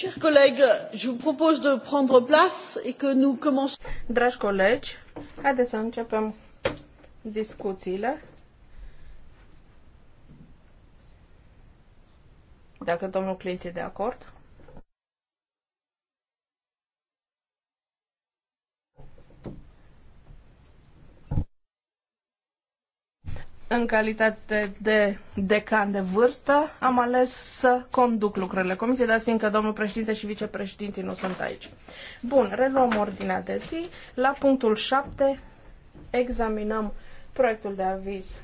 Chers collègues, je vous propose de prendre place et que nous commençons. Dragi colegi, haideți să începem discuțiile. Dacă domnul Cliț e de acord. în calitate de decan de vârstă, am ales să conduc lucrările comisiei, dar fiindcă domnul președinte și vicepreședinții nu sunt aici. Bun, reluăm ordinea de zi. La punctul 7 examinăm proiectul de aviz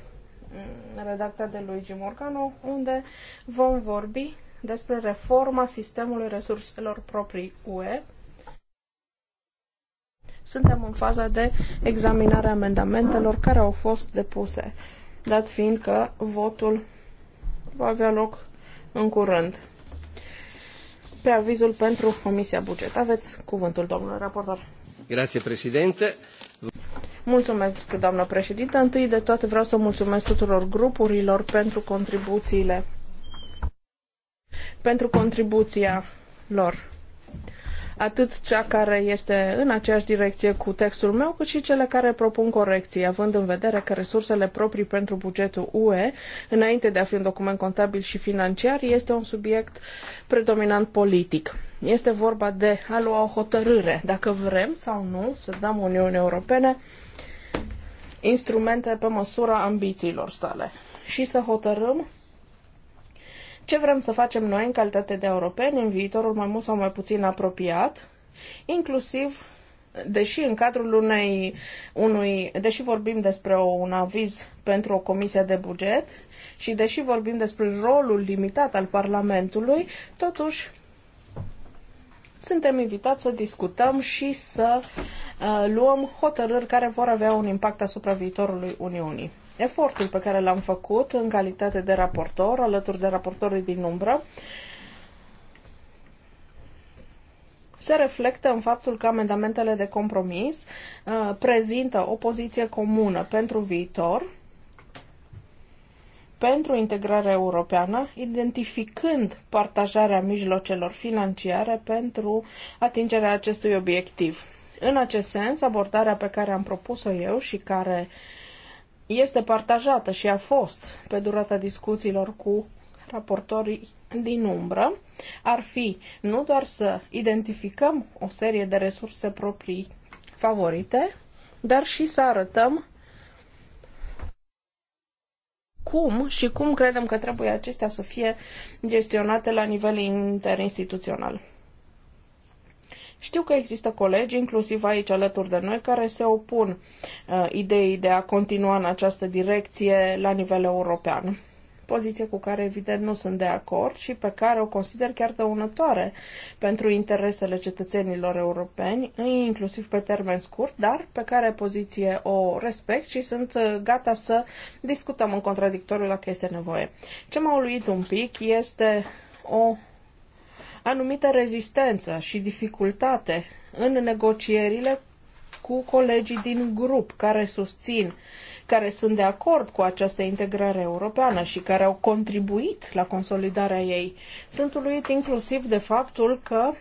mm, redactat de Luigi Morcano, unde vom vorbi despre reforma sistemului resurselor proprii UE. Suntem în faza de examinare a amendamentelor care au fost depuse dat fiind că votul va avea loc în curând. Pe avizul pentru Comisia Buget. Aveți cuvântul, domnule raportor. Grație, președinte. Mulțumesc, doamnă președinte. Întâi de toate vreau să mulțumesc tuturor grupurilor pentru contribuțiile pentru contribuția lor atât cea care este în aceeași direcție cu textul meu, cât și cele care propun corecții, având în vedere că resursele proprii pentru bugetul UE, înainte de a fi un document contabil și financiar, este un subiect predominant politic. Este vorba de a lua o hotărâre, dacă vrem sau nu să dăm Uniunii Europene instrumente pe măsura ambițiilor sale și să hotărâm ce vrem să facem noi în calitate de europeni în viitorul mai mult sau mai puțin apropiat, inclusiv deși în cadrul unei, unui, deși vorbim despre un aviz pentru o comisie de buget și deși vorbim despre rolul limitat al Parlamentului, totuși suntem invitați să discutăm și să uh, luăm hotărâri care vor avea un impact asupra viitorului Uniunii efortul pe care l-am făcut în calitate de raportor, alături de raportorii din umbră, se reflectă în faptul că amendamentele de compromis uh, prezintă o poziție comună pentru viitor, pentru integrarea europeană, identificând partajarea mijlocelor financiare pentru atingerea acestui obiectiv. În acest sens, abordarea pe care am propus-o eu și care uh, este partajată și a fost pe durata discuțiilor cu raportorii din umbră ar fi nu doar să identificăm o serie de resurse proprii favorite, dar și să arătăm cum și cum credem că trebuie acestea să fie gestionate la nivel interinstituțional. Știu că există colegi, inclusiv aici alături de noi, care se opun uh, ideii de a continua în această direcție la nivel european poziție cu care evident nu sunt de acord și pe care o consider chiar dăunătoare pentru interesele cetățenilor europeni, inclusiv pe termen scurt, dar pe care poziție o respect și sunt uh, gata să discutăm în contradictoriu dacă este nevoie. Ce m-a uluit un pic este o anumită rezistență și dificultate în negocierile cu colegii din grup care susțin, care sunt de acord cu această integrare europeană și care au contribuit la consolidarea ei. Sunt uluit inclusiv de faptul că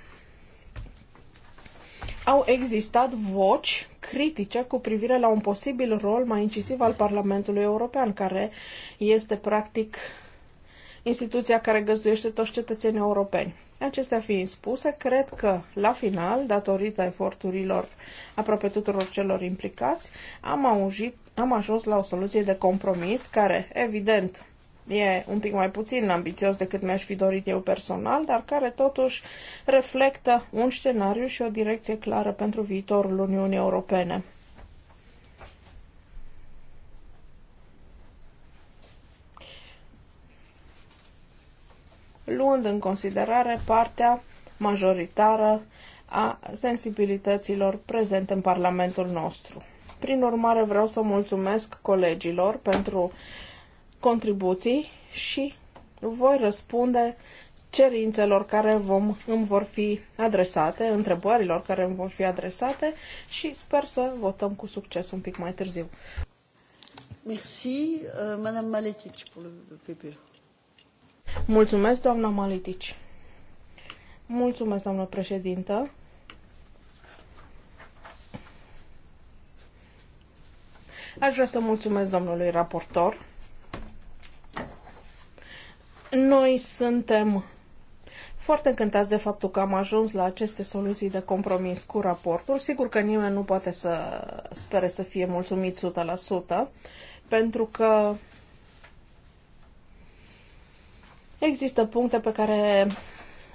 au existat voci critice cu privire la un posibil rol mai incisiv al Parlamentului European, care este practic instituția care găzduiește toți cetățenii europeni. Acestea fiind spuse, cred că, la final, datorită eforturilor aproape tuturor celor implicați, am, auzit, am ajuns la o soluție de compromis care, evident, e un pic mai puțin ambițios decât mi-aș fi dorit eu personal, dar care totuși reflectă un scenariu și o direcție clară pentru viitorul Uniunii Europene. luând în considerare partea majoritară a sensibilităților prezente în Parlamentul nostru. Prin urmare, vreau să mulțumesc colegilor pentru contribuții și voi răspunde cerințelor care vom, îmi vor fi adresate, întrebărilor care îmi vor fi adresate și sper să votăm cu succes un pic mai târziu. Merci, uh, Madame Maletic, pour le PPE. Mulțumesc, doamna Malitici. Mulțumesc, doamnă președintă. Aș vrea să mulțumesc domnului raportor. Noi suntem foarte încântați de faptul că am ajuns la aceste soluții de compromis cu raportul. Sigur că nimeni nu poate să spere să fie mulțumit 100%, pentru că Există puncte pe care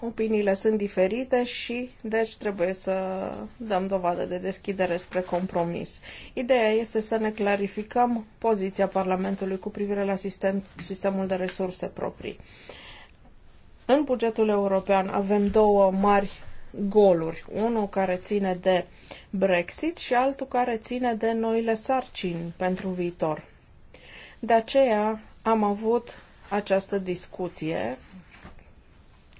opiniile sunt diferite și deci trebuie să dăm dovadă de deschidere spre compromis. Ideea este să ne clarificăm poziția Parlamentului cu privire la sistem, sistemul de resurse proprii. În bugetul european avem două mari goluri, unul care ține de Brexit și altul care ține de noile sarcini pentru viitor. De aceea am avut această discuție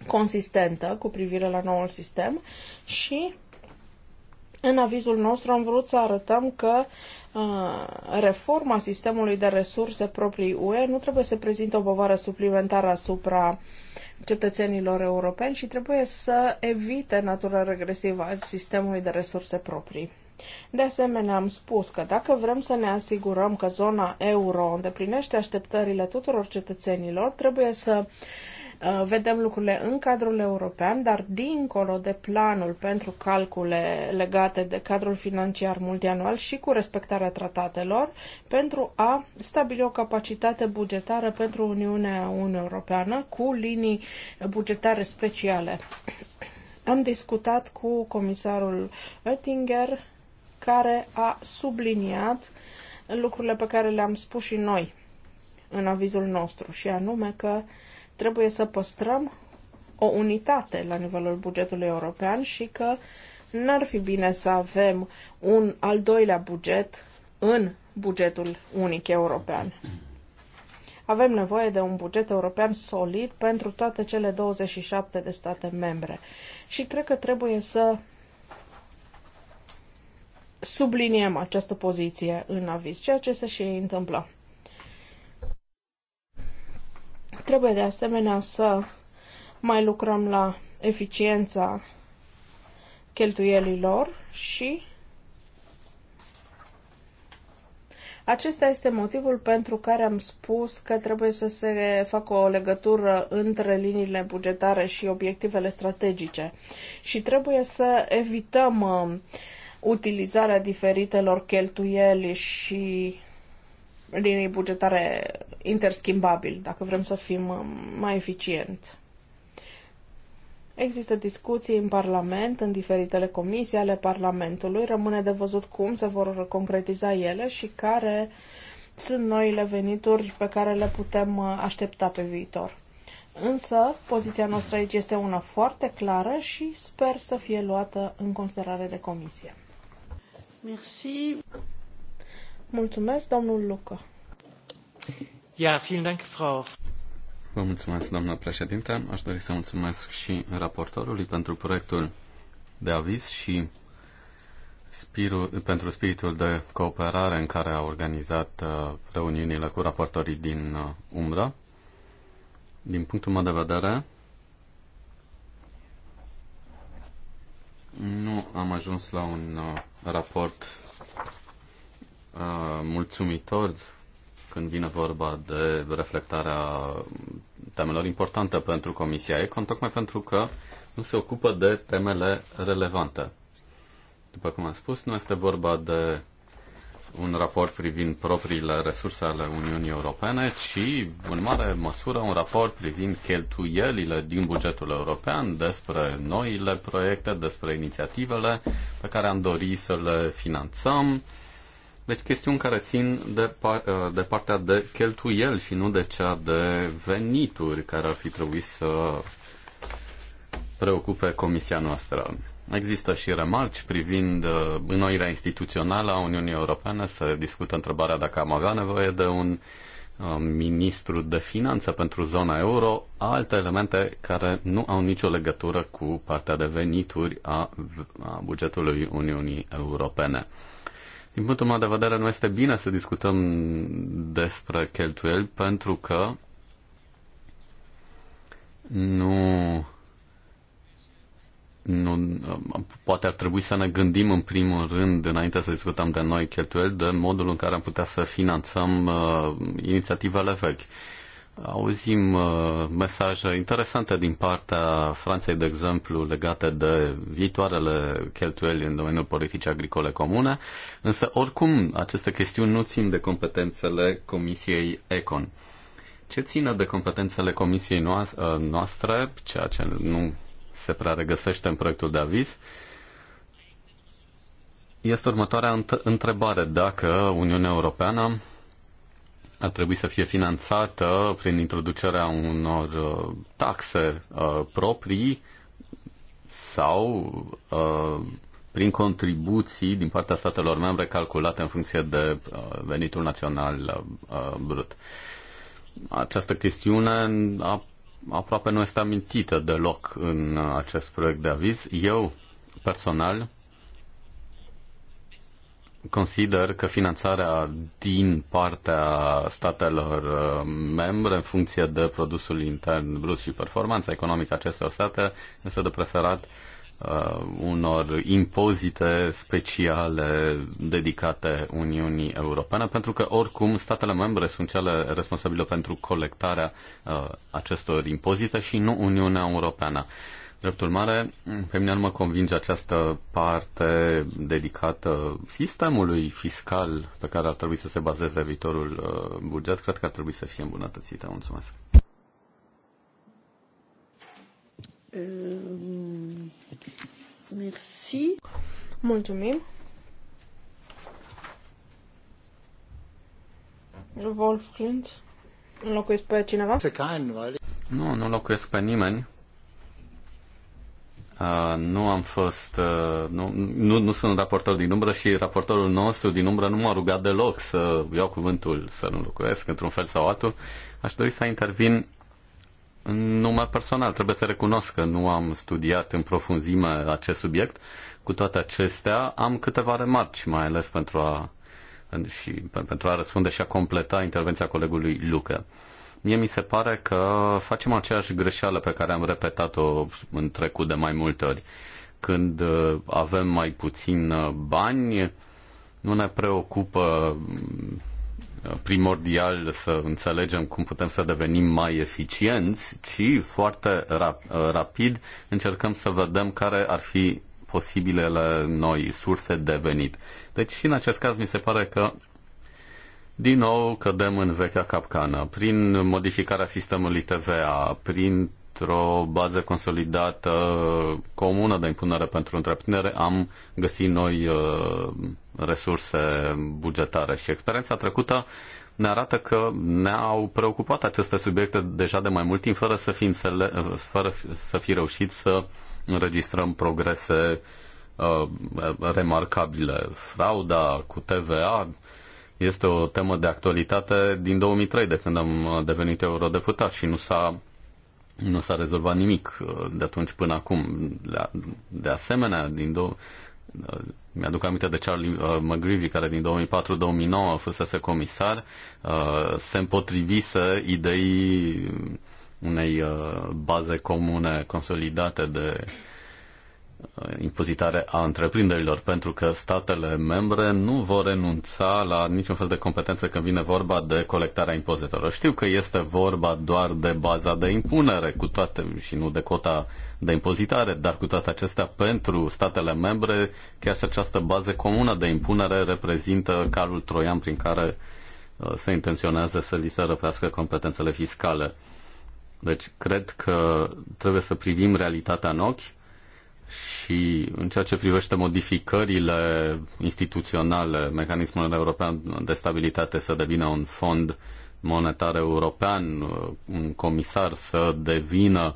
consistentă cu privire la noul sistem și în avizul nostru am vrut să arătăm că uh, reforma sistemului de resurse proprii UE nu trebuie să prezinte o povară suplimentară asupra cetățenilor europeni și trebuie să evite natura regresivă a sistemului de resurse proprii. De asemenea, am spus că dacă vrem să ne asigurăm că zona euro îndeplinește așteptările tuturor cetățenilor, trebuie să uh, vedem lucrurile în cadrul european, dar dincolo de planul pentru calcule legate de cadrul financiar multianual și cu respectarea tratatelor, pentru a stabili o capacitate bugetară pentru Uniunea Europeană cu linii bugetare speciale. Am discutat cu comisarul Oettinger care a subliniat lucrurile pe care le-am spus și noi în avizul nostru, și anume că trebuie să păstrăm o unitate la nivelul bugetului european și că n-ar fi bine să avem un al doilea buget în bugetul unic european. Avem nevoie de un buget european solid pentru toate cele 27 de state membre și cred că trebuie să subliniem această poziție în aviz, ceea ce se și întâmplă. Trebuie de asemenea să mai lucrăm la eficiența cheltuielilor și Acesta este motivul pentru care am spus că trebuie să se facă o legătură între liniile bugetare și obiectivele strategice și trebuie să evităm uh, utilizarea diferitelor cheltuieli și linii bugetare interschimbabil, dacă vrem să fim um, mai eficienți. Există discuții în Parlament, în diferitele comisii ale Parlamentului. Rămâne de văzut cum se vor concretiza ele și care sunt noile venituri pe care le putem uh, aștepta pe viitor. Însă, poziția noastră aici este una foarte clară și sper să fie luată în considerare de comisie. Merci. Mulțumesc, domnul Luca. Ja, vielen Dank, Frau. Vă mulțumesc, doamnă președinte. Aș dori să mulțumesc și raportorului pentru proiectul de aviz și spirul, pentru spiritul de cooperare în care a organizat uh, reuniunile cu raportorii din uh, umbră. Din punctul meu de vedere, nu am ajuns la un uh, raport uh, mulțumitor când vine vorba de reflectarea temelor importante pentru Comisia Econ, tocmai pentru că nu se ocupă de temele relevante. După cum am spus, nu este vorba de un raport privind propriile resurse ale Uniunii Europene, ci în mare măsură un raport privind cheltuielile din bugetul european despre noile proiecte, despre inițiativele pe care am dorit să le finanțăm. Deci chestiuni care țin de, par- de partea de cheltuiel și nu de cea de venituri care ar fi trebuit să preocupe comisia noastră. Există și remarci privind uh, înnoirea instituțională a Uniunii Europene. Se discută întrebarea dacă am avea nevoie de un uh, ministru de finanță pentru zona euro, alte elemente care nu au nicio legătură cu partea de venituri a, a bugetului Uniunii Europene. Din punctul meu de vedere, nu este bine să discutăm despre cheltuieli pentru că nu nu, poate ar trebui să ne gândim în primul rând, înainte să discutăm de noi cheltuieli, de modul în care am putea să finanțăm uh, inițiativele vechi. Auzim uh, mesaje interesante din partea Franței, de exemplu, legate de viitoarele cheltuieli în domeniul politicii agricole comune, însă oricum aceste chestiuni nu țin de competențele Comisiei Econ. Ce ține de competențele Comisiei uh, noastre, ceea ce nu se prea regăsește în proiectul de aviz, este următoarea întrebare. Dacă Uniunea Europeană ar trebui să fie finanțată prin introducerea unor uh, taxe uh, proprii sau uh, prin contribuții din partea statelor membre calculate în funcție de venitul național brut. Această chestiune a aproape nu este amintită deloc în acest proiect de aviz. Eu, personal, consider că finanțarea din partea statelor uh, membre în funcție de produsul intern brut și performanța economică acestor state este de preferat uh, unor impozite speciale dedicate Uniunii Europene, pentru că oricum statele membre sunt cele responsabile pentru colectarea uh, acestor impozite și nu Uniunea Europeană. Drept urmare, pe mine nu mă convinge această parte dedicată sistemului fiscal pe care ar trebui să se bazeze viitorul uh, buget. Cred că ar trebui să fie îmbunătățită. Mulțumesc. Ehm, Merci. Mulțumim. Wolf Nu locuiesc pe cineva? Nu, nu locuiesc pe nimeni. Uh, nu am fost, uh, nu, nu, nu sunt raportor din umbră și raportorul nostru din umbră nu m-a rugat deloc să iau cuvântul, să nu locuiesc într-un fel sau altul. Aș dori să intervin în personal. Trebuie să recunosc că nu am studiat în profunzime acest subiect. Cu toate acestea, am câteva remarci, mai ales pentru a, și, pentru a răspunde și a completa intervenția colegului Luca. Mie mi se pare că facem aceeași greșeală pe care am repetat-o în trecut de mai multe ori. Când uh, avem mai puțin uh, bani, nu ne preocupă Uh, primordial să înțelegem cum putem să devenim mai eficienți, ci foarte rap- uh, rapid încercăm să vedem care ar fi posibilele noi surse de venit. Deci și în acest caz mi se pare că din nou cădem în vechea capcană. Prin modificarea sistemului TVA, prin într-o bază consolidată comună de impunere pentru întreprindere, am găsit noi uh, resurse bugetare. Și experiența trecută ne arată că ne-au preocupat aceste subiecte deja de mai mult timp, fără să fi, înțele- fără să fi reușit să înregistrăm progrese uh, remarcabile. Frauda cu TVA este o temă de actualitate din 2003, de când am devenit eurodeputat și nu s-a nu s-a rezolvat nimic uh, de atunci până acum. De asemenea, din două, uh, mi-aduc aminte de Charlie uh, McGreevy, care din 2004-2009 a fusese comisar, uh, se împotrivise ideii unei uh, baze comune consolidate de Uh, impozitare a întreprinderilor, pentru că statele membre nu vor renunța la niciun fel de competență când vine vorba de colectarea impozitelor. Știu că este vorba doar de baza de impunere cu toate și nu de cota de impozitare, dar cu toate acestea, pentru statele membre, chiar și această bază comună de impunere reprezintă calul troian prin care uh, se intenționează să li se răpească competențele fiscale. Deci, cred că trebuie să privim realitatea în ochi și în ceea ce privește modificările instituționale, mecanismul european de stabilitate să devină un fond monetar european, un comisar să devină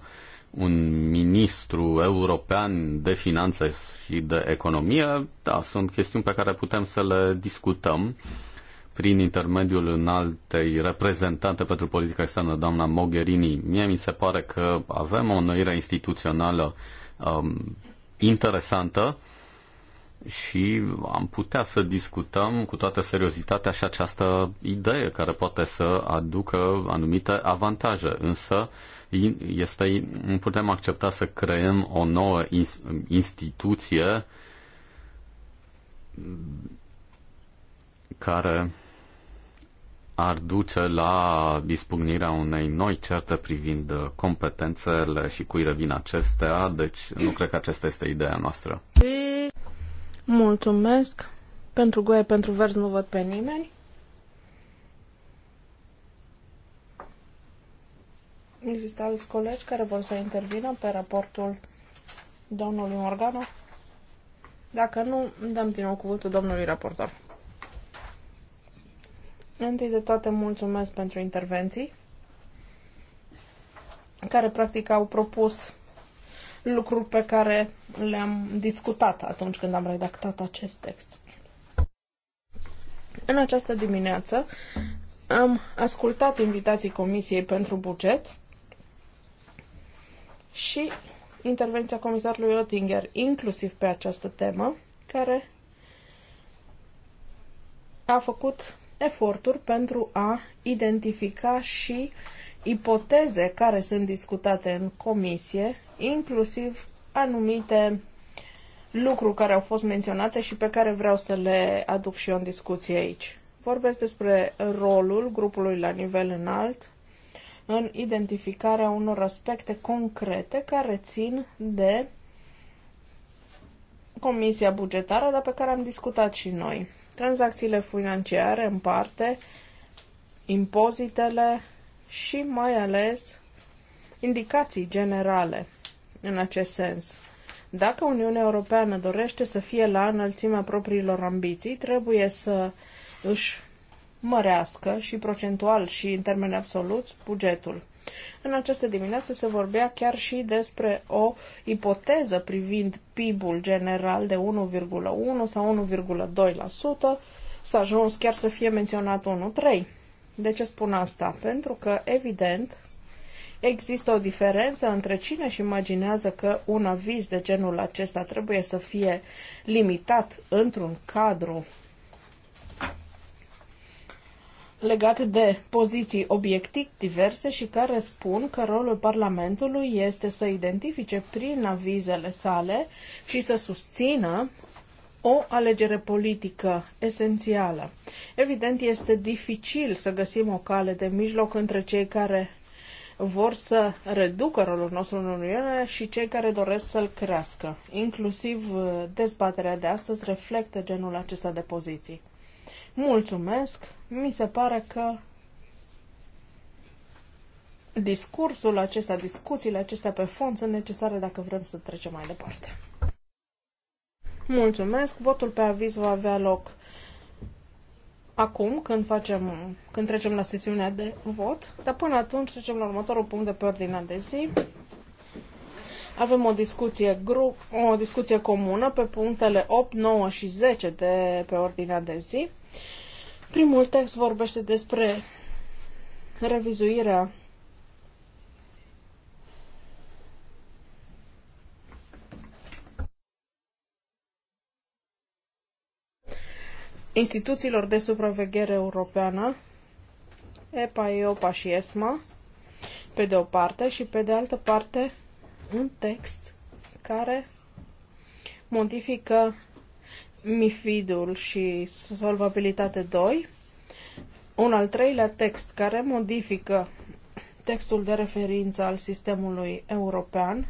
un ministru european de finanțe și de economie, da, sunt chestiuni pe care putem să le discutăm prin intermediul înaltei reprezentante pentru politica externă, doamna Mogherini. Mie mi se pare că avem o noire instituțională um, interesantă și am putea să discutăm cu toată seriozitatea și această idee care poate să aducă anumite avantaje, însă este, nu putem accepta să creăm o nouă instituție care ar duce la dispugnirea unei noi certe privind competențele și cui revin acestea, deci nu cred că aceasta este ideea noastră. Mulțumesc. Pentru goie, pentru vers nu văd pe nimeni. Există alți colegi care vor să intervină pe raportul domnului Morgano? Dacă nu, dăm din nou cuvântul domnului raportor. Întâi de toate, mulțumesc pentru intervenții care practic au propus lucruri pe care le-am discutat atunci când am redactat acest text. În această dimineață am ascultat invitații Comisiei pentru buget și intervenția comisarului Oettinger, inclusiv pe această temă, care a făcut eforturi pentru a identifica și ipoteze care sunt discutate în comisie, inclusiv anumite lucruri care au fost menționate și pe care vreau să le aduc și eu în discuție aici. Vorbesc despre rolul grupului la nivel înalt în identificarea unor aspecte concrete care țin de Comisia Bugetară, dar pe care am discutat și noi tranzacțiile financiare în parte, impozitele și mai ales indicații generale în acest sens. Dacă Uniunea Europeană dorește să fie la înălțimea propriilor ambiții, trebuie să își mărească și procentual și în termeni absoluți bugetul. În această dimineață se vorbea chiar și despre o ipoteză privind PIB-ul general de 1,1 sau 1,2%, s-a ajuns chiar să fie menționat 1,3. De ce spun asta? Pentru că, evident, Există o diferență între cine își imaginează că un aviz de genul acesta trebuie să fie limitat într-un cadru legat de poziții obiectiv diverse și care spun că rolul Parlamentului este să identifice prin avizele sale și să susțină o alegere politică esențială. Evident, este dificil să găsim o cale de mijloc între cei care vor să reducă rolul nostru în Uniune și cei care doresc să-l crească. Inclusiv uh, dezbaterea de astăzi reflectă genul acesta de poziții. Mulțumesc! mi se pare că discursul acesta, discuțiile acestea pe fond sunt necesare dacă vrem să trecem mai departe. Mulțumesc! Votul pe aviz va avea loc acum, când, facem, când trecem la sesiunea de vot, dar până atunci trecem la următorul punct de pe ordinea de zi. Avem o discuție, grup, o discuție comună pe punctele 8, 9 și 10 de pe ordinea de zi. Uh, Primul text vorbește despre revizuirea instituțiilor de supraveghere europeană, EPA, EOPA și ESMA, pe de o parte, și pe de altă parte un text care modifică MIFID-ul și Solvabilitate 2, un al treilea text care modifică textul de referință al sistemului european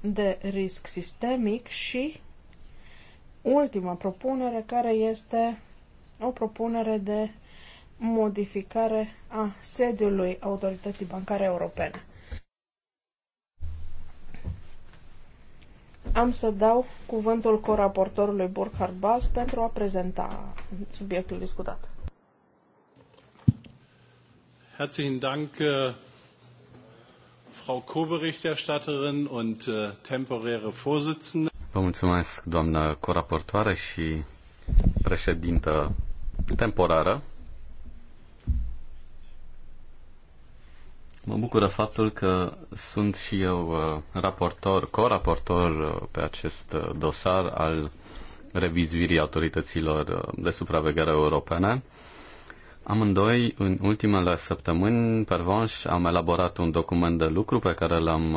de risc sistemic și ultima propunere care este o propunere de modificare a sediului Autorității Bancare Europene. Am să dau cuvântul coraportorului Burkhard Bas pentru a prezenta subiectul discutat. Herzlichen Dank, äh, Frau Co-Berichterstatterin und äh, temporäre Vorsitzende. Vă mulțumesc, doamnă coraportoare și președintă temporară Mă bucură faptul că sunt și eu uh, raportor, co-raportor uh, pe acest uh, dosar al revizuirii autorităților de supraveghere europene. Amândoi, în ultimele săptămâni, pervanș, am elaborat un document de lucru pe care l-am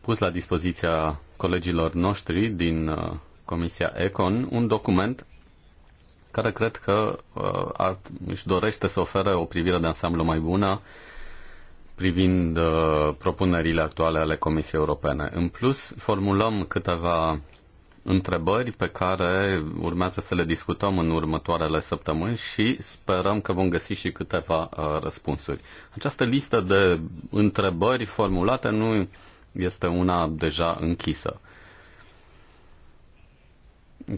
pus la dispoziția colegilor noștri din Comisia Econ, un document care cred că ar, își dorește să ofere o privire de ansamblu mai bună privind uh, propunerile actuale ale Comisiei Europene. În plus, formulăm câteva întrebări pe care urmează să le discutăm în următoarele săptămâni și sperăm că vom găsi și câteva uh, răspunsuri. Această listă de întrebări formulate nu este una deja închisă.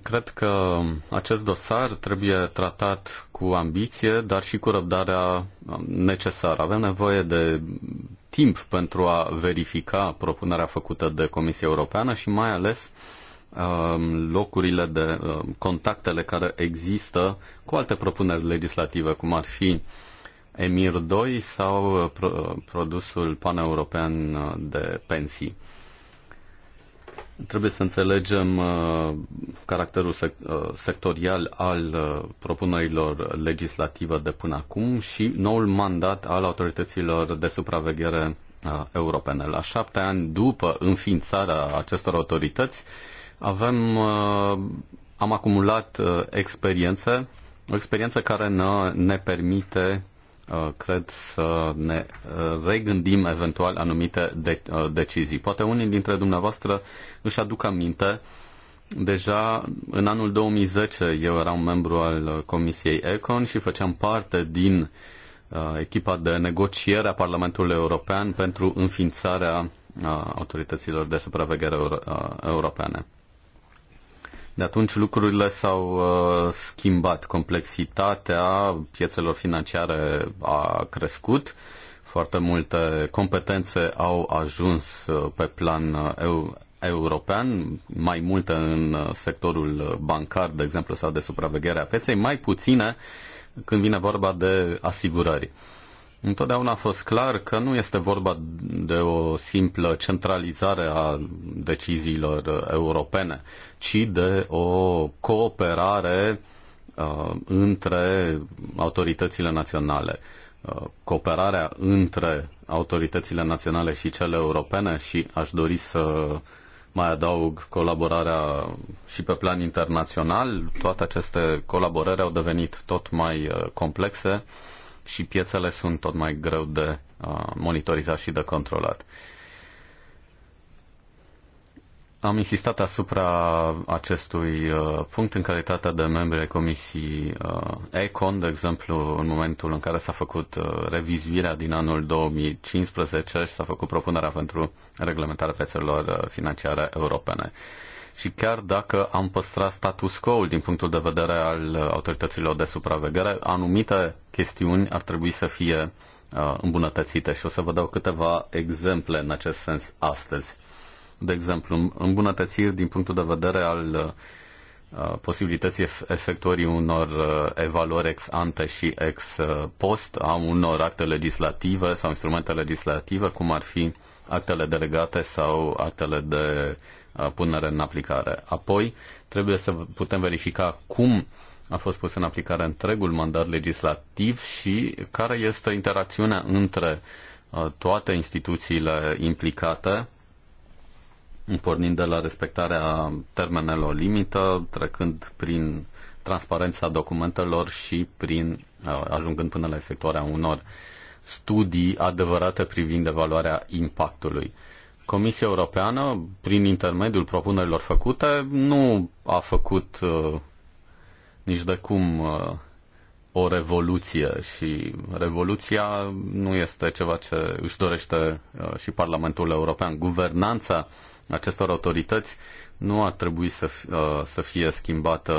Cred că acest dosar trebuie tratat cu ambiție, dar și cu răbdarea um, necesară. Avem nevoie de timp pentru a verifica propunerea făcută de Comisia Europeană și mai ales um, locurile de um, contactele care există cu alte propuneri legislative, cum ar fi EMIR 2 sau uh, uh, produsul paneuropean uh, de pensii. Trebuie să înțelegem uh, caracterul uh, sectorial al uh, propunerilor legislative de până acum și noul mandat al autorităților de supraveghere europene. La șapte ani după înființarea acestor autorități, avem, am acumulat experiențe, o experiență care ne, ne permite Uh, cred, să ne uh, regândim eventual anumite de- uh, decizii. Poate unii dintre dumneavoastră își aduc aminte Deja în anul 2010 eu eram membru al Comisiei Econ și făceam parte din echipa de negociere a Parlamentului European pentru înființarea autorităților de supraveghere euro- europeane. De atunci lucrurile s-au uh, schimbat. Complexitatea piețelor financiare a crescut, foarte multe competențe au ajuns uh, pe plan uh, eu, european, mai multe în sectorul bancar, de exemplu, sau de supraveghere a pieței, mai puține când vine vorba de asigurări. Întotdeauna a fost clar că nu este vorba de o simplă centralizare a deciziilor uh, europene, ci de o cooperare uh, între autoritățile naționale. Uh, cooperarea între autoritățile naționale și cele europene și aș dori să mai adaug colaborarea și pe plan internațional. Toate aceste colaborări au devenit tot mai uh, complexe. Uh, și piețele sunt tot mai greu de uh, monitorizat și de controlat. Am insistat asupra acestui uh, punct în calitatea de membri ai Comisiei uh, ECON, de exemplu, în momentul în care s-a făcut uh, revizuirea din anul 2015 și s-a făcut propunerea pentru reglementarea piețelor uh, financiare europene. Uh, și chiar dacă am păstrat status quo din punctul de vedere al uh, autorităților de supraveghere, anumite chestiuni ar trebui să fie uh, îmbunătățite și o să vă dau câteva exemple în acest sens astăzi. De exemplu, îmbunătățiri din punctul de vedere al uh, posibilității efectuării unor evaluări ex ante și ex post a unor acte legislative sau instrumente legislative, cum ar fi actele delegate sau actele de Uh, punere în aplicare. Apoi, trebuie să putem verifica cum a fost pus în aplicare întregul mandat legislativ și care este interacțiunea între uh, toate instituțiile implicate, pornind de la respectarea termenelor limită, trecând prin transparența documentelor și prin uh, ajungând până la efectuarea unor studii adevărate privind evaluarea impactului. Comisia Europeană, prin intermediul propunerilor făcute, nu a făcut uh, nici de cum uh, o revoluție și revoluția nu este ceva ce își dorește uh, și Parlamentul European. Guvernanța acestor autorități nu ar trebui să, să fie schimbată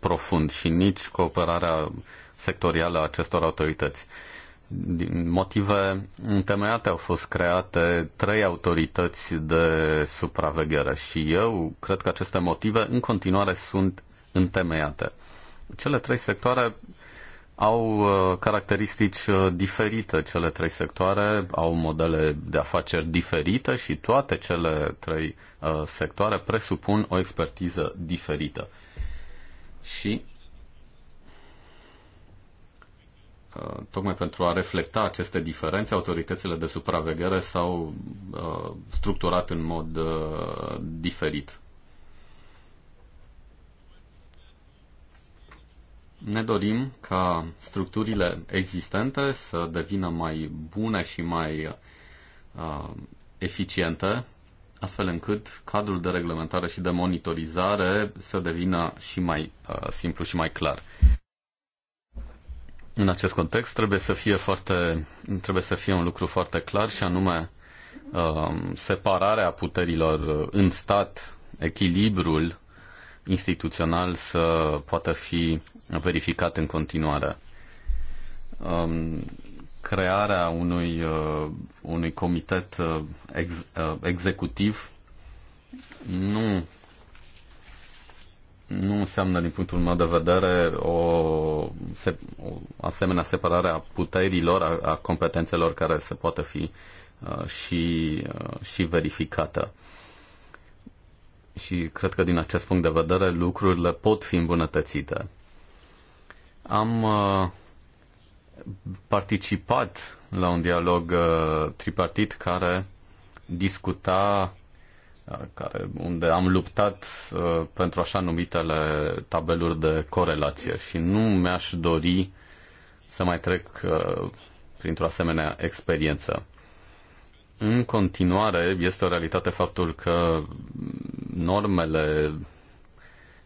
profund și nici cooperarea sectorială a acestor autorități din motive întemeiate au fost create trei autorități de supraveghere și eu cred că aceste motive în continuare sunt întemeiate. Cele trei sectoare au uh, caracteristici uh, diferite. Cele trei sectoare au modele de afaceri diferite și toate cele trei uh, sectoare presupun o expertiză diferită. Și Uh, tocmai pentru a reflecta aceste diferențe, autoritățile de supraveghere s-au uh, structurat în mod uh, diferit. Ne dorim ca structurile existente să devină mai bune și mai uh, eficiente, astfel încât cadrul de reglementare și de monitorizare să devină și mai uh, simplu și mai clar în acest context trebuie să fie foarte, trebuie să fie un lucru foarte clar și anume um, separarea puterilor în stat, echilibrul instituțional să poată fi verificat în continuare. Um, crearea unui, uh, unui comitet uh, ex, uh, executiv nu nu înseamnă, din punctul meu de vedere, o, se, o asemenea separare a puterilor, a, a competențelor care se poate fi uh, și, uh, și verificată. Și cred că din acest punct de vedere lucrurile pot fi îmbunătățite. Am uh, participat la un dialog uh, tripartit care discuta care, unde am luptat uh, pentru așa numitele tabeluri de corelație și nu mi-aș dori să mai trec uh, printr-o asemenea experiență. În continuare, este o realitate faptul că normele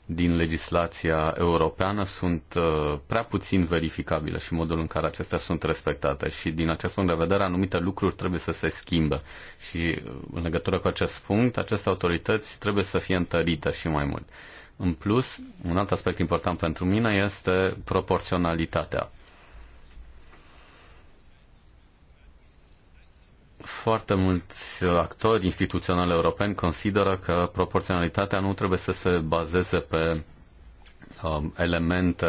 din legislația europeană sunt uh, prea puțin verificabile și modul în care acestea sunt respectate și din acest punct de vedere anumite lucruri trebuie să se schimbe și uh, în legătură cu acest punct aceste autorități trebuie să fie întărite și mai mult. În plus, un alt aspect important pentru mine este proporționalitatea. Foarte mulți actori instituționali europeni consideră că proporționalitatea nu trebuie să se bazeze pe um, elemente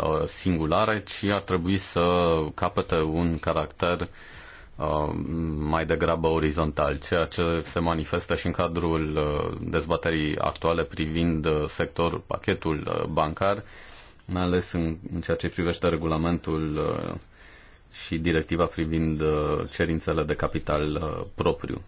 uh, singulare, ci ar trebui să capete un caracter um, mai degrabă orizontal, ceea ce se manifestă și în cadrul uh, dezbaterii actuale privind uh, sectorul, pachetul bancar, mai ales în, ceea ce privește regulamentul și directiva privind uh, cerințele de capital uh, propriu.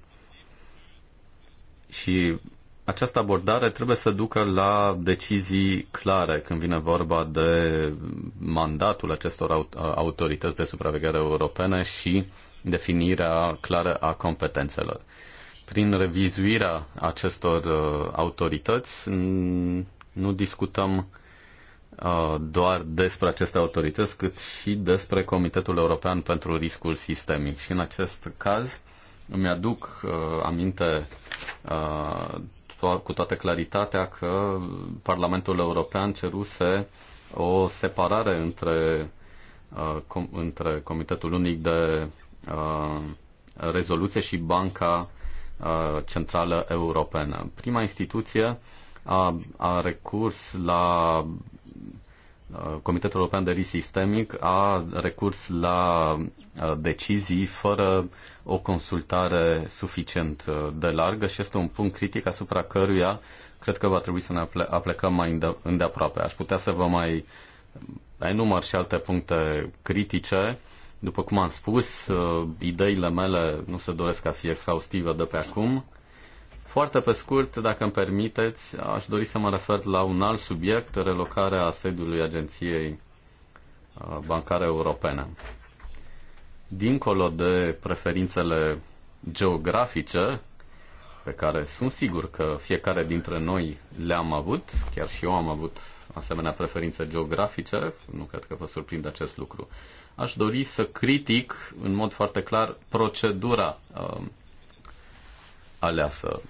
Și această abordare trebuie să ducă la decizii clare când vine vorba de mandatul acestor autorități de supraveghere europene și definirea clară a competențelor. Prin revizuirea acestor uh, autorități nu discutăm Uh, doar despre aceste autorități, cât și despre Comitetul European pentru Riscul Sistemic. Și în acest caz îmi aduc uh, aminte uh, to- cu toată claritatea că Parlamentul European ceruse o separare între, uh, com- între Comitetul Unic de uh, Rezoluție și Banca uh, Centrală Europeană. Prima instituție a, a recurs la Comitetul European de Risc Sistemic a recurs la uh, decizii fără o consultare suficient uh, de largă și este un punct critic asupra căruia cred că va trebui să ne aplecăm mai îndeaproape. Aș putea să vă mai enumăr și alte puncte critice. După cum am spus, uh, ideile mele nu se doresc a fi exhaustive de pe acum. Foarte pe scurt, dacă îmi permiteți, aș dori să mă refer la un alt subiect, relocarea sediului Agenției uh, Bancare Europene. Dincolo de preferințele geografice, pe care sunt sigur că fiecare dintre noi le-am avut, chiar și eu am avut asemenea preferințe geografice, nu cred că vă surprinde acest lucru. Aș dori să critic în mod foarte clar procedura uh, aleasă.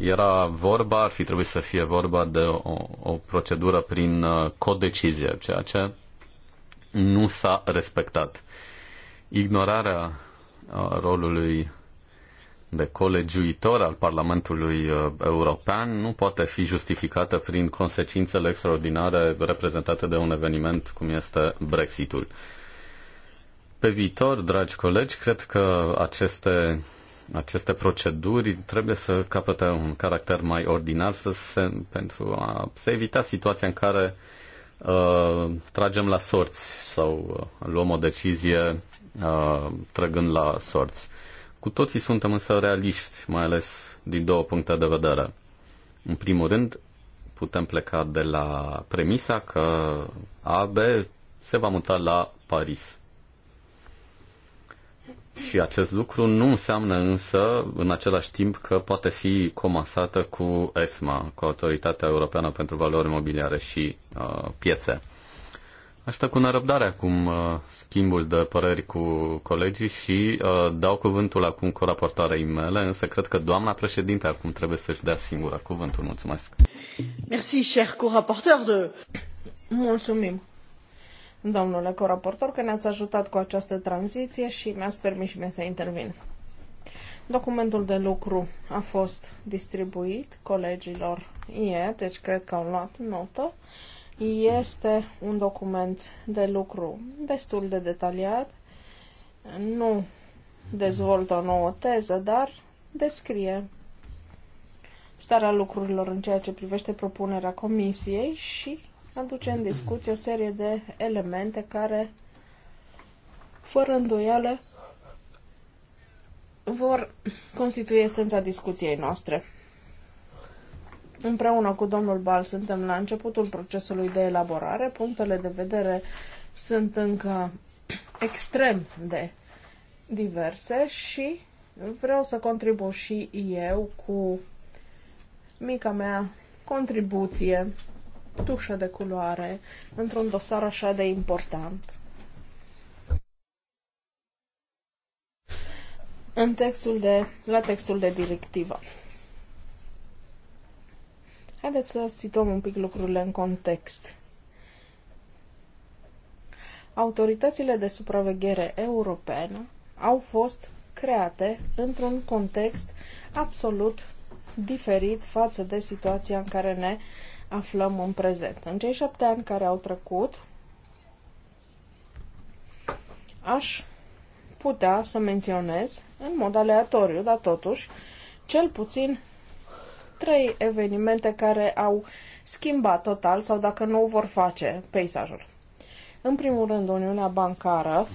Era vorba, ar fi trebuit să fie vorba de o, o procedură prin uh, codecizie, ceea ce nu s-a respectat. Ignorarea uh, rolului de colegiuitor al Parlamentului uh, European nu poate fi justificată prin consecințele extraordinare reprezentate de un eveniment cum este Brexitul. Pe viitor, dragi colegi, cred că aceste aceste proceduri trebuie să capete un caracter mai ordinar să se, pentru a se evita situația în care uh, tragem la sorți sau uh, luăm o decizie uh, trăgând la sorți. Cu toții suntem însă realiști, mai ales din două puncte de vedere. În primul rând, putem pleca de la premisa că AB se va muta la Paris. Și acest lucru nu înseamnă însă, în același timp, că poate fi comasată cu ESMA, cu Autoritatea Europeană pentru Valori Imobiliare și uh, Piețe. Așa cu nerăbdare acum uh, schimbul de păreri cu colegii și uh, dau cuvântul acum cu raportoarei mele, însă cred că doamna președinte acum trebuie să-și dea singura cuvântul. Mulțumesc! Merci, cher co de... Mulțumim! domnule coraportor, că ne-ați ajutat cu această tranziție și mi-ați permis mie să intervin. Documentul de lucru a fost distribuit colegilor ieri, deci cred că au luat notă. Este un document de lucru destul de detaliat, nu dezvoltă o nouă teză, dar descrie starea lucrurilor în ceea ce privește propunerea comisiei și aduce în discuție o serie de elemente care, fără îndoială, vor constitui esența discuției noastre. Împreună cu domnul Bal suntem la începutul procesului de elaborare. Punctele de vedere sunt încă extrem de diverse și vreau să contribu și eu cu mica mea contribuție tușă de culoare într-un dosar așa de important. În textul de, la textul de directivă. Haideți să situăm un pic lucrurile în context. Autoritățile de supraveghere europene au fost create într-un context absolut diferit față de situația în care ne uh, aflăm în prezent. În cei șapte ani care au trecut, aș putea să menționez, în mod aleatoriu, dar totuși, cel puțin trei evenimente care au schimbat total sau dacă nu vor face peisajul. În primul rând, Uniunea Bancară,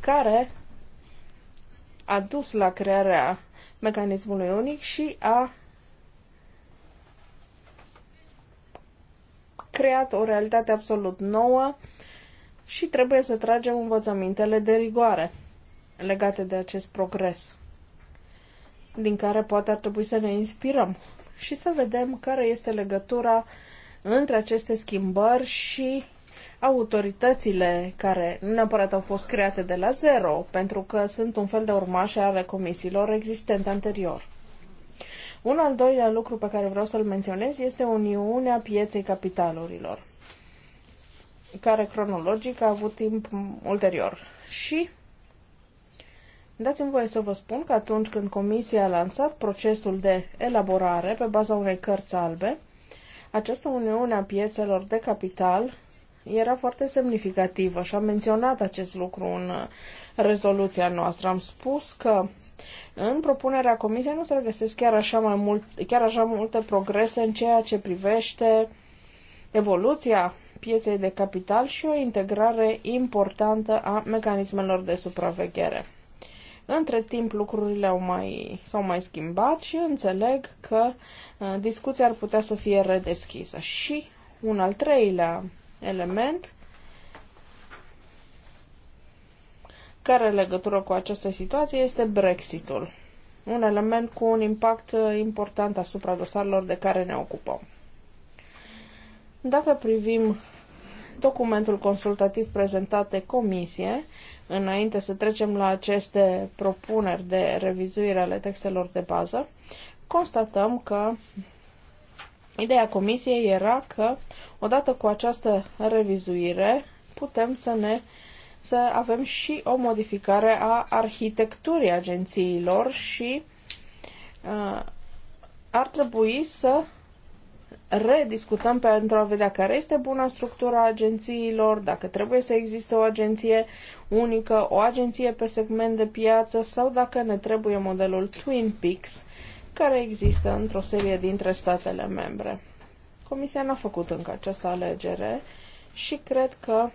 care a dus la crearea mecanismului unic și a creat o realitate absolut nouă și trebuie să tragem învățămintele de rigoare legate de acest progres, din care poate ar trebui să ne inspirăm și să vedem care este legătura între aceste schimbări și autoritățile care nu neapărat au fost create de la zero, pentru că sunt un fel de urmașe ale comisiilor existente anterior. Un al doilea lucru pe care vreau să-l menționez este Uniunea Pieței Capitalurilor, care cronologic a avut timp ulterior. Și Dați-mi voie să vă spun că atunci când Comisia a lansat procesul de elaborare pe baza unei cărți albe, această uniune a piețelor de capital era foarte semnificativă și am menționat acest lucru în rezoluția noastră. Am spus că în propunerea comisiei nu se regăsesc chiar așa, mai mult, chiar așa multe progrese în ceea ce privește evoluția pieței de capital și o integrare importantă a mecanismelor de supraveghere. Între timp lucrurile au mai, s-au mai schimbat și înțeleg că uh, discuția ar putea să fie redeschisă. Și un al treilea element care legătură cu această situație este Brexitul, un element cu un impact uh, important asupra dosarelor de care ne ocupăm. Dacă privim documentul consultativ prezentat de comisie, înainte să trecem la aceste propuneri de revizuire ale textelor de bază, constatăm că ideea comisiei era că, odată cu această revizuire, putem să ne uh, să avem și o modificare a arhitecturii agențiilor și uh, ar trebui să rediscutăm pentru a vedea care este bună structura agențiilor, dacă trebuie să existe o agenție unică, o agenție pe segment de piață sau dacă ne trebuie modelul Twin Peaks care există într-o serie dintre statele membre. Comisia n-a făcut încă această alegere și cred că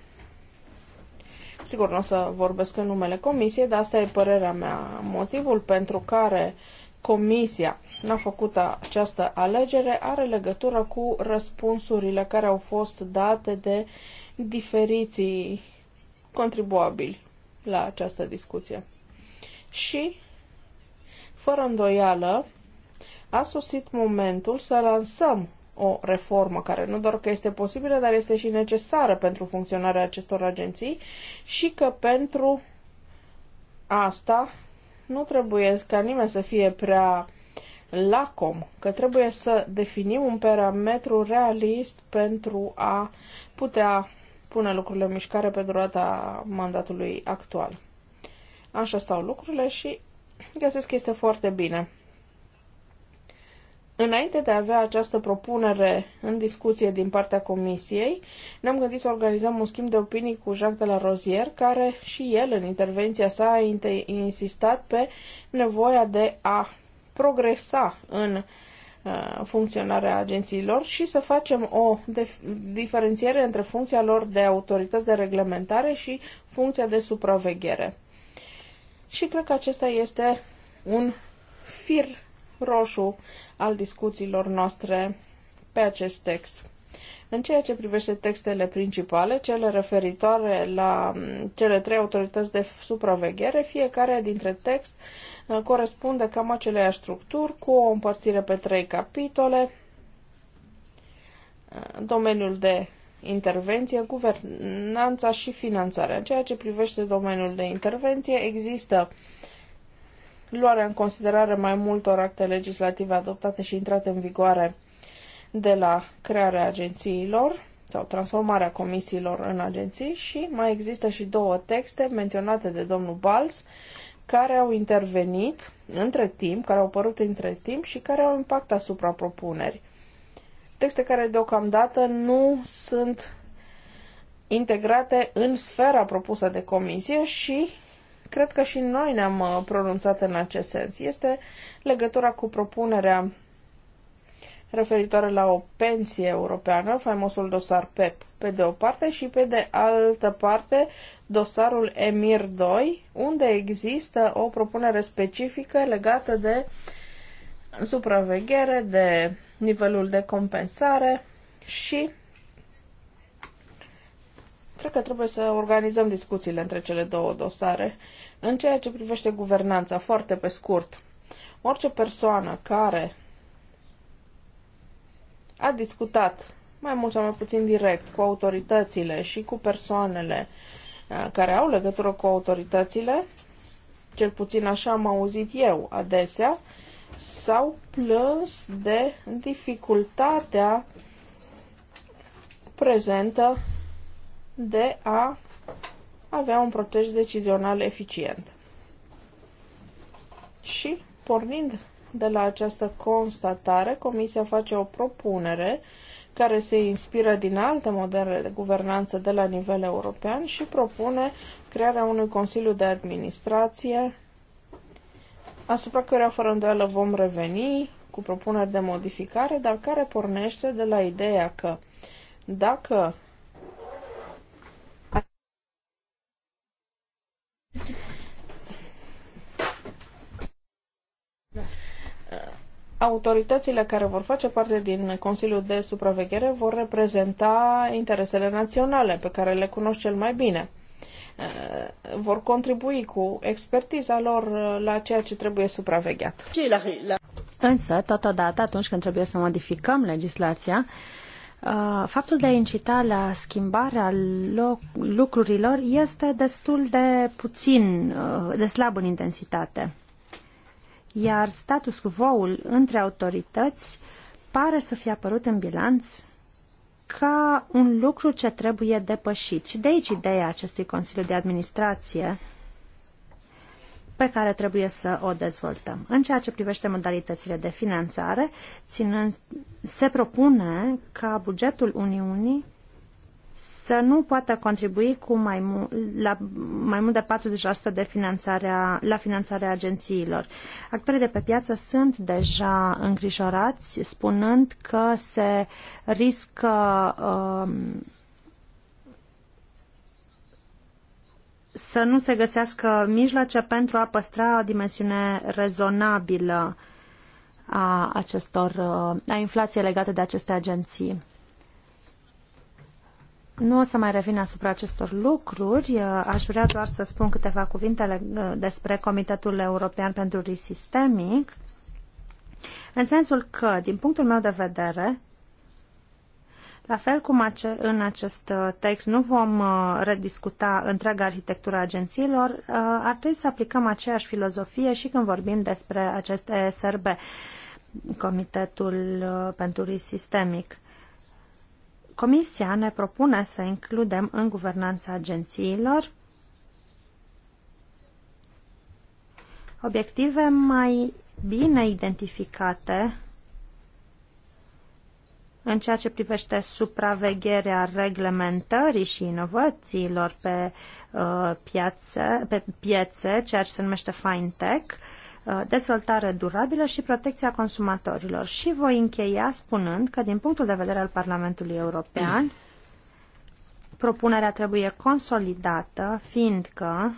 Sigur, nu o să vorbesc în numele comisiei, dar asta e părerea mea. Motivul pentru care comisia n-a făcut această alegere are legătură cu răspunsurile care au fost date de diferiții contribuabili la această discuție. Și, fără îndoială, a sosit momentul să lansăm o reformă care nu doar că este posibilă, dar este și necesară pentru funcționarea acestor agenții și că pentru asta nu trebuie ca nimeni să fie prea lacom, că trebuie să definim un parametru realist pentru a putea pune lucrurile în mișcare pe durata mandatului actual. Așa stau lucrurile și găsesc că este foarte bine. Înainte de a avea această propunere în discuție din partea comisiei, ne-am gândit să organizăm un schimb de opinii cu Jacques de la Rozier, care și el în intervenția sa a insistat pe nevoia de a progresa în uh, funcționarea agențiilor și să facem o diferențiere între funcția lor de autorități de reglementare și funcția de supraveghere. Și cred că acesta este un fir roșu al discuțiilor noastre pe acest text. În ceea ce privește textele principale, cele referitoare la mm, cele trei autorități de supraveghere, fiecare dintre text uh, corespunde cam aceleași structuri cu o împărțire pe trei capitole, uh, domeniul de intervenție, guvernanța și finanțarea. În ceea ce privește domeniul de intervenție, există uh, luarea în considerare mai multor acte legislative adoptate și intrate în vigoare de la crearea agențiilor sau transformarea comisiilor în agenții și mai există și două texte menționate de domnul Bals care au intervenit între timp, care au apărut între timp și care au impact asupra propuneri. Texte care deocamdată nu sunt integrate în sfera propusă de comisie și Cred că și noi ne-am uh, pronunțat în acest sens. Este legătura cu propunerea referitoare la o pensie europeană, faimosul dosar PEP, pe de o parte, și pe de altă parte dosarul EMIR 2, unde există o propunere specifică legată de supraveghere, de nivelul de compensare și Cred că trebuie să organizăm discuțiile între cele două dosare. În ceea ce privește guvernanța, foarte pe scurt, orice persoană care a discutat mai mult sau mai puțin direct cu autoritățile și cu persoanele uh, care au legătură cu autoritățile, cel puțin așa am auzit eu adesea, s-au plâns de dificultatea prezentă de a avea un proces decizional eficient. Și, pornind de la această constatare, Comisia face o propunere care se inspiră din alte modele de guvernanță de la nivel european și propune crearea unui Consiliu de Administrație asupra căreia fără îndoială vom reveni cu propuneri de modificare, dar care pornește de la ideea că dacă Autoritățile care vor face parte din Consiliul de Supraveghere vor reprezenta interesele naționale pe care le cunosc cel mai bine uh, vor contribui cu expertiza lor uh, la ceea ce trebuie supravegheat. Însă, totodată, atunci când trebuie să modificăm legislația, uh, faptul de a incita la schimbarea lucrurilor este destul de puțin, de slab în intensitate iar status quo-ul între autorități pare să fie apărut în bilanț ca un lucru ce trebuie depășit. Și de aici ideea acestui Consiliu de Administrație pe care trebuie să o dezvoltăm. În ceea ce privește modalitățile de finanțare, ținând, se propune ca bugetul Uniunii să nu poată contribui cu mai mult, la mai mult de 40% de finanțarea, la finanțarea agențiilor. Actorii de pe piață sunt deja îngrijorați, spunând că se riscă um, să nu se găsească mijloace pentru a păstra o dimensiune rezonabilă a acestor uh, a inflației legate de aceste agenții. Nu o să mai revin asupra acestor lucruri. Aș vrea doar să spun câteva cuvinte uh, despre Comitetul European pentru Risc Sistemic, în sensul că, din punctul meu de vedere, la fel cum în acest uh, text nu vom uh, rediscuta întreaga arhitectură a agențiilor, ar trebui să aplicăm aceeași filozofie și când vorbim despre acest ESRB, Comitetul pentru Risc Sistemic. Comisia ne propune să includem în guvernanța agențiilor obiective mai bine identificate în ceea ce privește supravegherea reglementării și inovațiilor pe, uh, piațe, pe piețe, ceea ce se numește FinTech, uh, Uh, dezvoltare durabilă și protecția consumatorilor. Și voi încheia spunând că, din punctul de vedere al Parlamentului European, propunerea trebuie consolidată, fiindcă,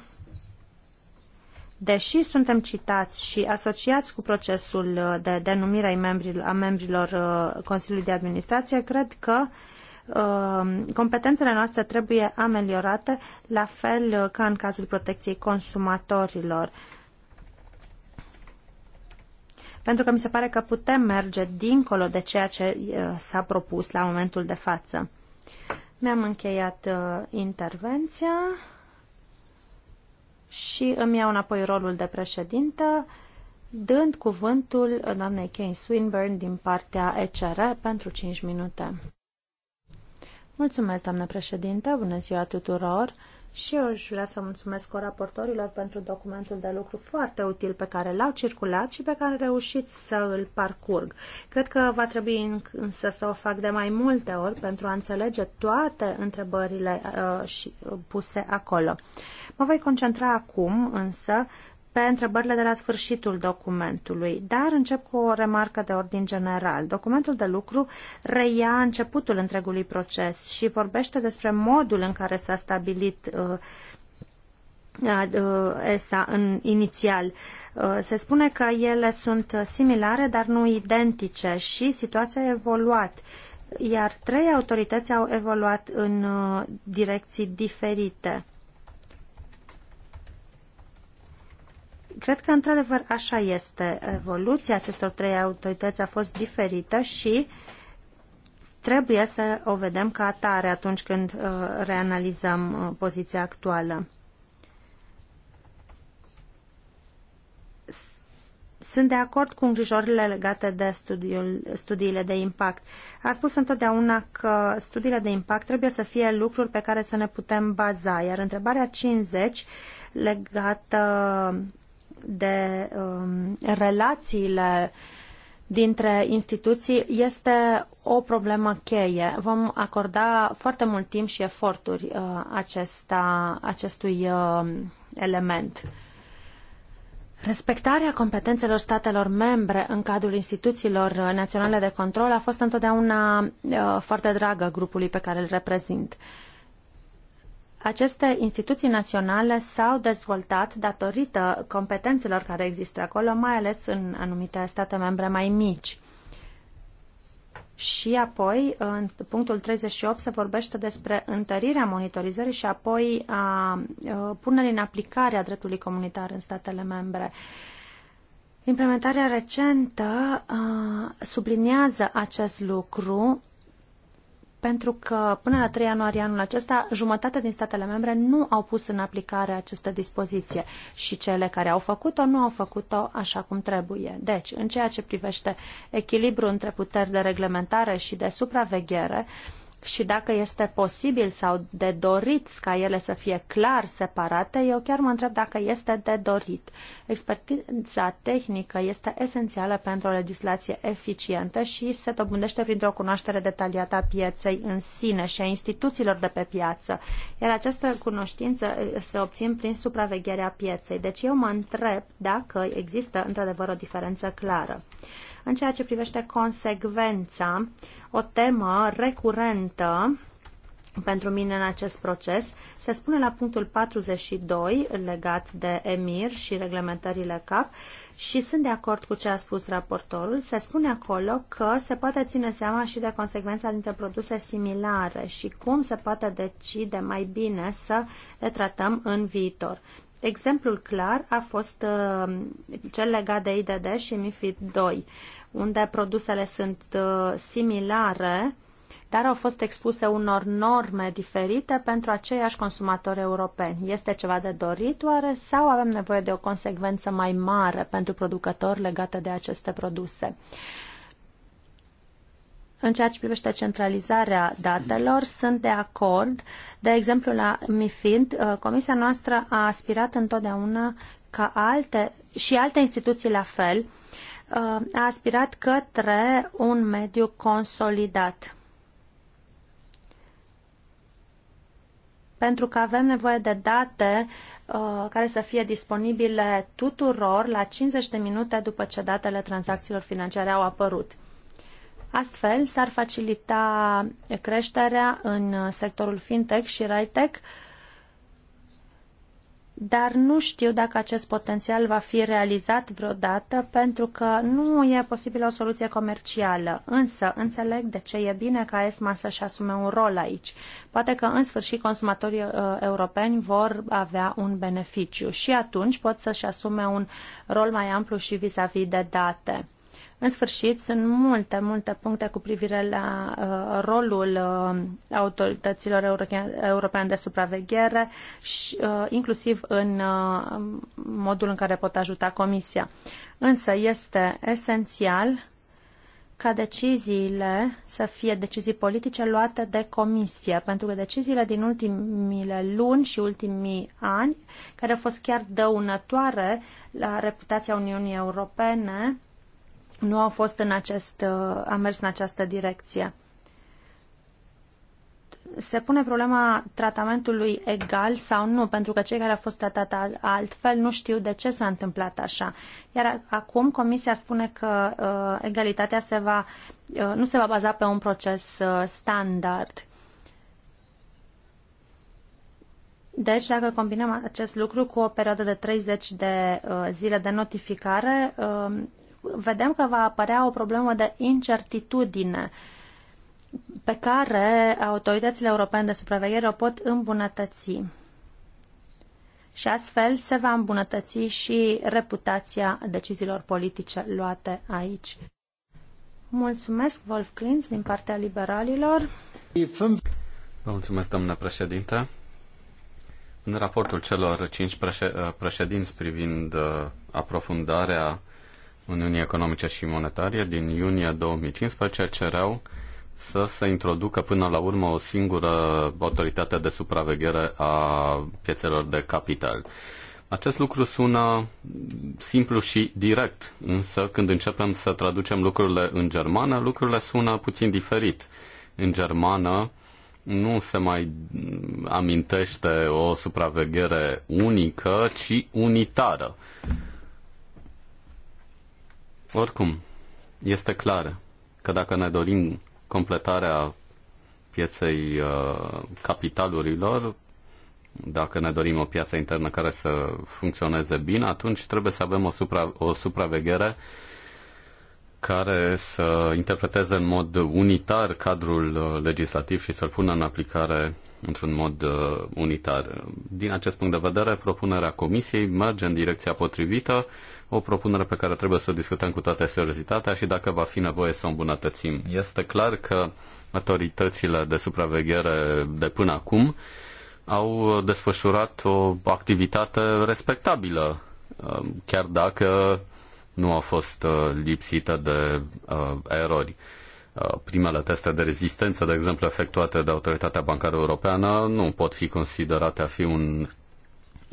deși suntem citați și asociați cu procesul uh, de denumire a membrilor uh, Consiliului de Administrație, cred că competențele noastre trebuie ameliorate, la fel ca în cazul protecției consumatorilor pentru că mi se pare că putem merge dincolo de ceea ce uh, s-a propus la momentul de față. Mi-am încheiat uh, intervenția și îmi iau înapoi rolul de președintă, dând cuvântul uh, doamnei Kane Swinburne din partea ECR pentru 5 minute. Mulțumesc, doamnă președintă, bună ziua tuturor! Și eu își vrea să mulțumesc coraportorilor pentru documentul de lucru foarte util pe care l-au circulat și pe care reușit să îl parcurg. Cred că va trebui însă să o fac de mai multe ori pentru a înțelege toate întrebările uh, și, uh, puse acolo. Mă voi concentra acum însă pe întrebările de la sfârșitul documentului, dar încep cu o remarcă de ordin general. Documentul de lucru reia începutul întregului proces și vorbește despre modul în care s-a stabilit uh, uh, uh ESA în inițial. Uh, se spune că ele sunt similare, dar nu identice și situația a evoluat, iar trei autorități au evoluat în direcții diferite. Cred că, într-adevăr, așa este. Evoluția acestor trei autorități a fost diferită și trebuie să o vedem ca atare atunci când uh, reanalizăm uh, poziția actuală. Sunt de acord cu îngrijorile legate de studiul, studiile de impact. A spus întotdeauna că studiile de impact trebuie să fie lucruri pe care să ne putem baza, iar întrebarea 50 legată de um, relațiile dintre instituții este o problemă cheie. Vom acorda foarte mult timp și eforturi uh, acesta, acestui uh, element. Respectarea competențelor statelor membre în cadrul instituțiilor naționale de control a fost întotdeauna uh, foarte dragă grupului pe care îl reprezint. Uh, aceste instituții naționale s-au dezvoltat datorită competențelor care există acolo, mai ales în anumite state membre mai mici. Și apoi, în punctul 38, se vorbește despre întărirea monitorizării și apoi a punerii în aplicare a dreptului comunitar în statele membre. Implementarea recentă subliniază acest lucru pentru că până la 3 ianuarie anul acesta, jumătate din statele membre nu au pus în aplicare această dispoziție și cele care au făcut-o nu au făcut-o așa cum trebuie. Deci, în ceea ce privește echilibrul între puteri de reglementare și de supraveghere, uh, și dacă este posibil sau de dorit ca ele să fie clar separate, eu chiar mă întreb dacă este de dorit. Expertința tehnică este esențială pentru o legislație eficientă și se dobândește printr-o cunoaștere detaliată a pieței în sine și a instituțiilor de pe piață, iar această cunoștință se obțin prin supravegherea pieței. Deci eu mă întreb dacă există într-adevăr o diferență clară. În ceea ce privește consecvența, o temă recurentă pentru mine în acest proces se spune la punctul 42 legat de EMIR și reglementările CAP și sunt de acord cu ce a spus raportorul. Se spune acolo că se poate ține seama și de consecvența dintre produse similare și cum se poate decide mai bine să le tratăm în viitor. Exemplul clar a fost uh, cel legat de IDD și MIFID 2, unde produsele sunt uh, similare, dar au fost expuse unor norme diferite pentru aceiași consumatori europeni. Este ceva de dorit oare sau avem nevoie de o consecvență mai mare pentru producători legată de aceste produse? Uh, în ceea ce privește centralizarea datelor, sunt de acord. De exemplu, la MIFID, uh, comisia noastră a aspirat întotdeauna ca alte și alte instituții la fel uh, a aspirat către un mediu consolidat. Pentru că avem nevoie de date uh, care să fie disponibile tuturor la 50 de minute după ce datele tranzacțiilor financiare au apărut. Astfel, s-ar facilita creșterea în sectorul fintech și rightech, dar nu știu dacă acest potențial va fi realizat vreodată pentru că nu e posibilă o soluție comercială. Însă, înțeleg de ce e bine ca ESMA să-și asume un rol aici. Poate că, în sfârșit, consumatorii uh, europeni vor avea un beneficiu și atunci pot să-și asume un rol mai amplu și vis-a-vis -vis de date. În sfârșit, sunt multe, multe puncte cu privire la uh, rolul uh, autorităților europene de supraveghere, și, uh, inclusiv în uh, modul în care pot ajuta Comisia. Însă este esențial ca deciziile să fie decizii politice luate de comisie, pentru că deciziile din ultimile luni și ultimii ani, care au fost chiar dăunătoare la reputația Uniunii Europene, nu au fost în acest, uh, a mers în această direcție. Se pune problema tratamentului egal sau nu, pentru că cei care au fost tratate altfel nu știu de ce s-a întâmplat așa. Iar acum Comisia spune că uh, egalitatea se va, uh, nu se va baza pe un proces uh, standard. Deci, dacă combinăm acest lucru cu o perioadă de 30 de uh, zile de notificare, uh, vedem că va apărea o problemă de incertitudine pe care autoritățile europene de supraveghere o pot îmbunătăți. Și astfel se va îmbunătăți și reputația deciziilor politice luate aici. Mulțumesc, Wolf Klintz, din partea liberalilor. Vă mulțumesc, domnule președinte. În raportul celor cinci președinți privind uh, aprofundarea Uniunii Economice și Monetare din iunie 2015 cereau să se introducă până la urmă o singură autoritate de supraveghere a piețelor de capital. Acest lucru sună simplu și direct, însă când începem să traducem lucrurile în germană, lucrurile sună puțin diferit. În germană nu se mai amintește o supraveghere unică, ci unitară. Oricum, este clar că dacă ne dorim completarea pieței uh, capitalurilor, dacă ne dorim o piață internă care să funcționeze bine, atunci trebuie să avem o, supra, o supraveghere care să interpreteze în mod unitar cadrul uh, legislativ și să-l pună în aplicare într-un mod uh, unitar. Din acest punct de vedere, propunerea Comisiei merge în direcția potrivită, o propunere pe care trebuie să o discutăm cu toată seriozitatea și dacă va fi nevoie să o îmbunătățim. Este clar că autoritățile de supraveghere de până acum au desfășurat o activitate respectabilă, uh, chiar dacă nu a fost uh, lipsită de uh, erori. Primele teste de rezistență, de exemplu, efectuate de Autoritatea Bancară Europeană, nu pot fi considerate a fi un,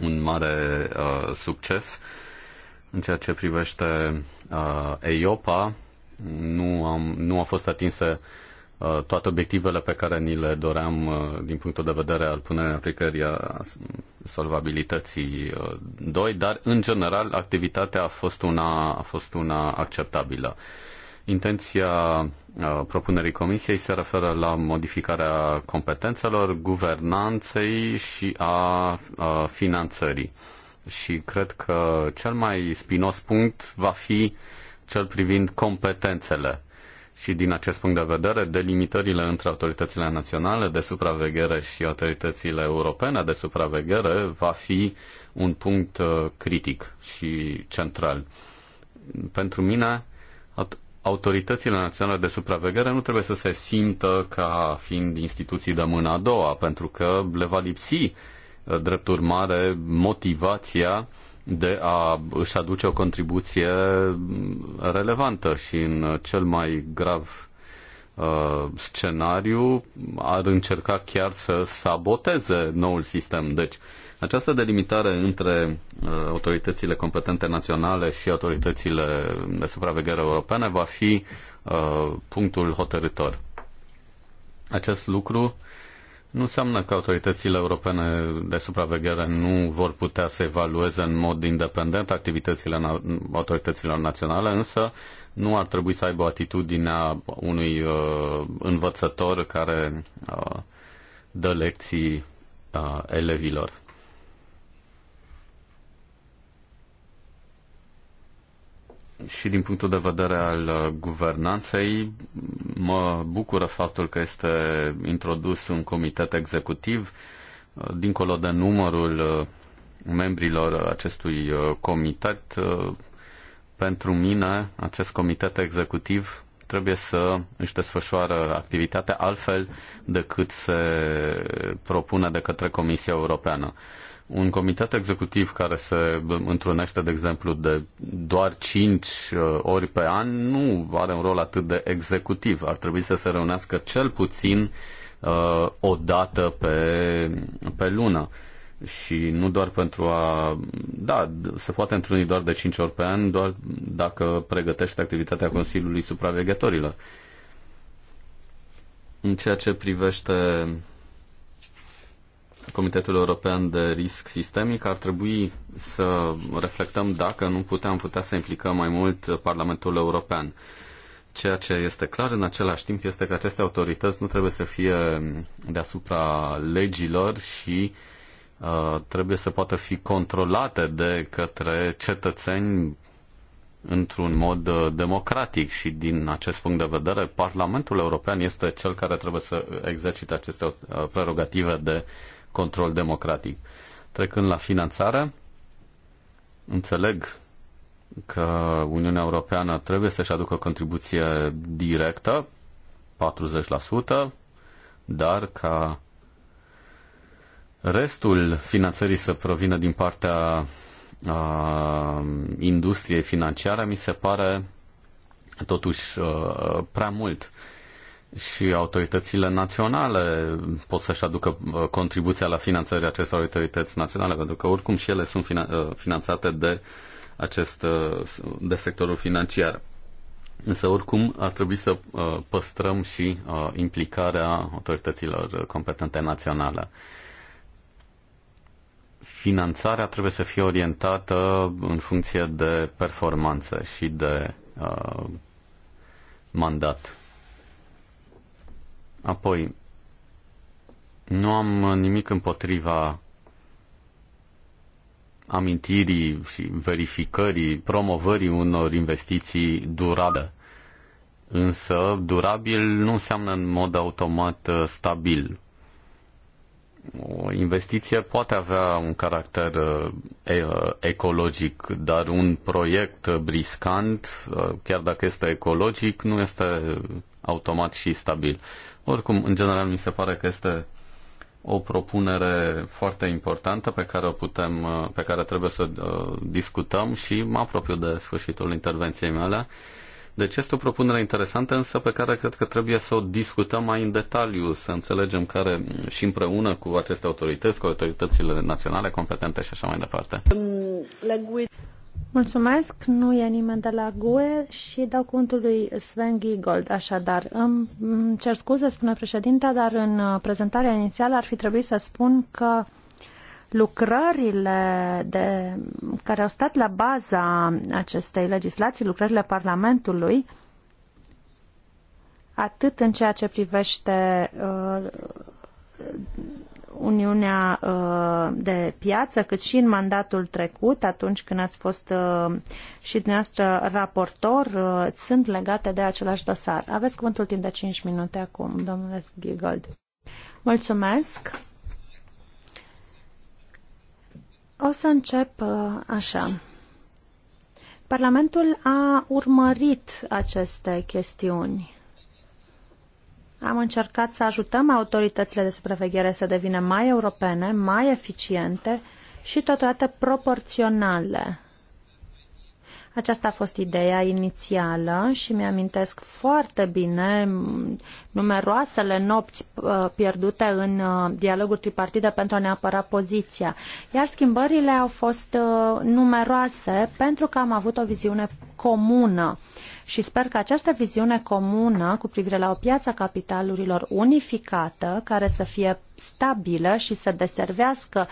un mare succes în ceea ce privește uh, EIOPA, nu, am, nu au fost atinse uh, toate obiectivele pe care ni le doream uh, din punctul de vedere al punerii în aplicării a solvabilității uh, 2, dar în general activitatea a fost una, a fost una acceptabilă. Intenția uh, propunerii comisiei se referă la modificarea competențelor, guvernanței și a uh, finanțării și cred că cel mai spinos punct va fi cel privind competențele și din acest punct de vedere, delimitările între autoritățile naționale de supraveghere și autoritățile europene de supraveghere va fi un punct uh, critic și central. Pentru mine, autoritățile naționale de supraveghere nu trebuie să se simtă ca fiind instituții de mână a doua, pentru că le va lipsi drept urmare, motivația de a își aduce o contribuție relevantă și în cel mai grav uh, scenariu ar încerca chiar să saboteze noul sistem. Deci, această delimitare între uh, autoritățile competente naționale și autoritățile de supraveghere europene va fi uh, punctul hotărător. Acest lucru nu înseamnă că autoritățile europene de supraveghere nu vor putea să evalueze în mod independent activitățile autorităților naționale, însă nu ar trebui să aibă atitudinea unui uh, învățător care uh, dă lecții uh, elevilor. și din punctul de vedere al uh, guvernanței, mă bucură faptul că este introdus un comitet executiv, uh, dincolo de numărul uh, membrilor acestui comitet. Pentru mine, acest comitet executiv trebuie să își desfășoară activitatea altfel decât se propune de către Comisia Europeană un comitet executiv care se întrunește, de exemplu, de doar 5 uh, ori pe an nu are un rol atât de executiv. Ar trebui să se reunească cel puțin uh, o dată pe, pe lună. Și nu doar pentru a... Da, se poate întruni doar de 5 ori pe an, doar dacă pregătește activitatea Consiliului Supraveghetorilor. În ceea ce privește Comitetul European de Risc Sistemic, ar trebui să reflectăm dacă nu putem putea să implicăm mai mult Parlamentul European. Ceea ce este clar în același timp este că aceste autorități nu trebuie să fie deasupra legilor și uh, trebuie să poată fi controlate de către cetățeni într-un mod uh, democratic și din acest punct de vedere Parlamentul European este cel care trebuie să exercite aceste uh, prerogative de uh, control democratic. Trecând la finanțare, înțeleg că Uniunea Europeană trebuie să-și aducă o contribuție directă, 40%, dar ca restul finanțării să provină din partea a, industriei financiare, mi se pare totuși prea mult și autoritățile naționale pot să-și aducă uh, contribuția la finanțarea acestor autorități naționale, pentru că oricum și ele sunt uh, finanțate de, acest, uh, de sectorul financiar. Însă oricum ar trebui să păstrăm și implicarea autorităților competente naționale. Finanțarea trebuie să fie orientată în funcție de performanță și de mandat Apoi, nu am nimic împotriva amintirii și verificării, promovării unor investiții durabile. Însă, durabil nu înseamnă în mod automat uh, stabil. O investiție poate avea un caracter uh, uh, ecologic, dar un proiect briscant, chiar dacă este ecologic, nu este automat și stabil. Oricum, în general, mi se pare că este o propunere foarte importantă pe care o putem, uh, pe care trebuie să uh, discutăm și mă apropiu de sfârșitul intervenției mele. Deci este o propunere interesantă, însă pe care cred că trebuie să o discutăm mai în detaliu, să înțelegem care și împreună cu aceste autorități, cu autoritățile naționale competente și așa mai departe. Mulțumesc, nu e nimeni de la GUE și dau cuvântul lui Sven Giegold. Așadar, îmi cer scuze, spune președinta, dar în uh, prezentarea inițială ar fi trebuit să spun că lucrările de, care au stat la baza acestei legislații, lucrările Parlamentului, atât în ceea ce privește uh, Uniunea uh, de Piață, cât și în mandatul trecut, atunci când ați fost uh, și dumneavoastră raportor, uh, sunt legate de același dosar. Aveți cuvântul timp de 5 minute acum, domnule Giggold. Mulțumesc! O să încep așa. Parlamentul a urmărit aceste chestiuni am încercat să ajutăm autoritățile de supraveghere să devină mai europene, mai eficiente și totodată proporționale. Aceasta a fost ideea inițială și mi-amintesc foarte bine numeroasele nopți uh, pierdute în uh, dialoguri tripartite pentru a ne apăra poziția. Iar schimbările au fost uh, numeroase pentru că am avut o viziune comună și sper că această viziune comună cu privire la o piață a capitalurilor unificată, care să fie stabilă și să deservească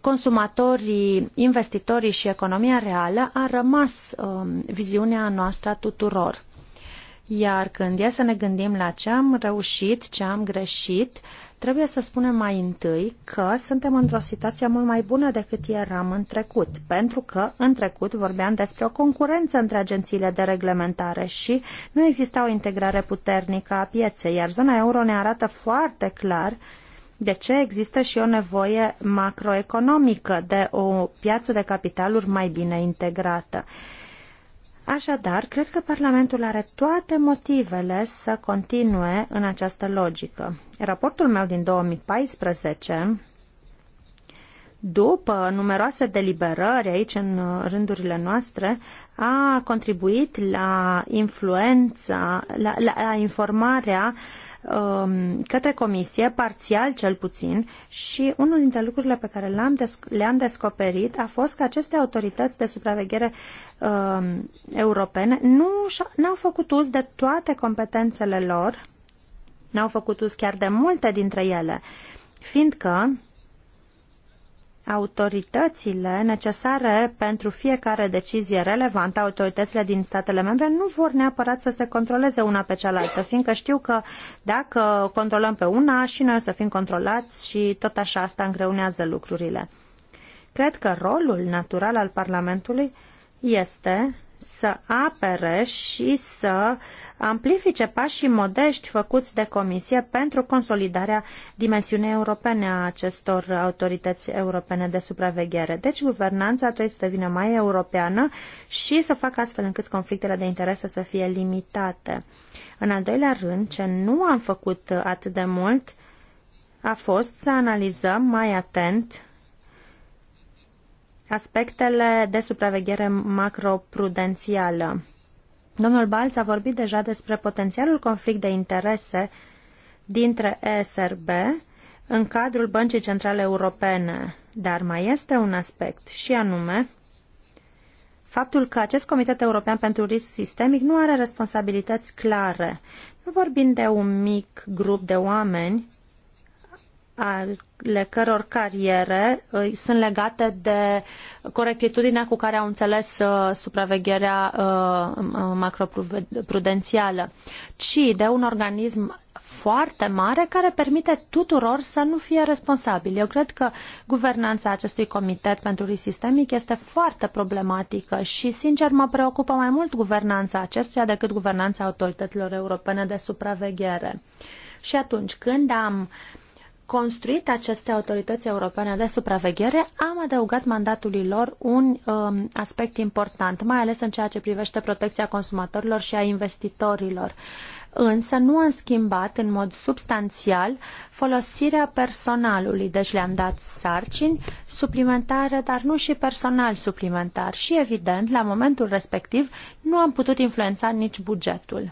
consumatorii, investitorii și economia reală, a rămas um, viziunea noastră a tuturor. Iar când e să ne gândim la ce am reușit, ce am greșit, trebuie să spunem mai întâi că suntem într-o situație mult mai bună decât eram în trecut, pentru că în trecut vorbeam despre o concurență între agențiile de reglementare și nu exista o integrare puternică a pieței, iar zona euro ne arată foarte clar de ce există și o nevoie macroeconomică de o piață de capitaluri mai bine integrată. Așadar, cred că Parlamentul are toate motivele să continue în această logică. Raportul meu din 2014, după numeroase deliberări aici în rândurile noastre, a contribuit la influența, la, la, la informarea uh, Um, către comisie, parțial cel puțin, și unul dintre lucrurile pe care le-am, le descoperit a fost că aceste autorități de supraveghere um, europene nu au făcut uz de toate competențele lor, n-au făcut uz chiar de multe dintre ele, fiindcă autoritățile necesare pentru fiecare decizie relevantă, autoritățile din statele membre nu vor neapărat să se controleze una pe cealaltă, fiindcă știu că dacă controlăm pe una și noi o să fim controlați și tot așa asta îngreunează lucrurile. Cred că rolul natural al Parlamentului este să apere și să amplifice pașii modești făcuți de Comisie pentru consolidarea dimensiunii europene a acestor autorități europene de supraveghere. Deci, guvernanța trebuie să devină mai europeană și să facă astfel încât conflictele de interese să fie limitate. În al doilea rând, ce nu am făcut atât de mult a fost să analizăm mai atent aspectele de supraveghere macroprudențială. Domnul Balț a vorbit deja despre potențialul conflict de interese dintre ESRB în cadrul Băncii Centrale Europene, dar mai este un aspect și anume faptul că acest Comitet European pentru Risc Sistemic nu are responsabilități clare. Nu vorbim de un mic grup de oameni ale căror cariere sunt legate de corectitudinea cu care au înțeles uh, supravegherea uh, macroprudențială, ci de un organism foarte mare care permite tuturor să nu fie responsabili. Eu cred că guvernanța acestui comitet pentru risc sistemic este foarte problematică și, sincer, mă preocupă mai mult guvernanța acestuia decât guvernanța autorităților europene de supraveghere. Și atunci când am construit aceste autorități europene de supraveghere, am adăugat mandatului lor un um, aspect important, mai ales în ceea ce privește protecția consumatorilor și a investitorilor. Însă nu am schimbat în mod substanțial folosirea personalului, deci le-am dat sarcini suplimentare, dar nu și personal suplimentar. Și evident, la momentul respectiv, nu am putut influența nici bugetul.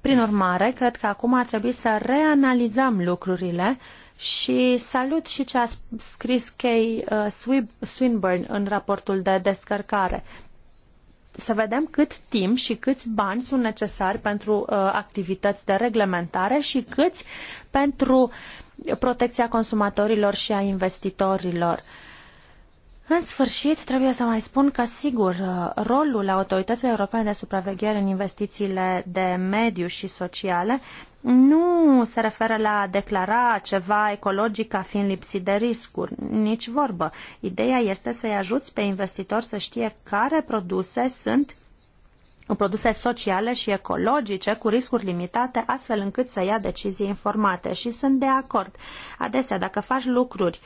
Prin urmare, cred că acum ar trebui să reanalizăm lucrurile și salut și ce a scris Kay uh, Swinburne în raportul de descărcare. Să vedem cât timp și câți bani sunt necesari pentru uh, activități de reglementare și câți pentru protecția consumatorilor și a investitorilor. În sfârșit, trebuie să mai spun că, sigur, uh, rolul Autorității Europene de Supraveghere în investițiile de mediu și sociale nu se referă la a declara ceva ecologic ca fiind lipsit de riscuri, nici vorbă. Ideea este să-i ajuți pe investitori să știe care produse sunt produse sociale și ecologice cu riscuri limitate, astfel încât să ia decizii informate. Și sunt de acord. Adesea, dacă faci lucruri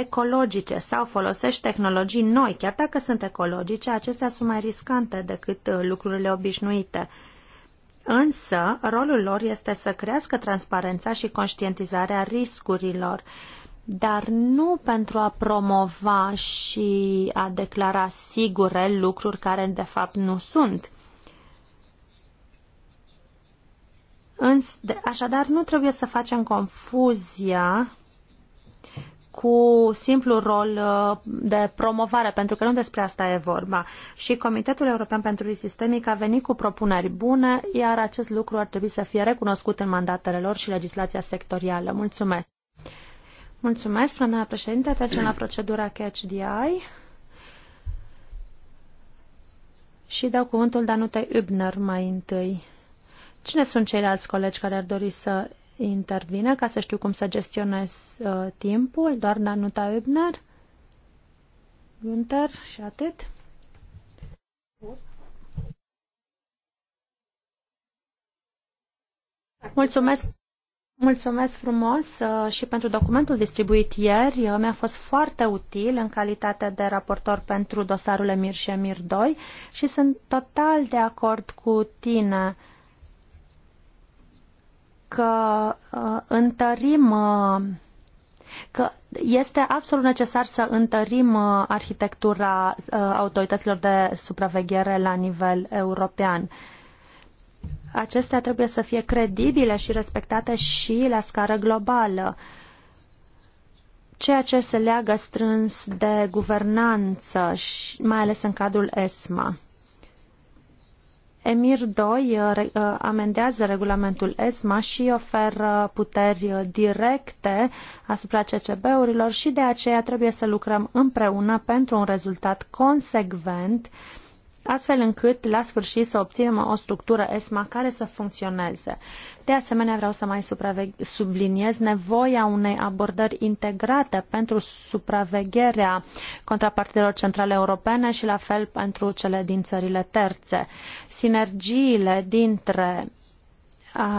ecologice sau folosești tehnologii noi, chiar dacă sunt ecologice, acestea sunt mai riscante decât uh, lucrurile obișnuite însă rolul lor este să crească transparența și conștientizarea riscurilor, dar nu pentru a promova și a declara sigure lucruri care de fapt nu sunt. Așadar, nu trebuie să facem confuzia cu simplu rol uh, de promovare, pentru că nu despre asta e vorba. Și Comitetul European pentru Risc Sistemic a venit cu propuneri bune, iar acest lucru ar trebui să fie recunoscut în mandatele lor și legislația sectorială. Mulțumesc! Mulțumesc, doamna președinte. Trecem la procedura Catch the Eye. Și dau cuvântul Danutei Übner mai întâi. Cine sunt ceilalți colegi care ar dori să intervine ca să știu cum să gestionez uh, timpul, doar Danuta Ebner, Günther și atât. Mulțumesc, mulțumesc frumos uh, și pentru documentul distribuit ieri. Uh, mi-a fost foarte util în calitate de raportor pentru dosarul Emir și Emir 2 și sunt total de acord cu tine că uh, întărim uh, că este absolut necesar să întărim uh, arhitectura autorităților de supraveghere la nivel european. Acestea trebuie să fie credibile și respectate și la scară globală ceea ce se leagă strâns de guvernanță, mai ales în cadrul ESMA. EMIR 2 uh, uh, amendează regulamentul ESMA și oferă puteri directe asupra CCB-urilor și de aceea trebuie să lucrăm împreună pentru un rezultat consecvent astfel încât la sfârșit să obținem o structură ESMA care să funcționeze. De asemenea, vreau să mai subliniez nevoia unei abordări integrate pentru supravegherea contrapartidelor centrale europene și la fel pentru cele din țările terțe. Sinergiile dintre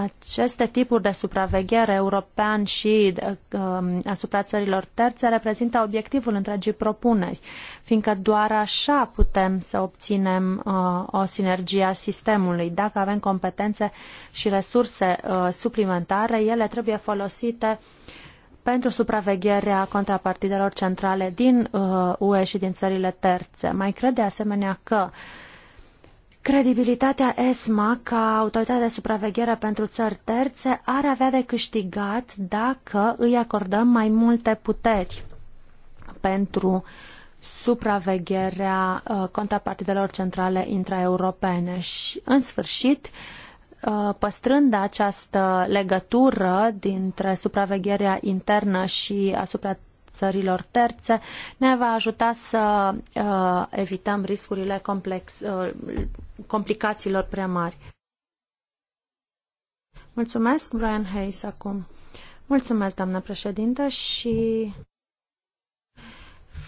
aceste tipuri de supraveghere european și um, asupra țărilor terțe reprezintă obiectivul întregii propuneri, fiindcă doar așa putem să obținem uh, o sinergie a sistemului. Dacă avem competențe și resurse uh, suplimentare, ele trebuie folosite pentru supravegherea contrapartidelor centrale din uh, UE și din țările terțe. Mai cred de asemenea că uh, Credibilitatea ESMA ca autoritate de supraveghere pentru țări terțe ar avea de câștigat dacă îi acordăm mai multe puteri pentru supravegherea uh, contrapartidelor centrale intraeuropene și, în sfârșit, uh, păstrând această legătură dintre supravegherea internă și asupra țărilor terțe ne va ajuta să uh, evităm riscurile complex, uh, complicațiilor prea mari. Mulțumesc, Brian Hayes, acum. Mulțumesc, doamnă președintă, și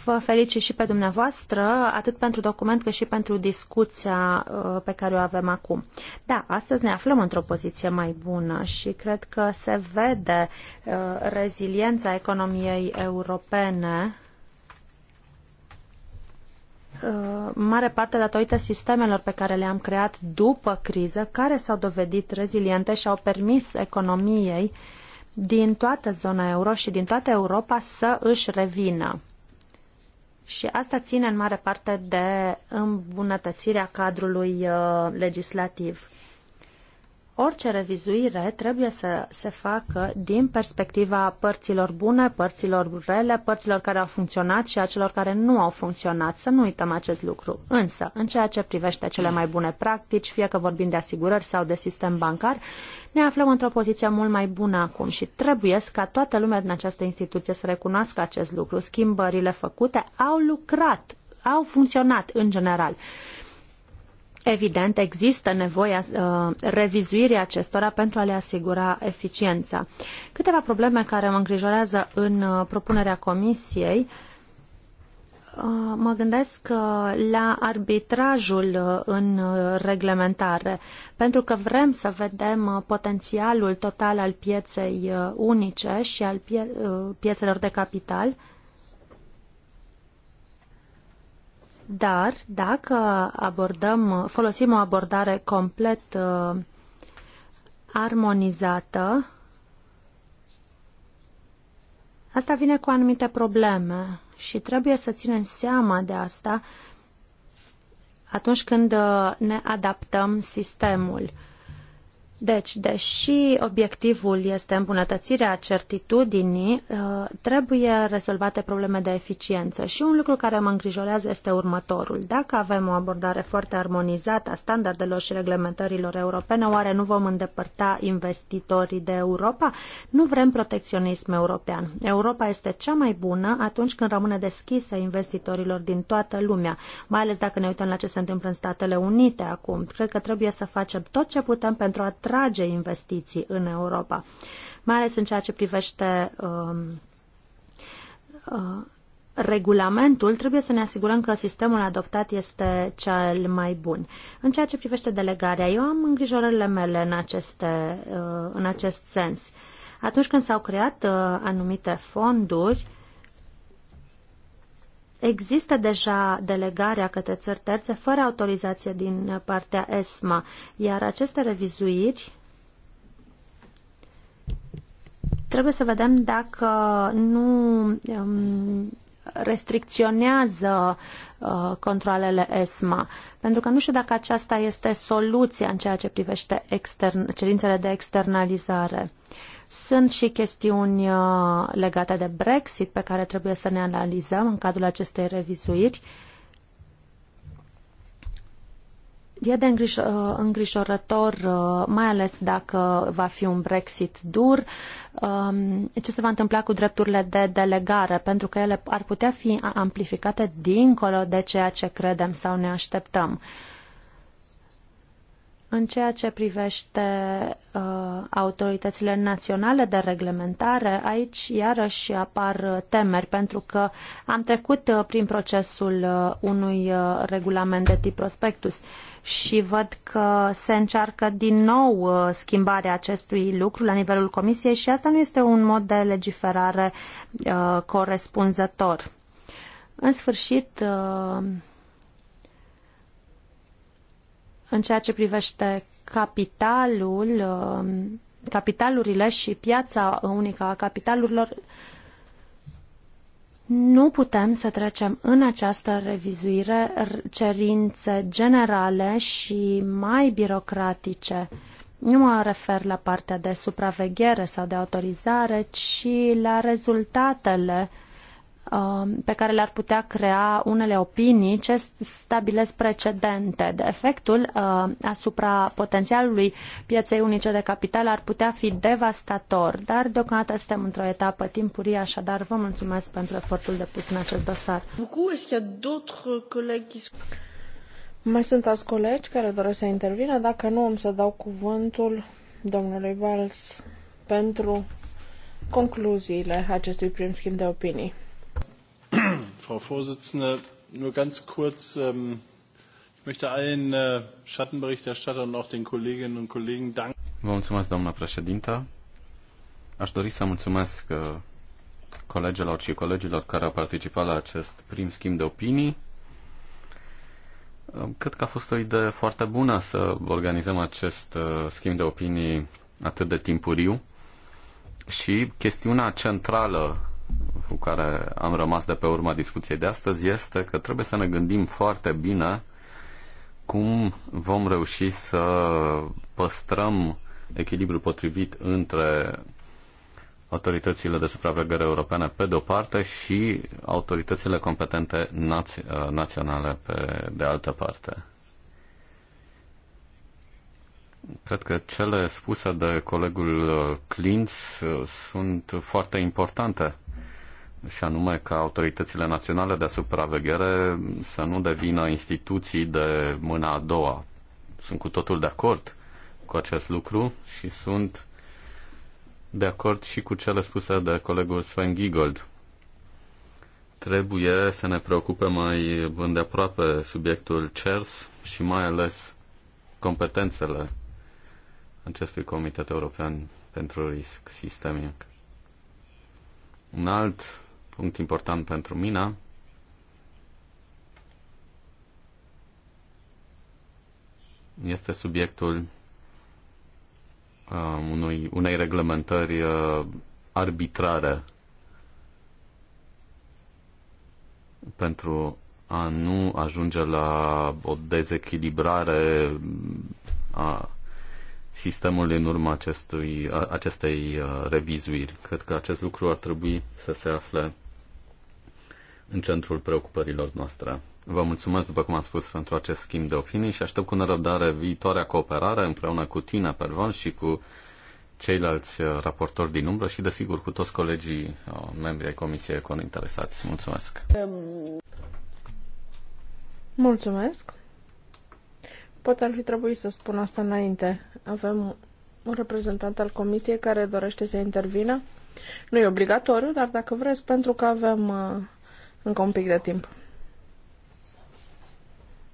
vă felicit și pe dumneavoastră, atât pentru document cât și pentru discuția uh, pe care o avem acum. Da, astăzi ne aflăm într-o poziție mai bună și cred că se vede uh, reziliența economiei europene uh, mare parte datorită sistemelor pe care le-am creat după criză, care s-au dovedit reziliente și au permis economiei din toată zona euro și din toată Europa să își revină. Și asta ține în mare parte de îmbunătățirea cadrului uh, legislativ orice revizuire trebuie să se facă din perspectiva părților bune, părților rele, părților care au funcționat și a celor care nu au funcționat. Să nu uităm acest lucru. Însă, în ceea ce privește cele mai bune practici, fie că vorbim de asigurări sau de sistem bancar, ne aflăm într-o poziție mult mai bună acum și trebuie ca toată lumea din această instituție să recunoască acest lucru. Schimbările făcute au lucrat, au funcționat în general. Evident, există nevoia uh, revizuirii acestora pentru a le asigura eficiența. Câteva probleme care mă îngrijorează în uh, propunerea comisiei uh, Mă gândesc uh, la arbitrajul uh, în reglementare, pentru că vrem să vedem potențialul total al pieței unice și al pie piețelor de capital Dar dacă abordăm, folosim o abordare complet uh, armonizată, asta vine cu anumite probleme și trebuie să ținem seama de asta atunci când uh, ne adaptăm sistemul. Uh, deci, deși obiectivul este îmbunătățirea certitudinii, uh, trebuie rezolvate probleme de eficiență. Și un lucru care mă îngrijorează este următorul. Dacă avem o abordare foarte armonizată a standardelor și reglementărilor europene, oare nu vom îndepărta investitorii de Europa? Nu vrem protecționism european. Europa este cea mai bună atunci când rămâne deschisă investitorilor din toată lumea, mai ales dacă ne uităm la ce se întâmplă în Statele Unite acum. Cred că trebuie să facem tot ce putem pentru a atrage investiții în Europa, mai ales în ceea ce privește um, uh, regulamentul, trebuie să ne asigurăm că sistemul adoptat este cel mai bun. În ceea ce privește delegarea, eu am îngrijorările mele în, aceste, uh, în acest sens. Atunci când s-au creat uh, anumite fonduri, Există deja delegarea către țări terțe fără autorizație din partea ESMA, iar aceste revizuiri trebuie să vedem dacă nu um, restricționează uh, controlele ESMA, pentru că nu știu dacă aceasta este soluția în ceea ce privește extern, cerințele de externalizare. Uh, sunt și chestiuni uh, legate de Brexit pe care trebuie să ne analizăm în cadrul acestei revizuiri. E de uh, îngrijorător, uh, mai ales dacă va fi un Brexit dur, um, ce se va întâmpla cu drepturile de delegare, pentru că ele ar putea fi amplificate dincolo de ceea ce credem sau ne așteptăm. În ceea ce privește uh, autoritățile naționale de reglementare, aici iarăși apar uh, temeri, pentru că am trecut uh, prin procesul uh, unui uh, regulament de tip prospectus și văd că se încearcă din nou uh, schimbarea acestui lucru la nivelul Comisiei și asta nu este un mod de legiferare uh, corespunzător. În sfârșit, uh, în ceea ce privește capitalul, um, capitalurile și piața unică a capitalurilor, nu putem să trecem în această revizuire cerințe generale și mai birocratice. Nu mă refer la partea de supraveghere sau de autorizare, ci la rezultatele Um, pe care le-ar putea crea unele opinii ce stabilesc precedente. De efectul uh, asupra potențialului pieței unice de capital ar putea fi devastator, dar deocamdată suntem într-o etapă timpurie, așadar vă mulțumesc pentru efortul depus în acest dosar. Mai sunt alți colegi care doresc să intervină, dacă nu am să dau cuvântul domnului Valls pentru concluziile acestui prim schimb de opinii. Frau Vorsitzende. Nur ganz kurz. Ähm, ich möchte allen äh, Schattenberichterstattern und auch den Kolleginnen und Kollegen danken. Vă mulțumesc, doamna președintă. Aș dori să mulțumesc uh, colegelor și colegilor care au participat la acest prim schimb de opinii. Uh, cred că a fost o idee foarte bună să organizăm acest uh, schimb de opinii atât de timpuriu și chestiunea centrală cu care am rămas de pe urma discuției de astăzi este că trebuie să ne gândim foarte bine cum vom reuși să păstrăm echilibrul potrivit între autoritățile de supraveghere europene pe de-o parte și autoritățile competente naț- uh, naționale pe de altă parte. Cred că cele spuse de colegul Clintz uh, uh, sunt foarte importante și anume ca autoritățile naționale de supraveghere să nu devină instituții de mâna a doua. Sunt cu totul de acord cu acest lucru și sunt de acord și cu cele spuse de colegul Sven Giegold. Trebuie să ne preocupe mai îndeaproape subiectul CERS și mai ales competențele acestui Comitet European pentru Risc Sistemic. Un alt punct important pentru mine. Este subiectul uh, unui, unei reglementări uh, arbitrare pentru a nu ajunge la o dezechilibrare a sistemului în urma acestui, a, acestei uh, revizuiri. Cred că acest lucru ar trebui să se afle în centrul preocupărilor noastre. Vă mulțumesc, după cum am spus, pentru acest schimb de opinii și aștept cu nerăbdare viitoarea cooperare împreună cu tine, Pervan, și cu ceilalți uh, raportori din umbră și, desigur, cu toți colegii uh, membri ai Comisiei Econ interesați. Mulțumesc! Mulțumesc! Poate ar fi trebuit să spun asta înainte. Avem un reprezentant al Comisiei care dorește să intervină. Nu e obligatoriu, dar dacă vreți, pentru că avem uh, încă un pic de timp.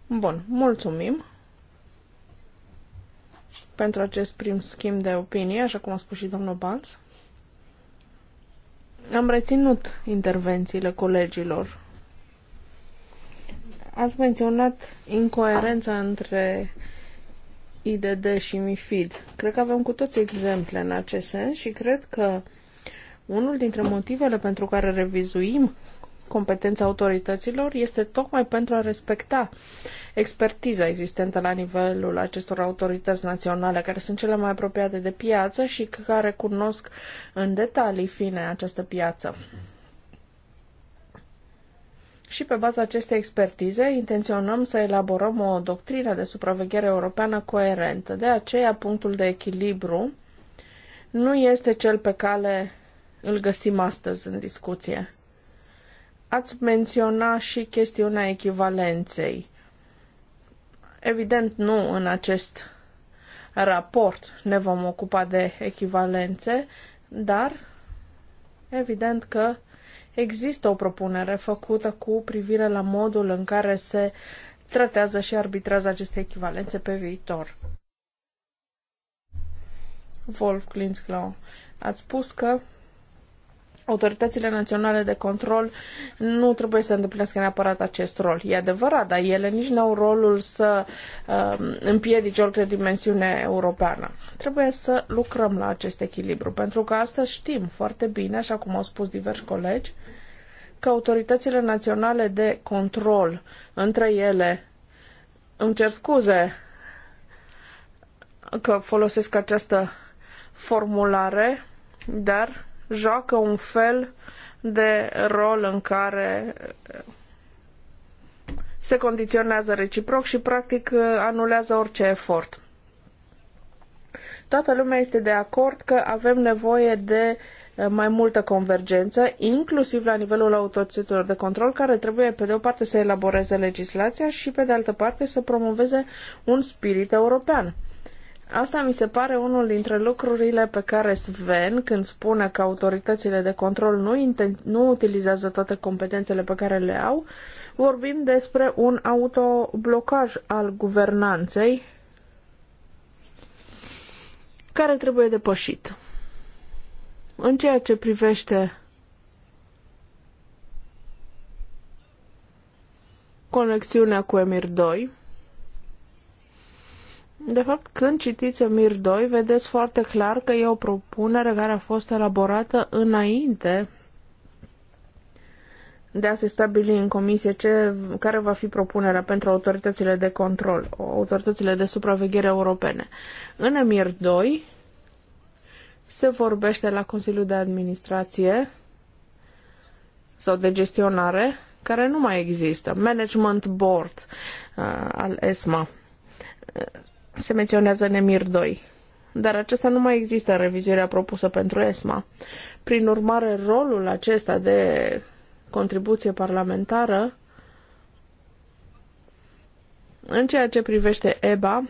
Bun, mulțumim pentru acest prim schimb de opinie, așa cum a spus și domnul Balț. Am reținut intervențiile colegilor. Ați menționat incoerența între IDD și MIFID. Cred că avem cu toți exemple în acest sens și cred că unul dintre motivele pentru care revizuim competența autorităților este tocmai pentru a respecta expertiza existentă la nivelul acestor autorități naționale, care sunt cele mai apropiate de piață și care cunosc în detalii fine această piață. Și pe baza acestei expertize intenționăm să elaborăm o doctrină de supraveghere europeană coerentă. De aceea, punctul de echilibru nu este cel pe care îl găsim astăzi în discuție. Ați menționat și chestiunea echivalenței. Evident, nu în acest raport ne vom ocupa de echivalențe, dar evident că există o propunere făcută cu privire la modul în care se tratează și arbitrează aceste echivalențe pe viitor. Wolf Klinsklau, ați spus că autoritățile naționale de control nu trebuie să îndeplinească neapărat acest rol. E adevărat, dar ele nici nu au rolul să uh, împiedice orice dimensiune europeană. Trebuie să lucrăm la acest echilibru, pentru că asta știm foarte bine, așa cum au spus diversi colegi, că autoritățile naționale de control între ele îmi cer scuze că folosesc această formulare, dar joacă un fel de rol în care se condiționează reciproc și practic anulează orice efort. Toată lumea este de acord că avem nevoie de eh, mai multă convergență, inclusiv la nivelul autorităților de control, care trebuie, pe de o parte, să elaboreze legislația și, pe de altă parte, să promoveze un spirit european. Asta mi se pare unul dintre lucrurile pe care Sven, când spune că autoritățile de control nu, nu utilizează toate competențele pe care le au, vorbim despre un autoblocaj al guvernanței care trebuie depășit. În ceea ce privește conexiunea cu Emir 2, de fapt, când citiți Emir 2, vedeți foarte clar că e o propunere care a fost elaborată înainte de a se stabili în comisie ce, care va fi propunerea pentru autoritățile de control, autoritățile de supraveghere europene. În Emir 2 se vorbește la Consiliul de Administrație sau de gestionare, care nu mai există, Management Board uh, al ESMA se menționează Nemir 2, dar acesta nu mai există în revizuirea propusă pentru ESMA. Prin urmare, rolul acesta de contribuție parlamentară în ceea ce privește EBA,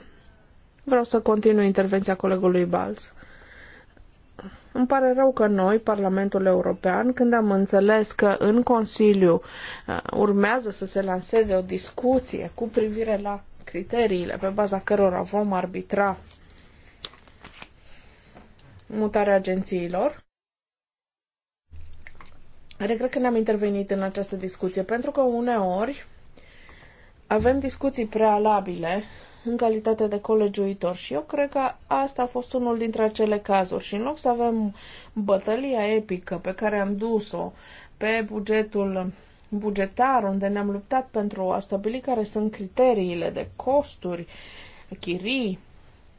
vreau să continui intervenția colegului Balz. Îmi pare rău că noi, Parlamentul European, când am înțeles că în Consiliu uh, urmează să se lanseze o discuție cu privire la criteriile pe baza cărora vom arbitra mutarea agențiilor. Regret că ne am intervenit în această discuție, pentru că uneori avem discuții prealabile în calitate de colegiuitor și eu cred că asta a fost unul dintre acele cazuri și în loc să avem bătălia epică pe care am dus-o pe bugetul bugetar, unde ne-am luptat pentru a stabili care sunt criteriile de costuri, chirii,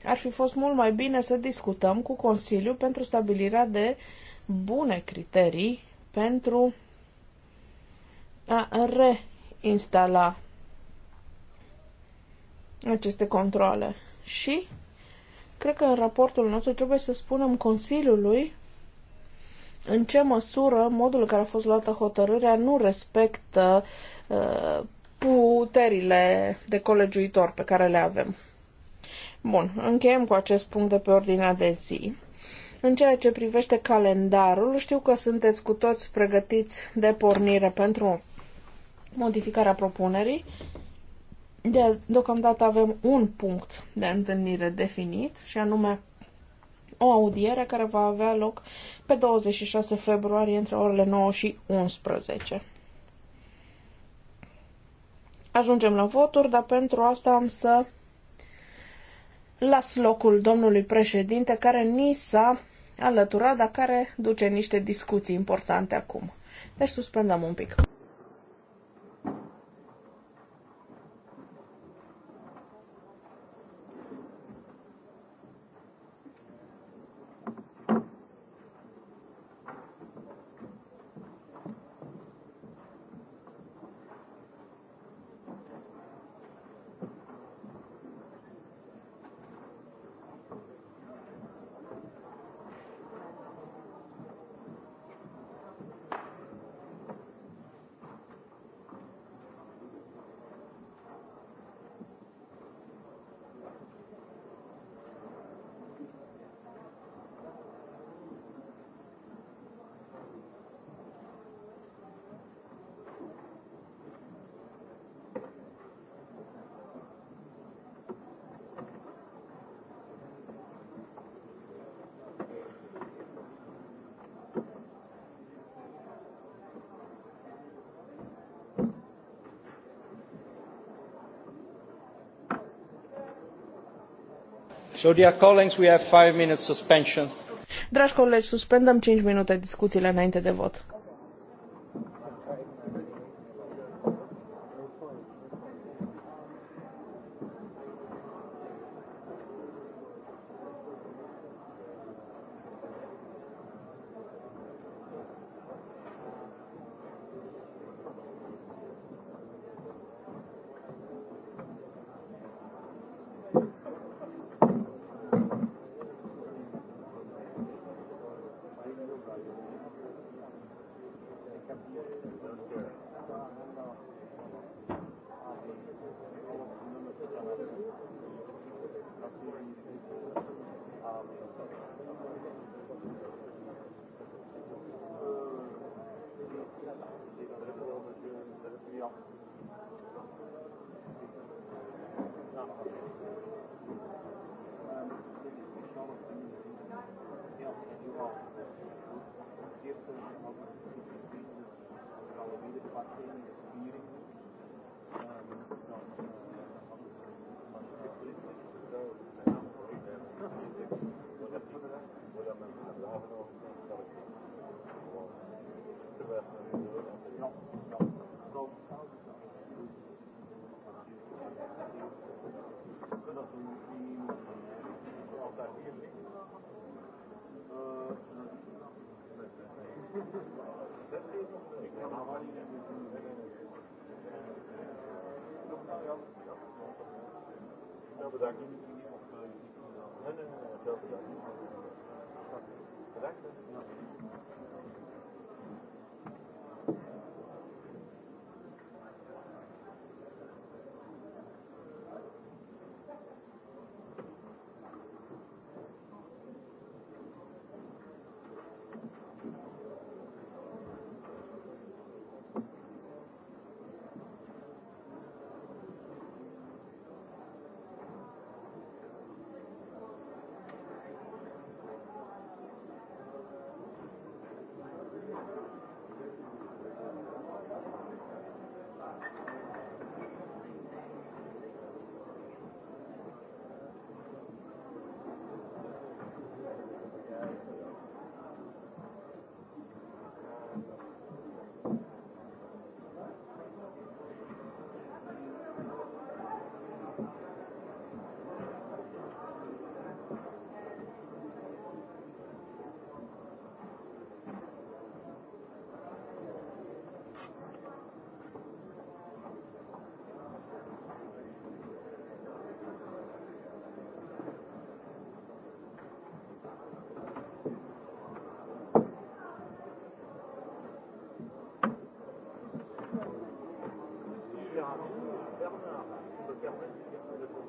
ar fi fost mult mai bine să discutăm cu Consiliul pentru stabilirea de bune criterii pentru a reinstala aceste controle. Și cred că în raportul nostru trebuie să spunem Consiliului în ce măsură modul în care a fost luată hotărârea nu respectă uh, puterile de colegiuitor pe care le avem. Bun, încheiem cu acest punct de pe ordinea de zi. În ceea ce privește calendarul, știu că sunteți cu toți pregătiți de pornire pentru modificarea propunerii. De, deocamdată avem un punct de întâlnire definit și anume o audiere care va avea loc pe 26 februarie între orele 9 și 11. Ajungem la voturi, dar pentru asta am să las locul domnului președinte care ni s-a alăturat, dar care duce niște discuții importante acum. Deci suspendăm un pic. Dragi colegi, suspendăm cinci minute discuțiile înainte de vot.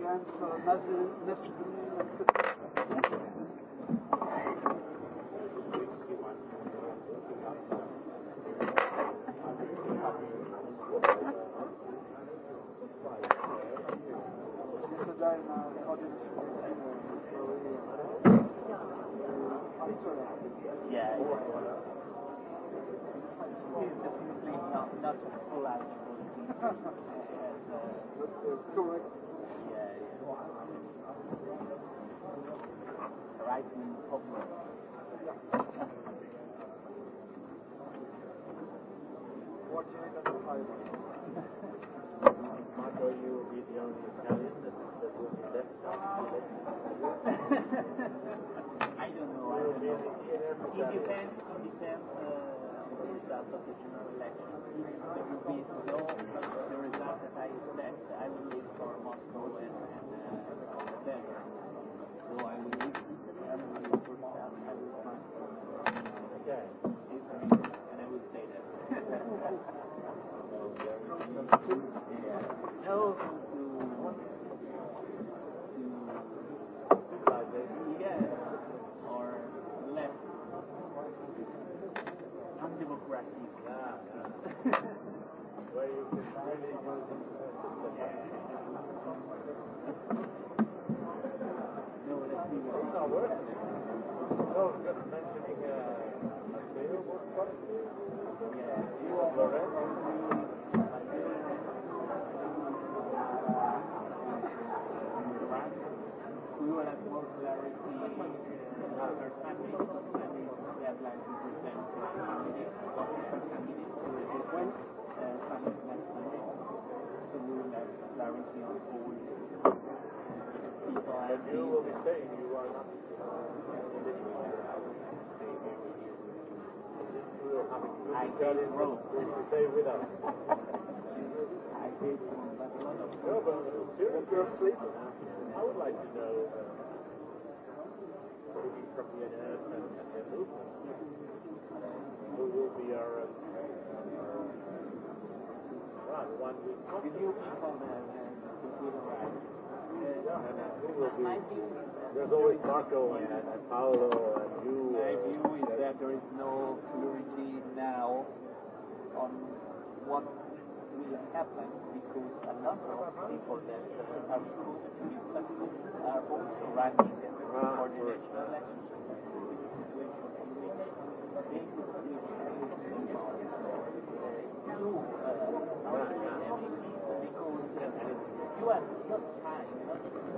against uh, Muslim, Muslim Yeah. Correct. Yeah. Right wing Watching it you will be the only Italian. I don't know. I don't know. It depends. It depends uh, on the result of the general election. If there will be no the result that I expect, I will leave for Moscow and Charlie in Rome. Stay with us. I did. No, but seriously, you're sleeping. I would like to know uh, from the NS and, and the movement who will be our, uh, our uh, one week. Did you come on that? Uh, uh, who uh, will uh, be? There's always Paco and, and, Paolo and you. My uh, view is that that there is no clarity now on what will happen because a number of people that uh, are supposed to be successful are also running ah, for the national election. Uh, uh, you uh, because you have no time.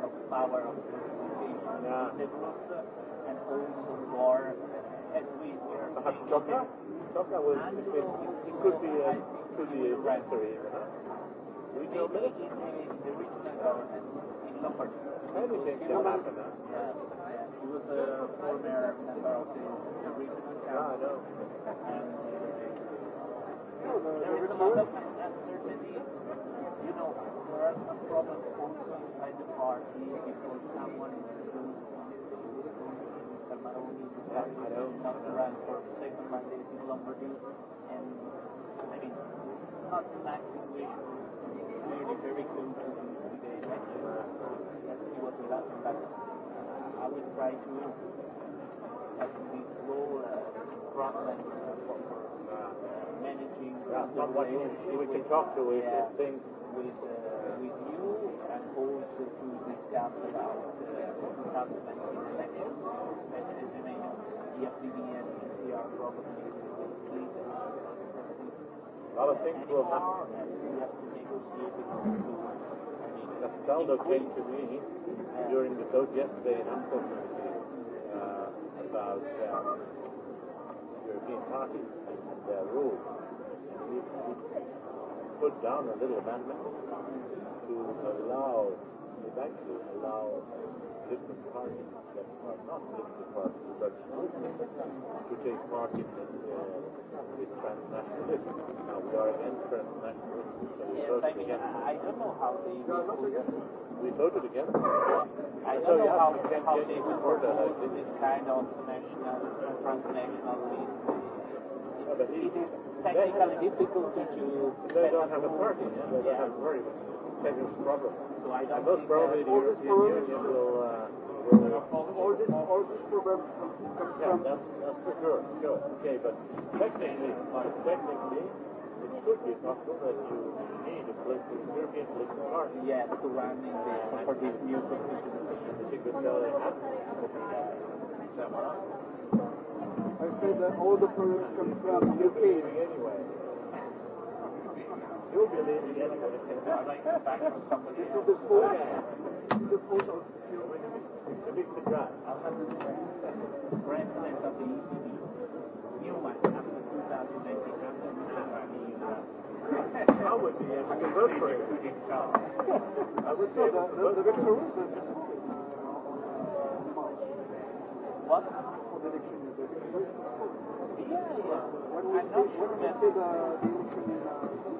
of power of representation yeah. that was uh, an also war as we were Perhaps Joker? Joker was, it, it it could be a, could be a ranter even, huh? Regional minister? In the, in the regional government in Lombardy. Anything can happen, huh? Yeah. He was a former member of the, the regional council. Yeah, I know. And uh, there is a lot of uncertainty, you know, there are some problems also inside the party because someone is Mr. Maroni decided to not to run for second mandate in Lombardy, and I mean, not the nice situation, clearly very close to the, to the election, so let's see what will happen, but I will try to have this role as uh, frontline uh, for, for uh, managing. Yeah, someone we, we can talk to if yeah. things with. Uh, polls that we discussed about the 2019 elections, and as you know, the FDB and PCR probably will split on a lot of things will happen. we have to negotiate with people. Castaldo came to me during the talk yesterday in Amsterdam uh, about uh, European parties and their rules. We, we put down a little amendment to allow, eventually allow different parties that are not political parties but to take part in this, uh, this transnationalism. Now we are against transnationalism, so we yes, I mean, against. I don't know how they. No, we voted against it. I don't so, know yeah, how, can, how they would support that, like this kind of national, transnational list. Yeah, but it, is technically difficult to. do. They don't have a party. Yeah. They don't have a party having problems. So I don't Most probably the European Union will. Uh, all this, all this problem comes yeah, from. That's, that's for sure. Sure. Okay, but technically, like, uh, technically, it could be possible that you need a political, European political party. Yes, to run in the, for this new constitution decision. you could tell it has to I said that all the problems come from UK. Anyway. You'll be late again if I like to back from somebody else. This is the fault. This is the fault of Mr. Grant. I'll have to check. President of the ECB, Newman, after 2019, after I would be able to vote for him. I would say that the, the Victor Russo just What? For the election, the Victor Russo. Yeah, yeah. When we I'm say, not sure when we say the, the election in uh,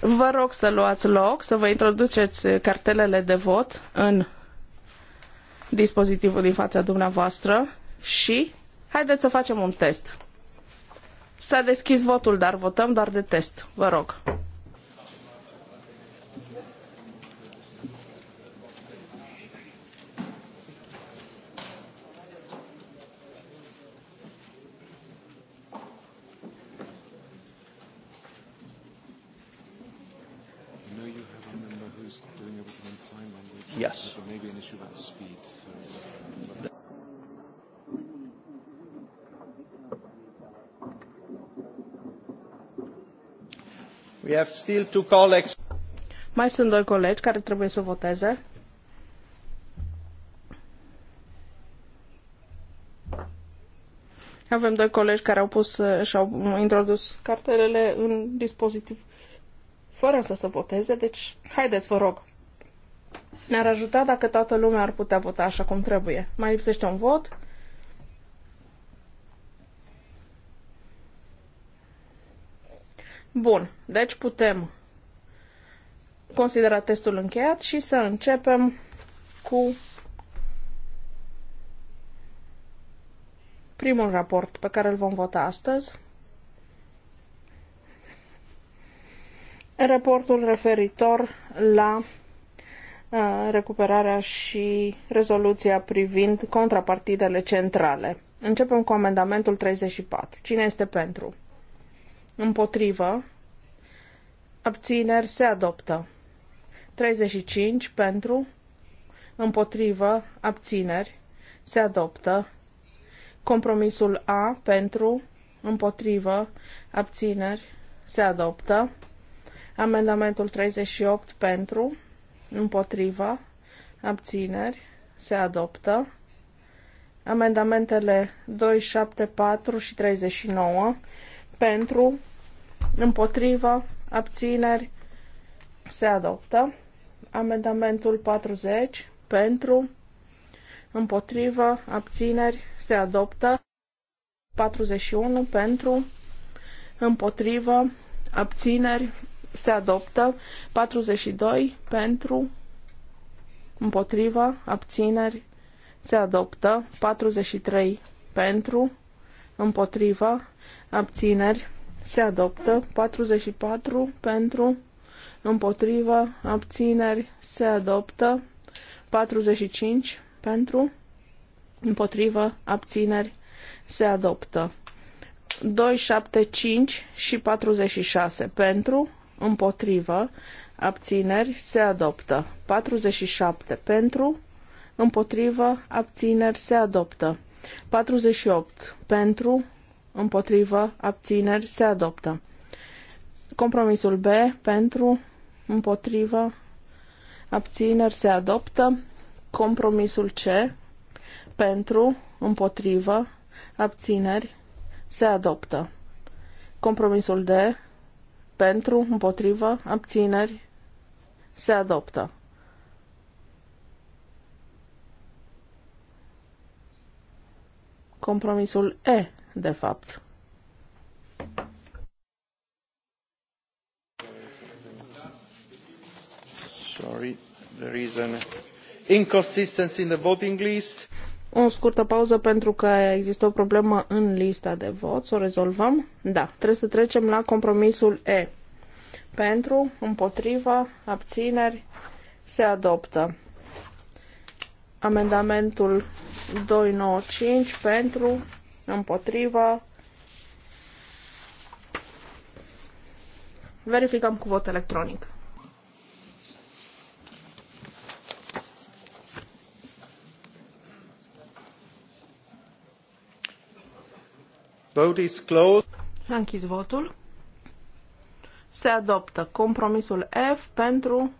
Vă rog să luați loc, să vă introduceți cartelele de vot în dispozitivul din fața dumneavoastră și haideți să facem un test. S-a deschis votul, dar votăm doar de test. Vă rog. Mai sunt doi colegi care trebuie să voteze. Avem doi colegi care au pus uh, și-au introdus cartelele în dispozitiv fără să se voteze, deci haideți, vă rog. Ne-ar ajuta dacă toată lumea ar putea vota așa cum trebuie. Mai lipsește un vot. Bun, deci putem considera testul încheiat și să începem cu primul raport pe care îl vom vota astăzi. Raportul referitor la uh, recuperarea și rezoluția privind contrapartidele centrale. Începem cu amendamentul 34. Cine este pentru? împotrivă, abțineri se adoptă. 35 pentru, împotrivă, abțineri se adoptă. Compromisul A pentru, împotrivă, abțineri se adoptă. Amendamentul 38 pentru, împotrivă, abțineri se adoptă. Amendamentele 274 și 39 pentru, împotrivă, abțineri, se adoptă. Amendamentul 40, pentru, împotrivă, abțineri, se adoptă. 41, pentru, împotrivă, abțineri, se adoptă. 42, pentru, împotrivă, abțineri, se adoptă. 43, pentru, împotrivă, abțineri, se adoptă. 44 pentru, împotrivă, abțineri, se adoptă. 45 pentru, împotrivă, abțineri, se adoptă. 275 și 46 pentru, împotrivă, abțineri, se adoptă. 47 pentru, împotrivă, abțineri, se adoptă. 48 pentru, împotrivă, abțineri, se adoptă. Compromisul B, pentru, împotrivă, abțineri, se adoptă. Compromisul C, pentru, împotrivă, abțineri, se adoptă. Compromisul D, pentru, împotrivă, abțineri, se adoptă. Compromisul E de fapt. Sorry, there is an inconsistency in the voting list. O scurtă pauză pentru că există o problemă în lista de vot. Să o rezolvăm? Da. Trebuie să trecem la compromisul E. Pentru, împotriva, abțineri, se adoptă. Amendamentul 295 pentru, împotrivă. Verificăm cu vot electronic. Vote is closed. Am închis votul. Se adoptă compromisul F pentru,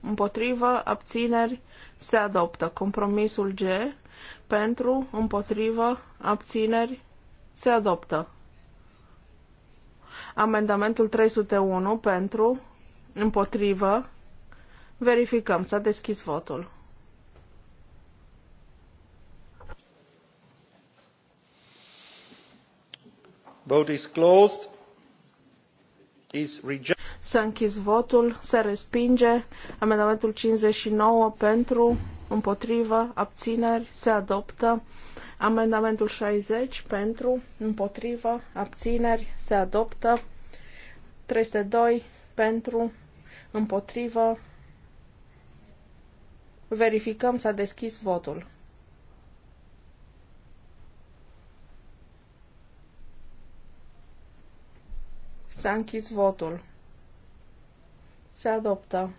împotrivă, abțineri. Se adoptă compromisul G pentru, împotrivă, abțineri, se adoptă. Amendamentul 301 pentru, împotrivă, verificăm, s-a deschis votul. Vote is closed. Is S-a închis votul, se respinge amendamentul 59 pentru, împotrivă, abțineri, se adoptă. Amendamentul 60 pentru, împotrivă, abțineri, se adoptă. 302 pentru, împotrivă. Verificăm, s-a deschis votul. S-a închis votul. Se adoptă.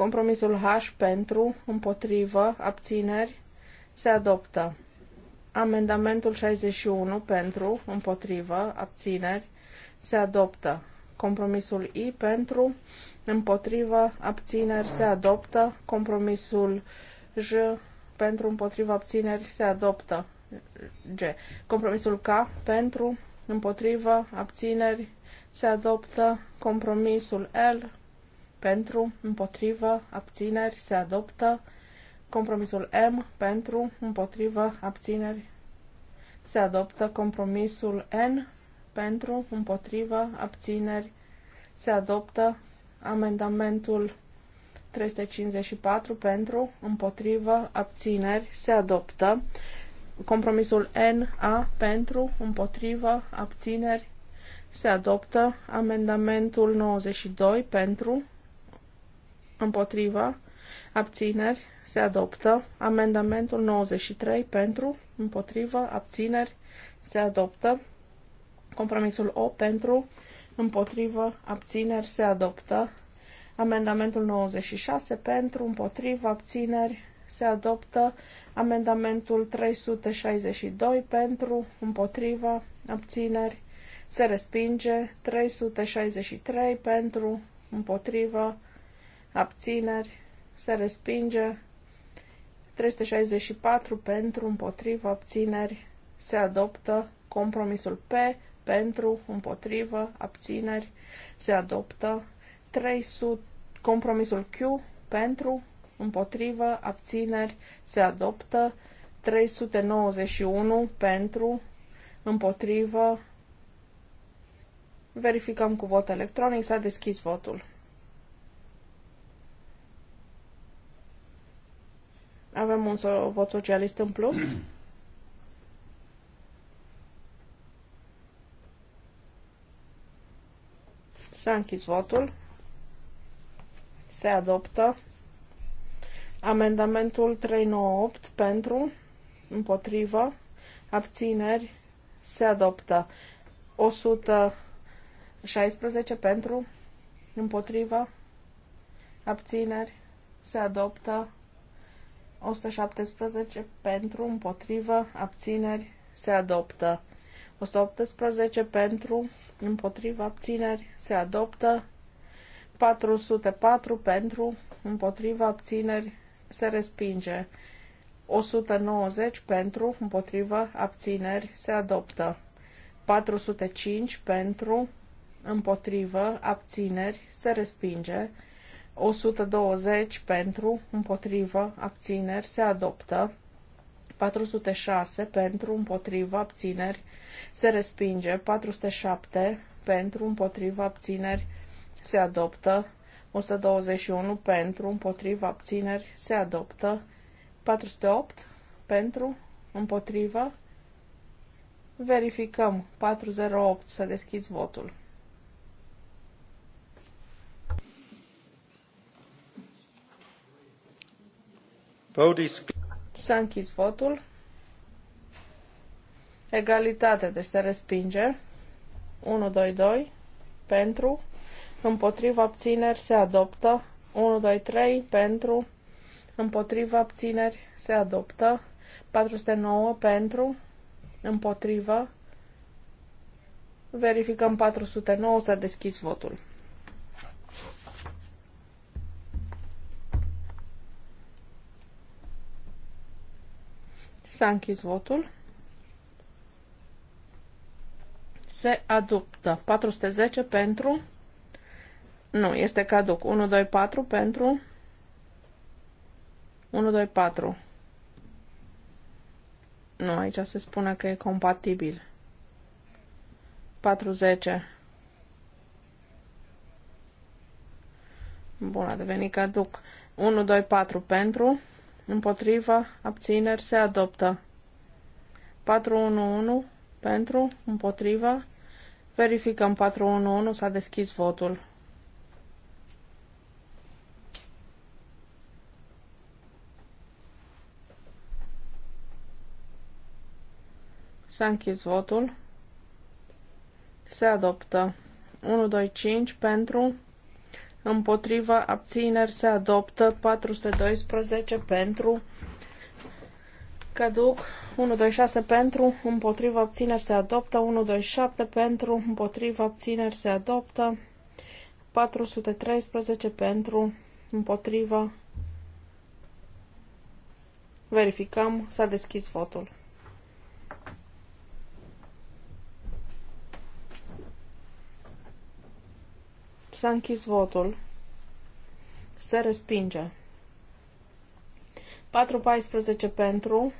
Compromisul H pentru, împotrivă, abțineri, se adoptă. Amendamentul 61 pentru, împotrivă, abțineri, se adoptă. Compromisul I pentru, împotrivă, abțineri, se adoptă. Compromisul J pentru, împotrivă, abțineri, se adoptă. G. Compromisul K pentru, împotrivă, abțineri, se adoptă. Compromisul L pentru, împotrivă, abțineri, se adoptă. Compromisul M pentru, împotrivă, abțineri, se adoptă. Compromisul N pentru, împotrivă, abțineri, se adoptă. Amendamentul 354 pentru, împotrivă, abțineri, se adoptă. Compromisul NA pentru, împotrivă, abțineri, se adoptă. Amendamentul 92 pentru, împotriva, abțineri, se adoptă. Amendamentul 93 pentru, împotriva, abțineri, se adoptă. Compromisul O pentru, împotrivă, abțineri, se adoptă. Amendamentul 96 pentru, împotrivă, abțineri, se adoptă. Amendamentul 362 pentru, împotrivă, abțineri, se respinge. 363 pentru, împotrivă, abțineri, se respinge. 364 pentru, împotrivă, abțineri, se adoptă. Compromisul P pentru, împotrivă, abțineri, se adoptă. 300, compromisul Q pentru, împotrivă, abțineri, se adoptă. 391 pentru, împotrivă. Verificăm cu vot electronic, s-a deschis votul. Avem un vot socialist în plus. S-a închis votul. Se adoptă. Amendamentul 398 pentru, împotrivă, abțineri, se adoptă. 116 pentru, împotrivă, abțineri, se adoptă. 117 pentru, împotrivă, abțineri, se adoptă. 118 pentru, împotrivă, abțineri, se adoptă. 404 pentru, împotrivă, abțineri, se respinge. 190 pentru, împotrivă, abțineri, se adoptă. 405 pentru, împotrivă, abțineri, se respinge. 120 pentru, împotrivă, abțineri, se adoptă. 406 pentru, împotrivă, abțineri, se respinge. 407 pentru, împotrivă, abțineri, se adoptă. 121 pentru, împotrivă, abțineri, se adoptă. 408 pentru, împotrivă. Verificăm. 408 să deschizi votul. S-a închis votul. Egalitate, deci se respinge. 1, 2, 2. Pentru. Împotriva abțineri se adoptă. 1, 2, 3. Pentru. Împotriva abțineri se adoptă. 409 pentru. Împotriva. Verificăm 409. S-a deschis votul. S-a închis votul. Se adoptă. 410 pentru. Nu, este caduc. 1, 2, 4 pentru. 1, 2, 4. Nu, aici se spune că e compatibil. 410. Bun, a devenit caduc. 1, 2, 4 pentru împotriva, abțineri, se adoptă. 411 pentru, împotriva, verificăm 411, s-a deschis votul. S-a închis votul. Se adoptă. 1, 2, 5 pentru, împotriva abțineri se adoptă 412 pentru caduc 126 pentru împotriva abțineri se adoptă 127 pentru împotriva abțineri se adoptă 413 pentru împotriva verificăm s-a deschis votul S-a închis votul. Se respinge. 4-14 pentru,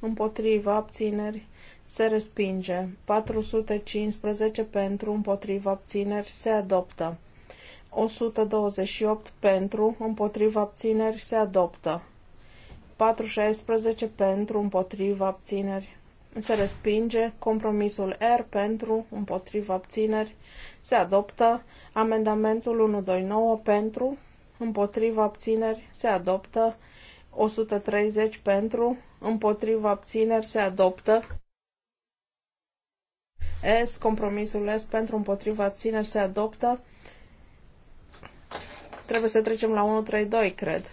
împotriva, abțineri, se respinge. 415 pentru, împotriva, abțineri, se adoptă. 128 pentru, împotriva, abțineri, se adoptă. 416 pentru, împotriva, abțineri, se respinge, compromisul R pentru, împotriva abțineri, se adoptă, amendamentul 129 pentru, împotriva abțineri, se adoptă, 130 pentru, împotriva abțineri, se adoptă. S, compromisul S pentru împotriva abțineri se adoptă. Trebuie să trecem la 132, cred.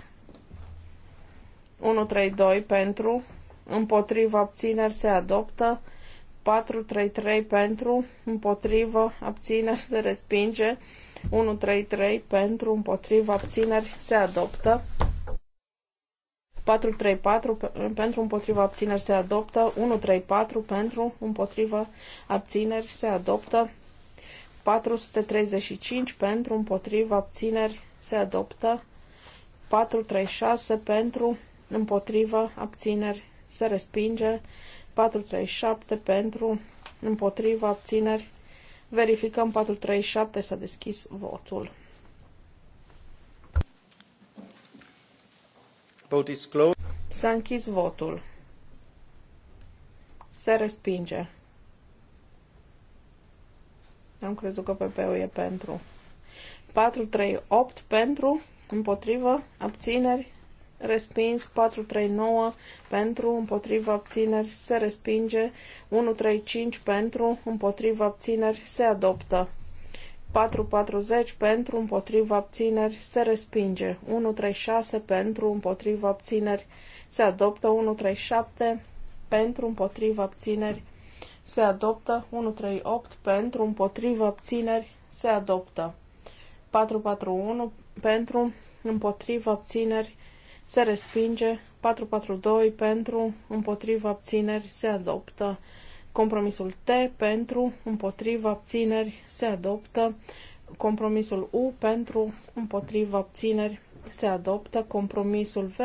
132 pentru împotrivă abțineri se adoptă, 433 pentru, împotrivă abțineri se respinge, 133 pentru, împotrivă abțineri se adoptă. 434 pentru împotriva abțineri se adoptă, 134 pentru împotriva abțineri se adoptă, 435 pentru împotriva abțineri se adoptă, 436 pentru împotriva abțineri se respinge, 437 pentru, împotriva, abțineri, verificăm 437, s-a deschis votul. Vote is closed. S-a închis votul. Se respinge. Am crezut că PP-ul e pentru. 4-3-8 pentru, împotrivă, abțineri, respins, 439 pentru, împotriva abțineri, se respinge, 135 pentru, împotriva abțineri, se adoptă. 440 pentru, împotriva abțineri, se respinge. 136 pentru, împotriva abțineri, se adoptă. 137 pentru, împotriva abțineri, se adoptă. 138 pentru, împotriva abțineri, se adoptă. 441 pentru, împotriva abțineri, se respinge, 442 pentru, împotriva abțineri se adoptă, compromisul T pentru, împotriva abțineri se adoptă, compromisul U pentru, împotriva abțineri se adoptă, compromisul V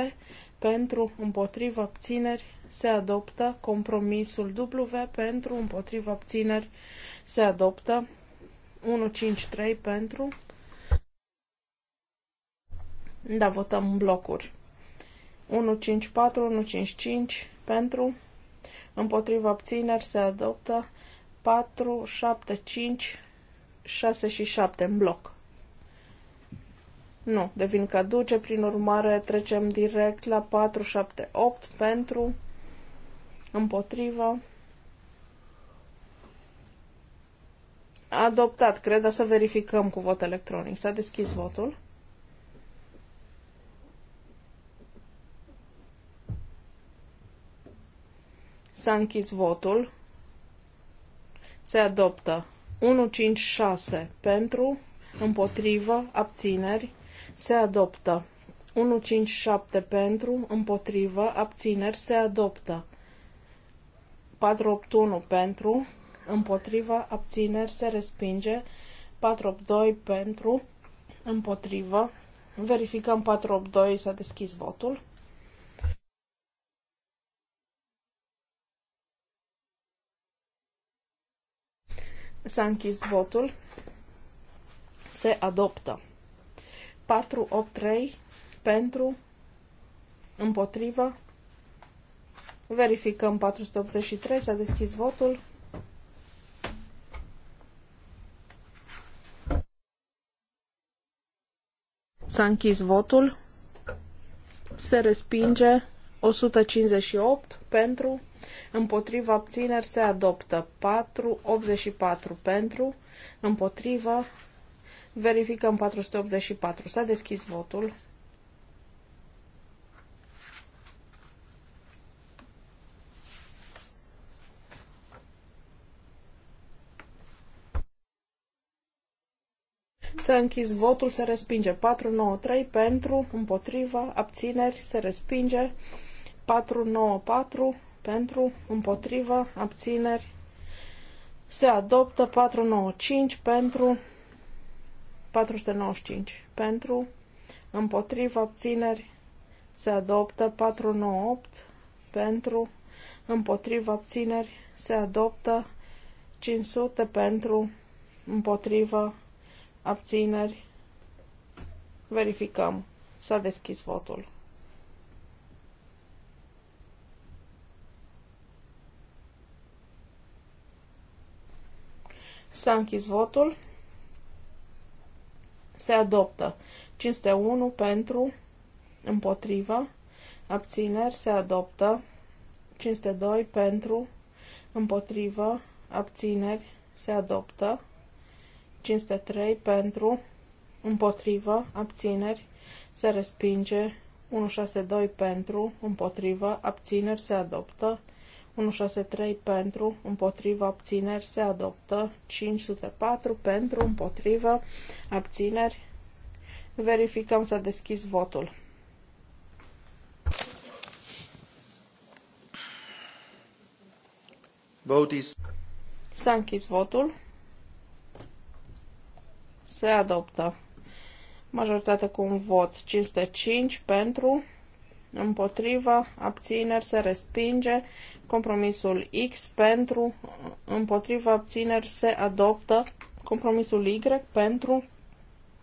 pentru, împotriva abțineri se adoptă, compromisul W pentru, împotriva abțineri se adoptă, 153 pentru, da, votăm blocuri. 154, 155 pentru, împotriva abțineri se adoptă 4, 7, 5, 6 și 7 în bloc. Nu, devin caduce, prin urmare trecem direct la 4, 7, 8 pentru, împotriva. Adoptat, cred, să verificăm cu vot electronic. S-a deschis votul. S-a închis votul. Se adoptă 156 pentru, împotrivă, abțineri. Se adoptă 157 pentru, împotrivă, abțineri. Se adoptă 481 pentru, împotrivă, abțineri. Se respinge 482 pentru, împotrivă. Verificăm 482, s-a deschis votul. S-a închis votul. Se adoptă. 483 pentru, împotrivă. Verificăm 483, s-a deschis votul. S-a închis votul. Se respinge 158 pentru, împotriva abțineri se adoptă 4, 84 pentru, împotriva, verificăm 484. S-a deschis votul. S-a închis votul, se respinge 493 pentru, împotriva, abțineri, se respinge 494 pentru, împotrivă, abțineri, se adoptă 495 pentru 495 pentru, împotrivă, abțineri, se adoptă 498 pentru, împotrivă, abțineri, se adoptă 500 pentru, împotrivă, abțineri, verificăm. S-a deschis votul. S-a închis votul. Se adoptă. 501 pentru, împotrivă, abțineri, se adoptă. 502 pentru, împotrivă, abțineri, se adoptă. 503 pentru, împotrivă, abțineri, se respinge. 162 pentru, împotrivă, abțineri, se adoptă. 163 pentru, împotriva, abțineri, se adoptă. 504 pentru, împotriva, abțineri. Verificăm să deschis votul. Vote is... S-a închis votul. Se adoptă. majoritatea cu un vot 505 pentru, împotriva, abțineri, se respinge. Compromisul X pentru, împotriva, abțineri, se adoptă. Compromisul Y pentru,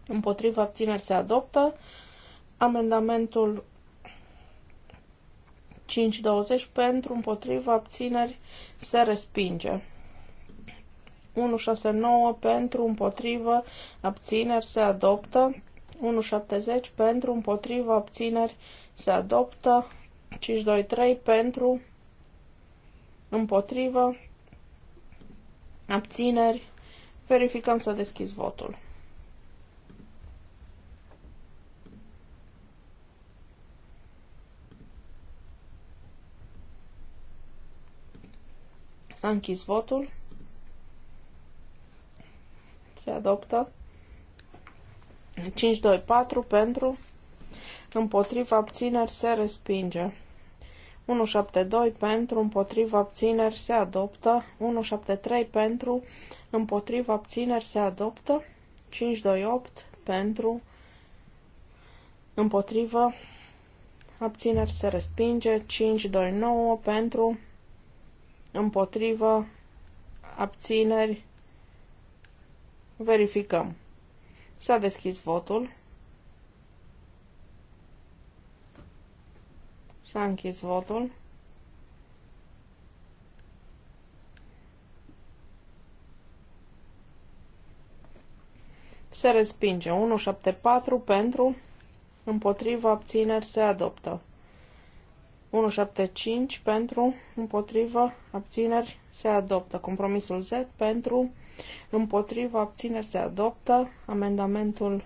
împotriva, abțineri, se adoptă. Amendamentul 5.20 pentru, împotriva, abțineri, se respinge. 169 pentru, împotrivă, abțineri se adoptă. 170 pentru, împotrivă, abțineri se adoptă. 523 pentru, împotrivă, abțineri. Verificăm să deschis votul. S-a închis votul. Se adoptă. 5-2-4 pentru împotriva abțineri se respinge. 172 pentru, împotriva abțineri se adoptă, 173 pentru, împotriva abțineri se adoptă, 528 pentru, împotriva abțineri se respinge, 529 pentru, împotriva abțineri verificăm. S-a deschis votul. S-a închis votul. Se respinge. 174 pentru, împotriva, abțineri, se adoptă. 175 pentru, împotriva, abțineri, se adoptă. Compromisul Z pentru, împotriva, abțineri, se adoptă. Amendamentul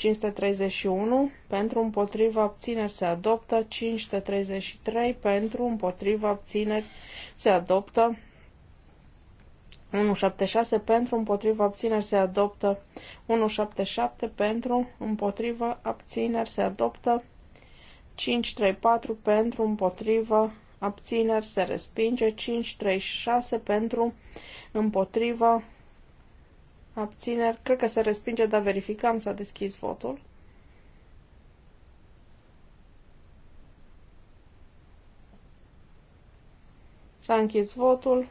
531 pentru împotriva abțineri se adoptă, 533 pentru împotriva abțineri se adoptă, 176 pentru împotriva abțineri se adoptă, 177 pentru împotriva abțineri se adoptă, 534 pentru împotriva abțineri se respinge, 536 pentru împotriva Abțineri. Cred că se respinge, dar verificăm. S-a deschis votul. S-a închis votul.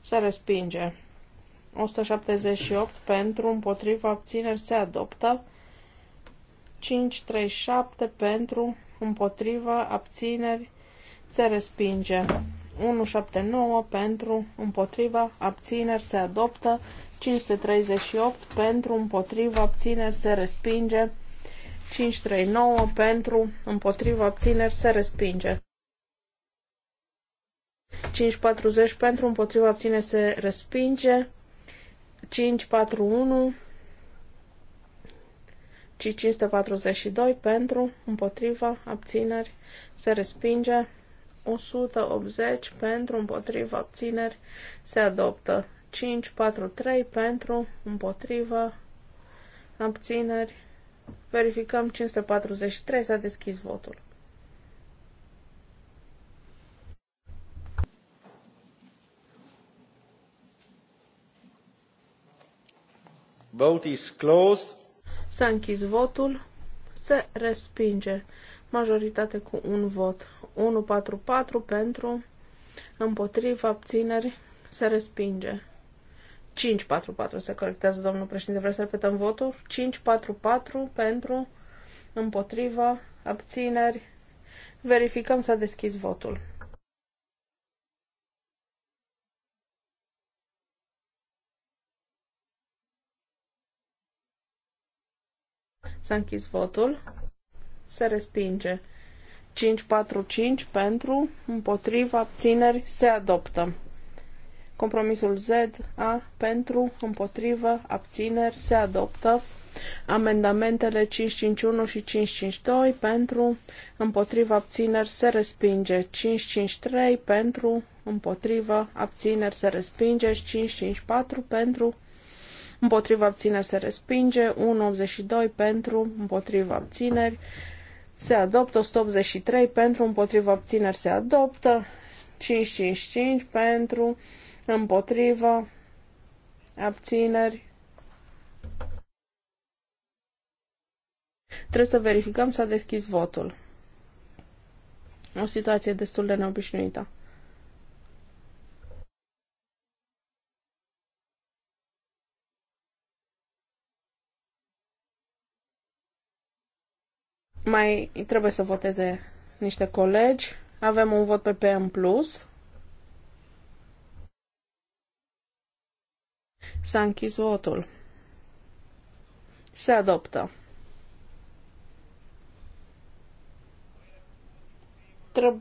Se respinge. 178 pentru, împotriva, abțineri, se adoptă. 537 pentru, împotriva, abțineri, se respinge. 179 pentru, împotriva, abțineri se adoptă, 538 pentru, împotriva, abțineri se respinge, 539 pentru, împotriva, abțineri se respinge. 540 pentru, împotriva, abțineri se respinge, 541 ci 542 pentru, împotriva, abțineri, se respinge, 180 pentru, împotriva abțineri, se adoptă. 5, 4, 3 pentru, împotriva abțineri. Verificăm 543, s-a deschis votul. Vote is closed. S-a închis votul. Se respinge. Majoritate cu un vot. 144 pentru, împotriva, abțineri, se respinge. 544 se corectează, domnul președinte. vreau să repetăm votul? 544 pentru, împotriva, abțineri. Verificăm s-a deschis votul. S-a închis votul. Se respinge. 545 pentru, împotriva, abțineri, se adoptă. Compromisul Z, A, pentru, împotrivă, abțineri, se adoptă. Amendamentele 551 și 552 pentru, împotriva, abțineri, se respinge. 553 pentru, împotrivă, abțineri, se respinge. 554 pentru, împotriva, abțineri, se respinge. 182 pentru, împotriva, abțineri, se adoptă, 183 pentru, împotriva obțineri se adoptă, 555 pentru, împotriva abțineri. Trebuie să verificăm s-a deschis votul. O situație destul de neobișnuită. Mai trebuie să voteze niște colegi. Avem un vot pe PM+. S-a închis votul. Se adoptă. Trebuie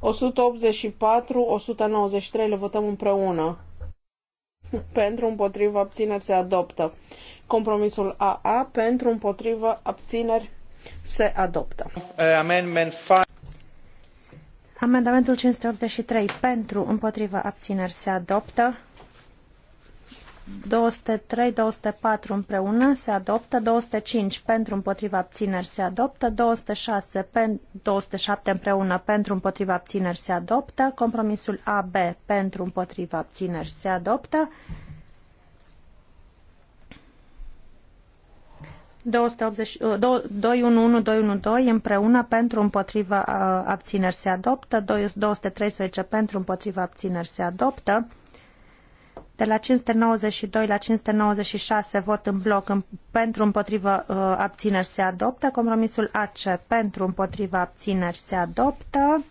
184, 193 le votăm împreună. Pentru, împotriva, abțineri se adoptă. Compromisul AA pentru împotrivă abțineri se adoptă. Uh, amendment 5. Amendamentul 583 pentru împotrivă abțineri se adoptă. 203, 204 împreună se adoptă, 205 pentru împotriva abțineri se adoptă, 206, pen, 207 împreună pentru împotriva abțineri se adoptă, compromisul AB pentru împotriva abțineri se adoptă, 211-212 uh, împreună pentru împotriva uh, abțineri se adoptă, 213 pentru împotriva abțineri se adoptă, de la 592 la 596 vot în bloc în, pentru împotriva uh, abțineri se adoptă, compromisul AC pentru împotriva abțineri se adoptă.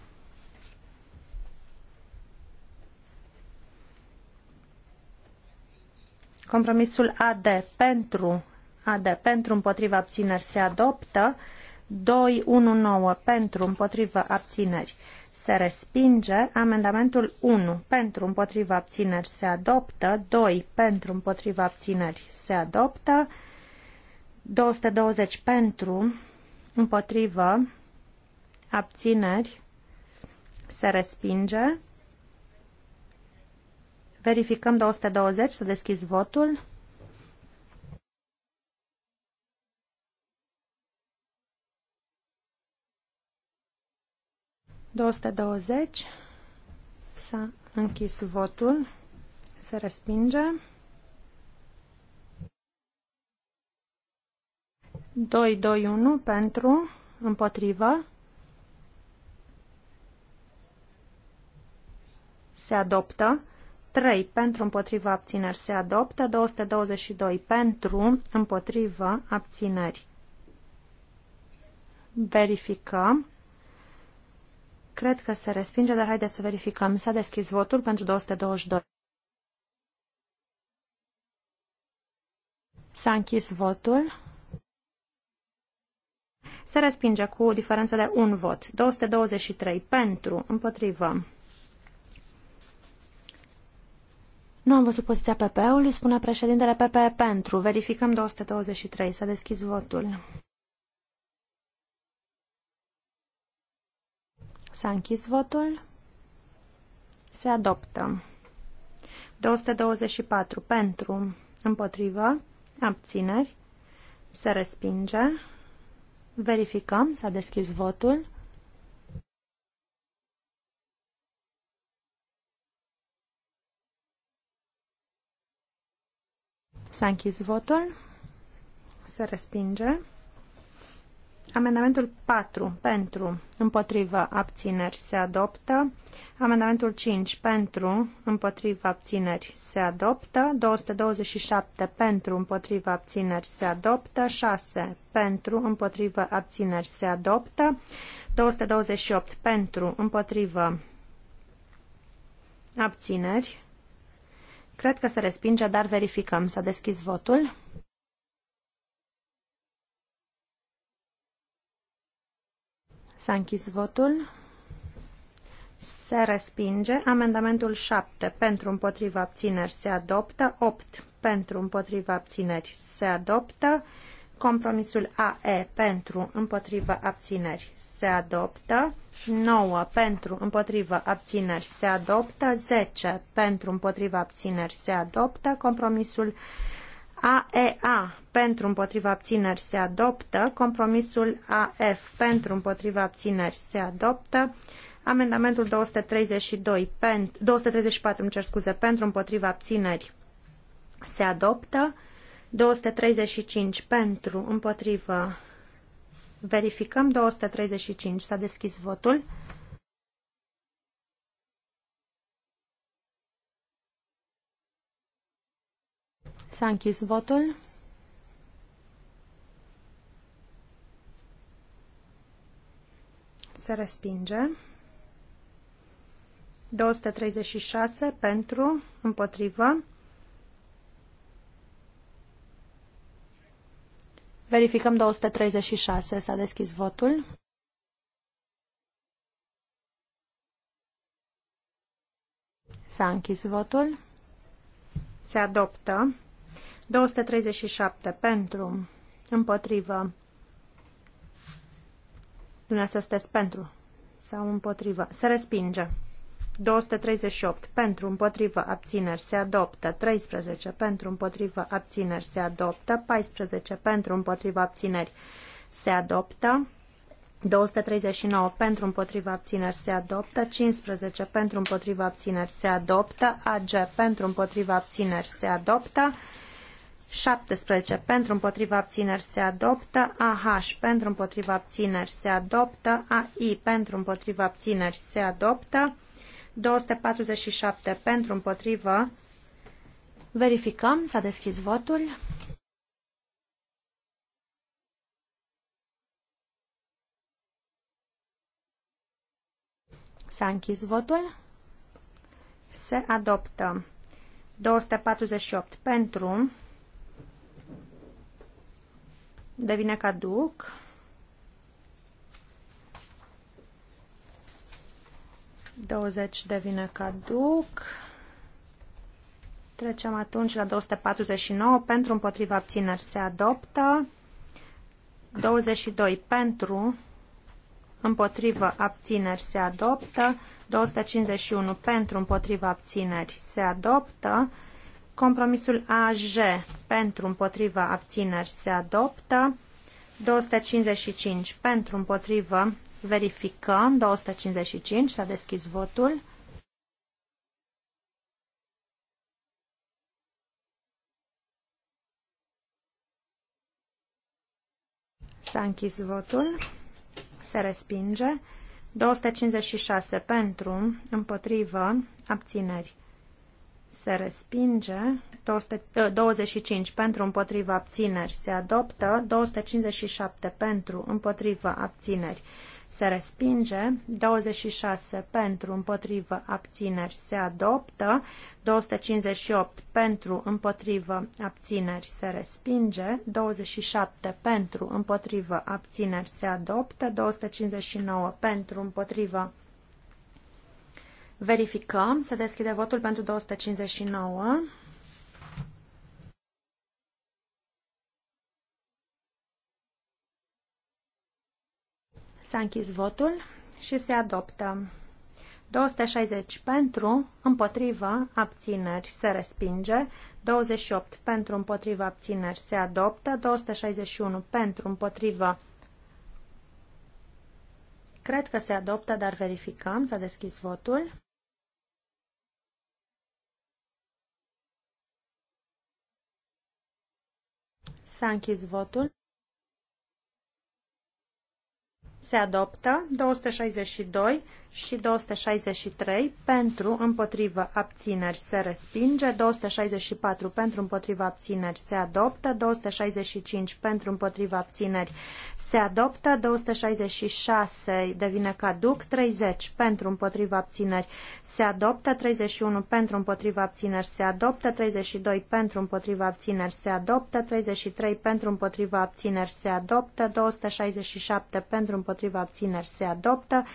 Compromisul AD pentru AD pentru împotriva abțineri se adoptă, 219 pentru împotriva abțineri se respinge, amendamentul 1 pentru împotriva abțineri se adoptă, 2 pentru împotriva abțineri se adoptă, 220 pentru împotriva abțineri se respinge. Verificăm 220, să deschizi votul. 220. S-a închis votul. Se respinge. 221 pentru, împotrivă. Se adoptă. 3 pentru împotrivă abțineri se adoptă, 222 pentru împotrivă abțineri. Verificăm. Cred că se respinge, dar haideți să verificăm. S-a deschis votul pentru 222. S-a închis votul. Se respinge cu diferență de un vot. 223 pentru, împotrivă. Nu am văzut poziția PP-ului, spune președintele PP pentru. Verificăm 223. S-a deschis votul. S-a închis votul. Se adoptă. 224 pentru, împotrivă, abțineri, se respinge. Verificăm, s-a deschis votul. S-a închis votul. Se respinge. Amendamentul 4 pentru, împotrivă, abțineri se adoptă. Amendamentul 5 pentru, împotrivă, abțineri se adoptă. 227 pentru, împotrivă, abțineri se adoptă. 6 pentru, împotrivă, abțineri se adoptă. 228 pentru, împotrivă, abțineri. Cred că se respinge, dar verificăm. S-a deschis votul. S-a închis votul. Se respinge. Amendamentul 7 pentru împotriva abțineri se adoptă. 8 pentru împotriva abțineri se adoptă. Compromisul AE pentru împotriva abțineri se adoptă. 9 pentru împotriva abțineri se adoptă. 10 pentru împotriva abțineri se adoptă. Compromisul AEA pentru împotriva abțineri se adoptă, compromisul AF pentru împotriva abțineri se adoptă, amendamentul 232 pentru, 234 îmi cer scuze, pentru împotriva abțineri se adoptă, 235 pentru împotrivă verificăm, 235 s-a deschis votul. S-a închis votul. Se respinge. 236 pentru, împotrivă. Verificăm 236. S-a deschis votul. S-a închis votul. Se adoptă. 237 pentru, împotrivă. Dumneavoastră sunteți pentru sau împotrivă. Se respinge. 238 pentru împotrivă abțineri se adoptă, 13 pentru împotrivă abțineri se adoptă, 14 pentru împotrivă abțineri se adoptă, 239 pentru împotriva abțineri se adoptă, 15 pentru împotriva abțineri se adoptă, AG pentru împotriva abțineri se adoptă, 17 pentru împotriva abțineri se adoptă, AH pentru împotriva abțineri se adoptă, AI pentru împotriva abțineri se adoptă, 247 pentru împotrivă. Verificăm, s-a deschis votul. S-a închis votul. Se adoptă. 248 pentru devine caduc. Douăzeci devine caduc. Trecem atunci la 249. Pentru împotriva abțineri se adoptă. 22 pentru împotriva abțineri se adoptă. 251 pentru împotriva abțineri se adoptă. Compromisul AJ pentru împotriva abțineri se adoptă. 255 pentru împotrivă verificăm. 255 s-a deschis votul. S-a închis votul. Se respinge. 256 pentru, împotrivă, abțineri se respinge, 225 ă, pentru împotriva abțineri se adoptă, 257 pentru împotriva abțineri se respinge, 26 pentru împotriva abțineri se adoptă, 258 pentru împotriva abțineri se respinge, 27 pentru împotriva abțineri se adoptă, 259 pentru împotriva Verificăm. Se deschide votul pentru 259. S-a închis votul și se adoptă. 260 pentru, împotriva, abțineri, se respinge. 28 pentru, împotriva, abțineri, se adoptă. 261 pentru, împotriva, cred că se adoptă, dar verificăm. S-a deschis votul. S-a închis votul. Se adoptă. 262 și 263 pentru, împotrivă, abțineri se respinge, 264 pentru, împotrivă, abțineri se adoptă, 265 pentru, împotrivă, abțineri se adoptă, 266 devine caduc, 30 pentru, împotrivă, abțineri se adoptă, 31 pentru, împotrivă, abțineri se adoptă, 32 pentru, împotrivă, abțineri se adoptă, 33 pentru, împotrivă, abțineri se adoptă, 267 pentru, împotrivă, abțineri se adoptă,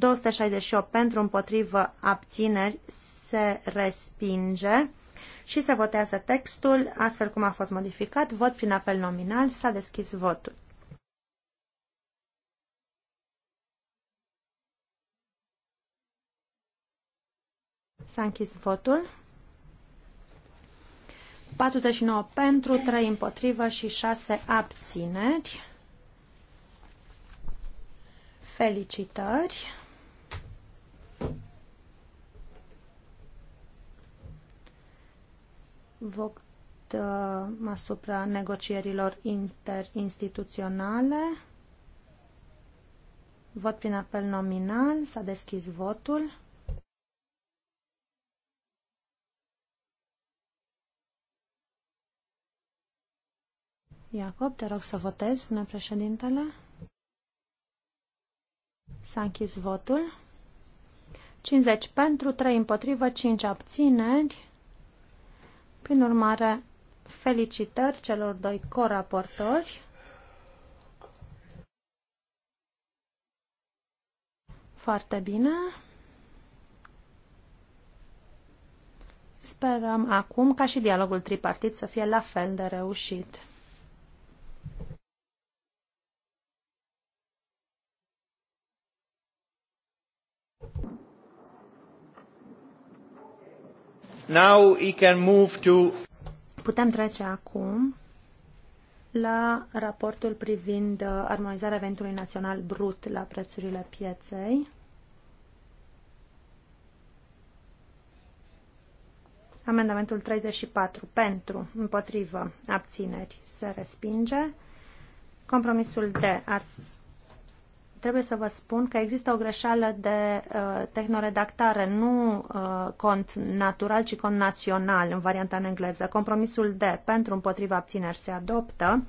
268 pentru împotrivă abțineri se respinge și se votează textul astfel cum a fost modificat. Vot prin apel nominal. S-a deschis votul. S-a închis votul. 49 pentru, 3 împotrivă și 6 abțineri. Felicitări! Vot uh, asupra negocierilor interinstituționale. Vot prin apel nominal. S-a deschis votul. Iacob, te rog să votezi, spune președintele. S-a închis votul. 50 pentru, 3 împotrivă, 5 abțineri. Prin urmare, felicitări celor doi coraportori. Foarte bine. Sperăm acum ca și dialogul tripartit să fie la fel de reușit. Now we can move to... Putem trece acum la raportul privind uh, armonizarea venitului național brut la prețurile pieței. Amendamentul 34 pentru, împotrivă, abțineri se respinge. Compromisul D, trebuie să vă spun că există o greșeală de uh, tehnoredactare, nu uh, cont natural, ci cont național în varianta în engleză. Compromisul D pentru împotriva abțineri se adoptă.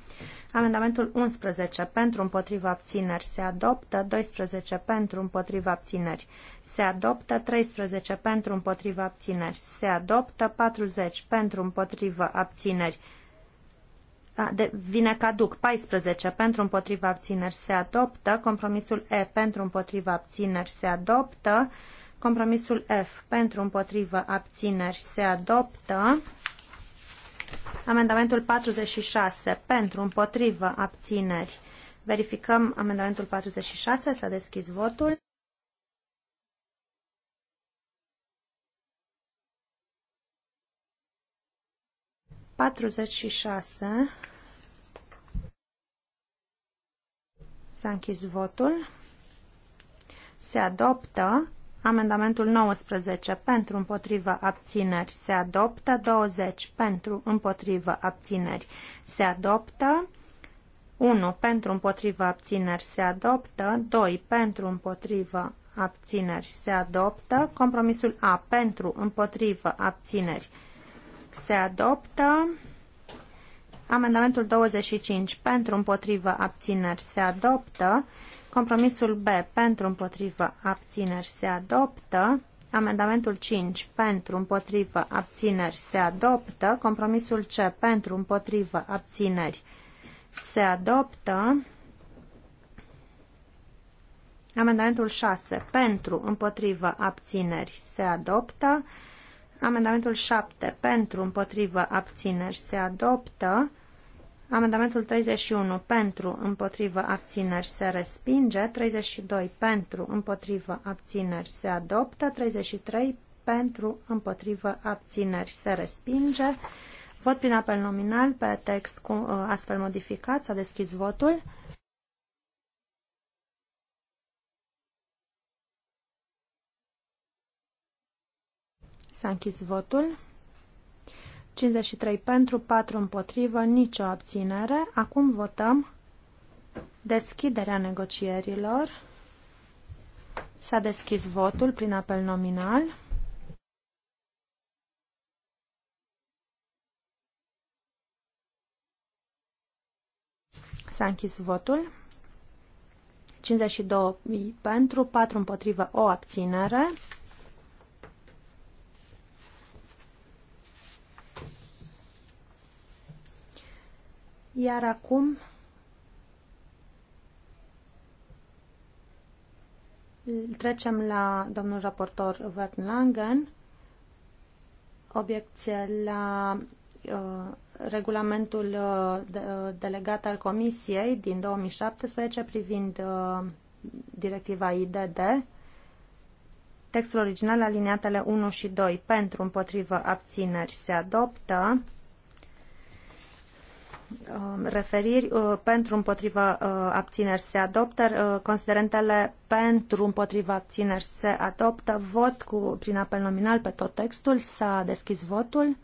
Amendamentul 11 pentru împotriva abțineri se adoptă, 12 pentru împotriva abțineri se adoptă, 13 pentru împotriva abțineri se adoptă, 40 pentru împotriva abțineri se vine caduc 14 pentru împotriva abțineri se adoptă, compromisul E pentru împotriva abțineri se adoptă, compromisul F pentru împotriva abțineri se adoptă, amendamentul 46 pentru împotriva abțineri. Verificăm amendamentul 46, s-a deschis votul. 46. S-a închis votul. Se adoptă amendamentul 19 pentru împotrivă abțineri. Se adoptă 20 pentru împotrivă abțineri. Se adoptă 1 pentru împotrivă abțineri. Se adoptă 2 pentru împotrivă abțineri. Se adoptă compromisul A pentru împotrivă abțineri. Se se adoptă. Amendamentul 25 pentru împotrivă abțineri se adoptă. Compromisul B pentru împotrivă abțineri se adoptă. Amendamentul 5 pentru împotrivă abțineri se adoptă. Compromisul C pentru împotrivă abțineri se adoptă. Amendamentul 6 pentru împotrivă abțineri se adoptă. Amendamentul 7 pentru, împotrivă, abțineri se adoptă. Amendamentul 31 pentru, împotrivă, abțineri se respinge. 32 pentru, împotrivă, abțineri se adoptă. 33 pentru, împotrivă, abțineri se respinge. Vot prin apel nominal pe text cu, ă, astfel modificat. S-a deschis votul. S-a închis votul. 53 pentru, 4 împotrivă, nicio abținere. Acum votăm deschiderea negocierilor. S-a deschis votul prin apel nominal. S-a închis votul. 52 pentru, 4 împotrivă, o abținere. Iar acum trecem la domnul raportor Vern Langen. Obiecție la uh, regulamentul uh, de, uh, delegat al Comisiei din 2017 privind uh, directiva IDD. Textul original, aliniatele 1 și 2, pentru, împotrivă, abțineri, se adoptă. Um, referiri uh, pentru împotriva uh, abțineri se adoptă, uh, considerentele pentru împotriva abțineri se adoptă, vot cu, prin apel nominal pe tot textul, s-a deschis votul.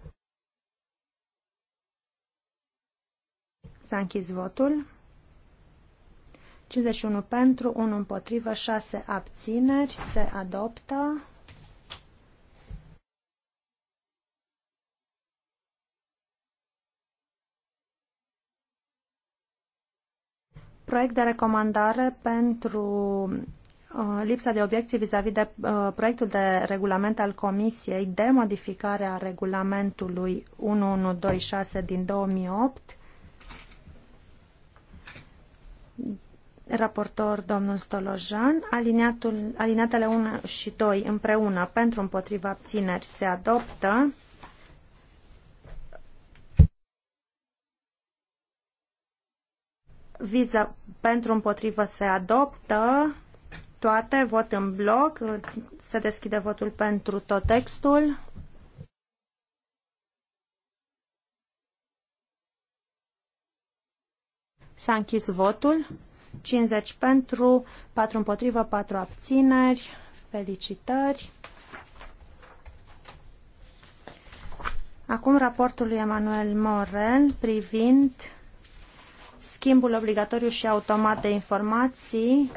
S-a închis votul. 51 pentru, 1 împotrivă, 6 abțineri, se adoptă. proiect de recomandare pentru uh, lipsa de obiecții vis-a-vis de uh, proiectul de regulament al Comisiei de modificare a regulamentului 1126 din 2008. Raportor domnul Stolojan, aliniatul, aliniatele 1 și 2 împreună pentru împotriva abțineri se adoptă. viză pentru împotrivă se adoptă toate, vot în bloc, se deschide votul pentru tot textul. S-a închis votul. 50 pentru, 4 împotrivă, 4 abțineri. Felicitări. Acum raportul lui Emanuel Morel privind schimbul obligatoriu și automat de informații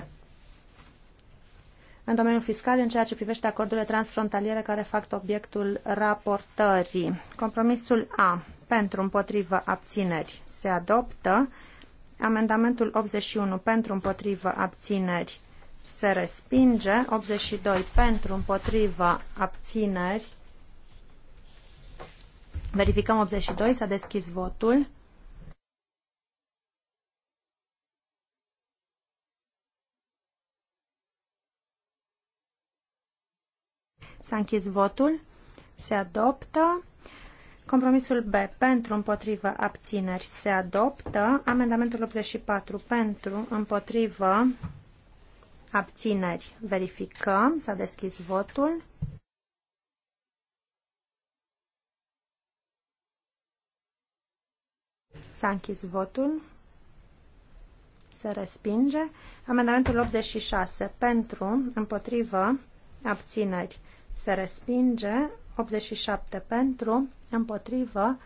în domeniul fiscal în ceea ce privește acordurile transfrontaliere care fac obiectul raportării. Compromisul A. Pentru împotrivă abțineri se adoptă. Amendamentul 81 pentru împotrivă abțineri se respinge. 82 pentru împotrivă abțineri. Verificăm 82, s-a deschis votul. S-a închis votul. Se adoptă. Compromisul B pentru împotrivă abțineri se adoptă. Amendamentul 84 pentru împotrivă abțineri verificăm. S-a deschis votul. S-a închis votul. Se respinge. Amendamentul 86 pentru împotrivă abțineri se respinge, 87 pentru, împotrivă,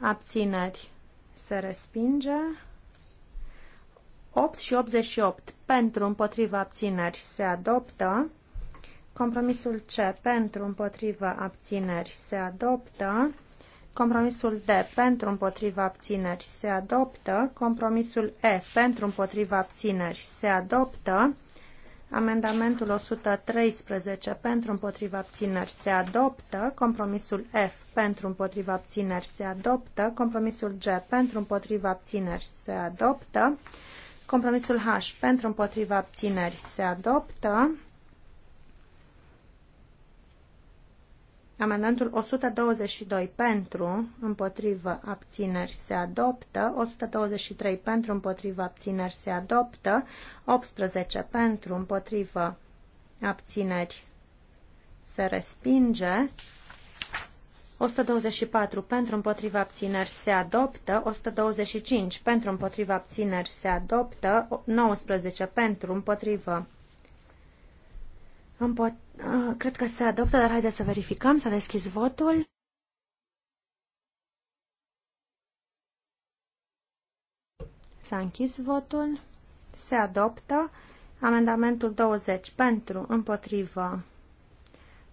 abțineri, se respinge, 8 și 88 pentru, împotrivă, abțineri, se adoptă, compromisul C pentru, împotrivă, abțineri, se adoptă, Compromisul D pentru împotriva abțineri se adoptă. Compromisul E pentru împotriva abțineri se adoptă. Amendamentul 113 pentru împotriva abțineri se adoptă, compromisul F pentru împotriva abțineri se adoptă, compromisul G pentru împotriva abțineri se adoptă, compromisul H pentru împotriva abțineri se adoptă, Amendamentul 122 pentru, împotrivă, abțineri se adoptă, 123 pentru, împotrivă, abțineri se adoptă, 18 pentru, împotrivă, abțineri se respinge, 124 pentru împotriva abțineri se adoptă, 125 pentru împotriva abțineri se adoptă, 19 pentru împotriva pot... Ah, cred că se adoptă, dar haideți să verificăm, să deschis votul. S-a închis votul. Se adoptă amendamentul 20 pentru, împotrivă.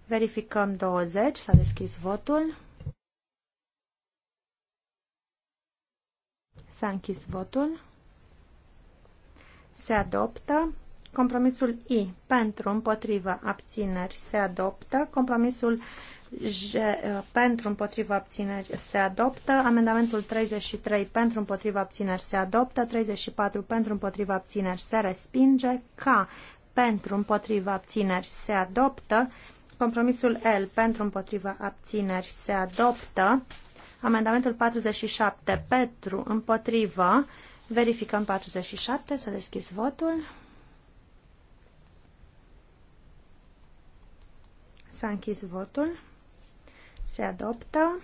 Verificăm 20, s-a deschis votul. S-a închis votul. Se adoptă Compromisul I pentru împotriva abțineri se adoptă. Compromisul J eh, pentru împotriva abțineri se adoptă. Amendamentul 33 pentru împotriva abțineri se adoptă. 34 pentru împotriva abțineri se respinge. K pentru împotriva abțineri se adoptă. Compromisul L pentru împotriva abțineri se adoptă. Amendamentul 47 pentru împotriva. Verificăm 47. Să deschis votul. S-a închis votul. Se adoptă.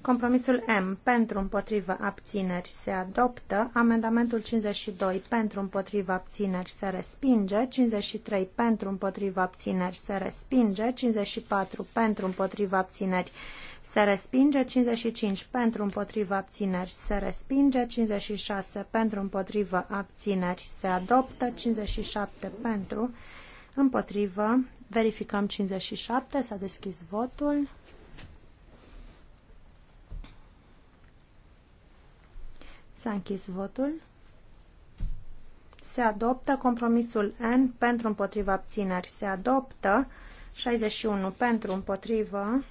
Compromisul M pentru împotrivă abțineri se adoptă. Amendamentul 52 pentru împotrivă abțineri se respinge. 53 pentru împotrivă abțineri se respinge. 54 pentru împotrivă abțineri se respinge. 55 pentru împotrivă abțineri se respinge. 56 pentru împotrivă abțineri se adoptă. 57 pentru Împotrivă. Verificăm 57. S-a deschis votul. S-a închis votul. Se adoptă compromisul N pentru împotriva abțineri. Se adoptă 61 pentru împotrivă.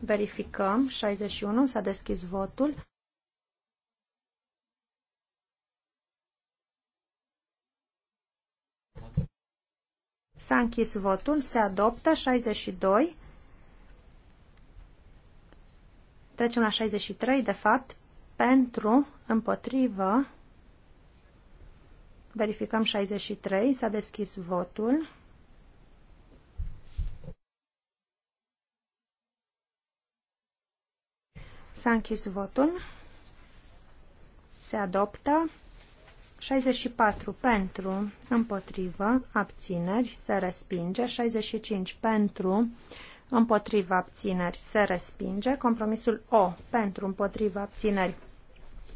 Verificăm. 61. S-a deschis votul. S-a închis votul, se adoptă 62. Trecem la 63, de fapt, pentru, împotrivă, verificăm 63, s-a deschis votul. S-a închis votul. Se adoptă 64 pentru, împotrivă, abțineri, se respinge. 65 pentru, împotrivă, abțineri, se respinge. Compromisul O pentru, împotrivă, abțineri,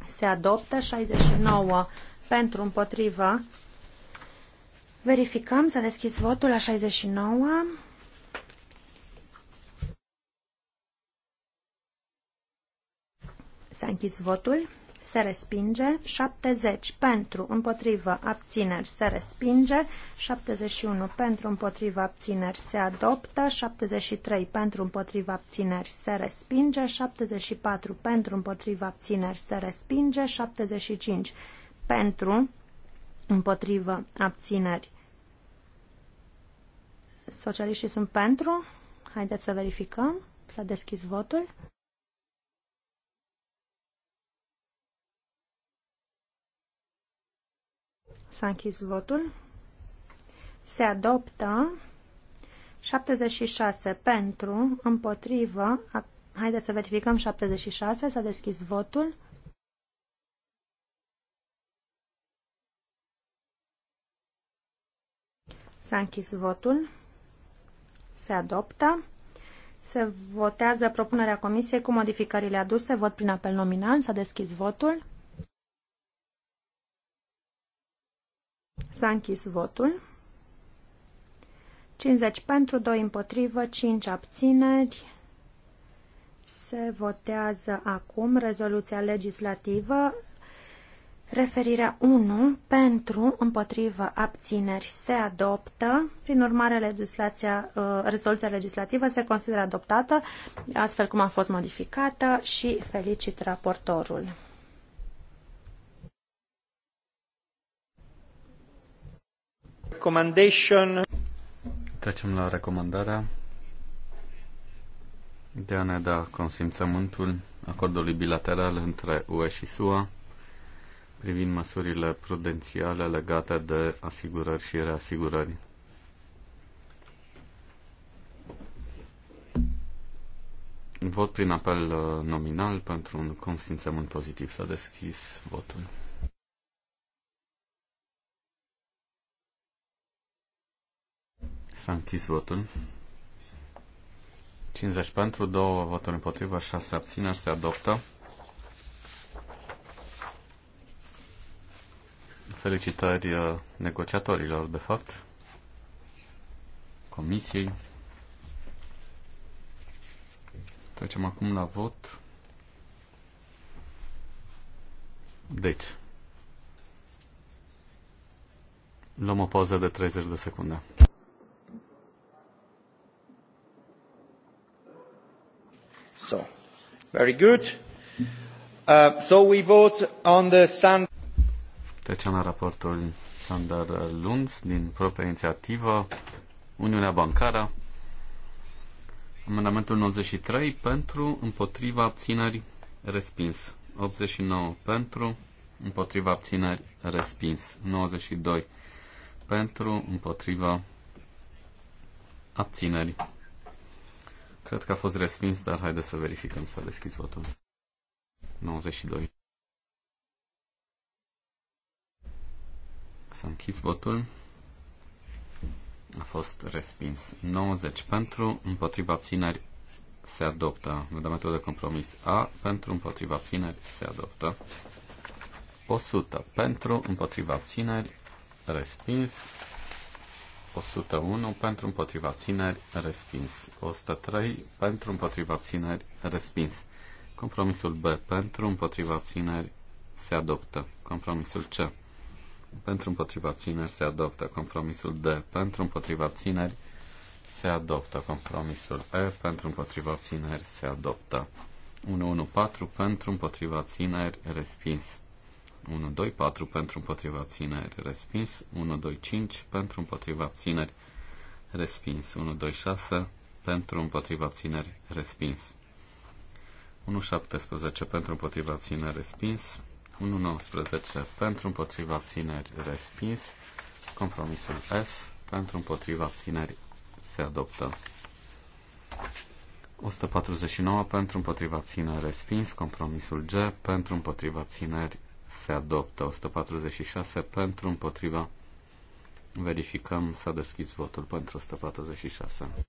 se adoptă. 69 pentru, împotrivă. Verificăm, să deschis votul la 69. S-a închis votul se respinge, 70 pentru, împotrivă, abțineri, se respinge, 71 pentru, împotrivă, abțineri, se adoptă, 73 pentru, împotrivă, abțineri, se respinge, 74 pentru, împotrivă, abțineri, se respinge, 75 pentru, împotrivă, abțineri. Socialiștii sunt pentru? Haideți să verificăm. S-a deschis votul. S-a închis votul. Se adoptă 76 pentru, împotrivă. Haideți să verificăm 76. S-a deschis votul. S-a închis votul. Se adoptă. Se votează propunerea comisiei cu modificările aduse. Vot prin apel nominal. S-a deschis votul. S-a închis votul. 50 pentru, 2 împotrivă, 5 abțineri. Se votează acum rezoluția legislativă. Referirea 1 pentru, împotrivă, abțineri se adoptă. Prin urmare, legislația, uh, rezoluția legislativă se consideră adoptată, astfel cum a fost modificată și felicit raportorul. recommendation. Trecem la recomandarea de a ne da consimțământul acordului bilateral între UE și SUA privind măsurile prudențiale legate de asigurări și reasigurări. Vot prin apel uh, nominal pentru un consimțământ pozitiv. S-a deschis votul. S-a închis votul. 50 pentru, 2 voturi împotriva, 6 abțineri, se adoptă. Felicitări uh, negociatorilor, de fapt, comisiei. Trecem acum la vot. Deci, luăm o pauză de 30 de secunde. So, very good. Uh, so we vote on the Sand... Trecem la raportul Sander Lunds din propria inițiativă Uniunea Bancară. Amendamentul 93 pentru, împotriva abțineri, respins. 89 pentru, împotriva abțineri, respins. 92 pentru, împotriva abținerii. Cred că a fost respins, dar haide să verificăm, să deschizi votul. 92. S-a închis votul. A fost respins. 90 pentru, împotriva abțineri se adoptă. vedem metodă de compromis A pentru, împotriva abțineri se adoptă. 100 pentru, împotriva abțineri, respins. 101 pentru împotriva țineri respins. 103 pentru împotriva țineri respins. Compromisul B pentru împotriva țineri se adoptă. Compromisul C pentru împotriva țineri se adoptă. Compromisul D pentru împotriva țineri se adoptă. Compromisul E pentru împotriva țineri se adoptă. 114 pentru împotriva țineri respins. 124 pentru împotriva abțineri respins, 125 pentru împotriva abțineri respins, 126 pentru împotriva abțineri respins, 17 pentru împotriva abțineri respins, 19 pentru împotriva abțineri respins, compromisul F pentru împotriva abțineri se adoptă. 149 pentru împotriva țineri respins, compromisul G pentru împotriva țineri se adoptă. 146 pentru, împotriva. Verificăm, s-a deschis votul pentru 146.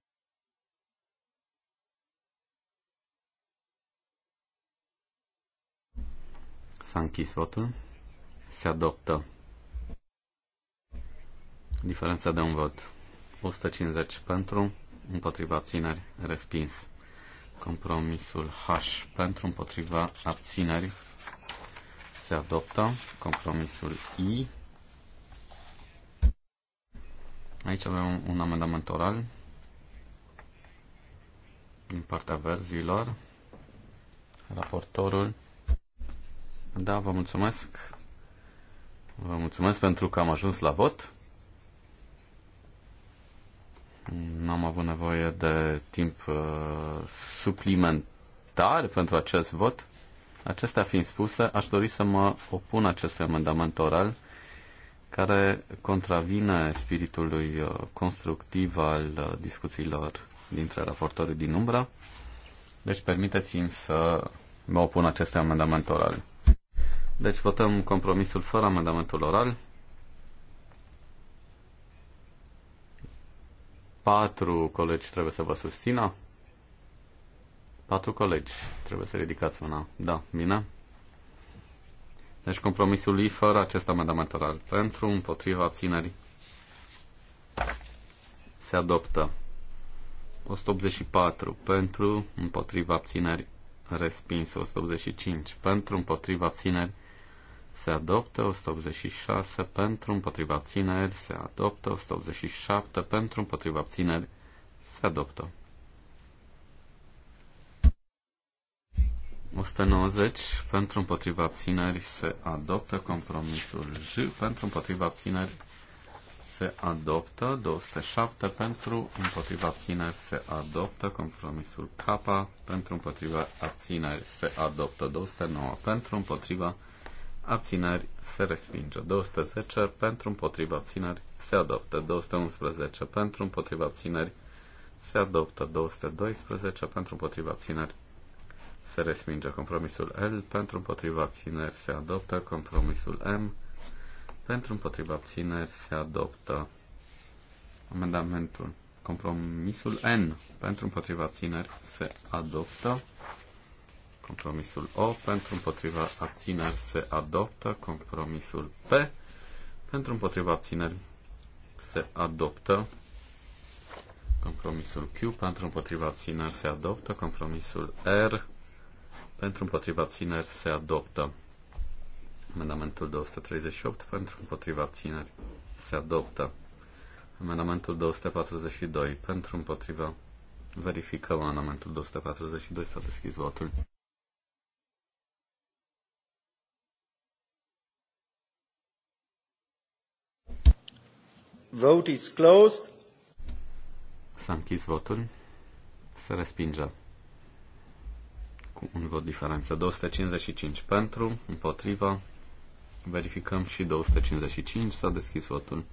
S-a închis votul. Se adoptă. Diferența de un vot. 150 pentru, împotriva abțineri, respins. Compromisul H pentru, împotriva abțineri, se adoptă. Compromisul I. Aici avem un amendament oral din partea verzilor. Raportorul. Da, vă mulțumesc. Vă mulțumesc pentru că am ajuns la vot. N-am avut nevoie de timp uh, suplimentar pentru acest vot. Acestea fiind spuse, aș dori să mă opun acestui amendament oral care contravine spiritului uh, constructiv al uh, discuțiilor dintre raportorii din umbră. Deci permiteți-mi să mă opun acestui amendament oral. Deci votăm compromisul fără amendamentul oral. 4 colegi trebuie să vă susțină. Patru colegi. Trebuie să ridicați mâna. Da, bine. Deci compromisul e fără acest amendament oral. Pentru, împotriva, abținerii. Se adoptă. 184. Pentru, împotriva, abțineri. Respins. 185. Pentru, împotriva, abțineri. Se adoptă. 186. Pentru, împotriva, abțineri. Se adoptă. 187. Pentru, împotriva, abțineri. Se adoptă. 190 pentru împotriva abțineri se adoptă compromisul J, pentru împotriva abțineri se adoptă 207 pentru împotriva abțineri se adoptă compromisul K pentru împotriva abțineri se adoptă 209 pentru împotriva abțineri se respinge 210 pentru împotriva abțineri se adoptă 211 pentru împotriva abțineri se adoptă 212 pentru împotriva abțineri se respinge. Compromisul L pentru împotriva abțineri se adoptă. Compromisul M pentru împotriva abțineri se adoptă. Amendamentul. Compromisul N pentru împotriva abțineri se adoptă. Compromisul O pentru împotriva abțineri se adoptă. Compromisul P pentru împotriva abțineri se adoptă. Compromisul Q pentru împotriva abțineri se adoptă. Compromisul R pentru împotriva abțineri se adoptă. Amendamentul 238 pentru împotriva abțineri se adoptă. Amendamentul 242 pentru împotriva. Verificăm amendamentul 242 s-a deschis votul. Vote is closed. S-a închis votul. Se respinge cu un vot diferență. 255 pentru, împotriva. Verificăm și 255. S-a deschis votul.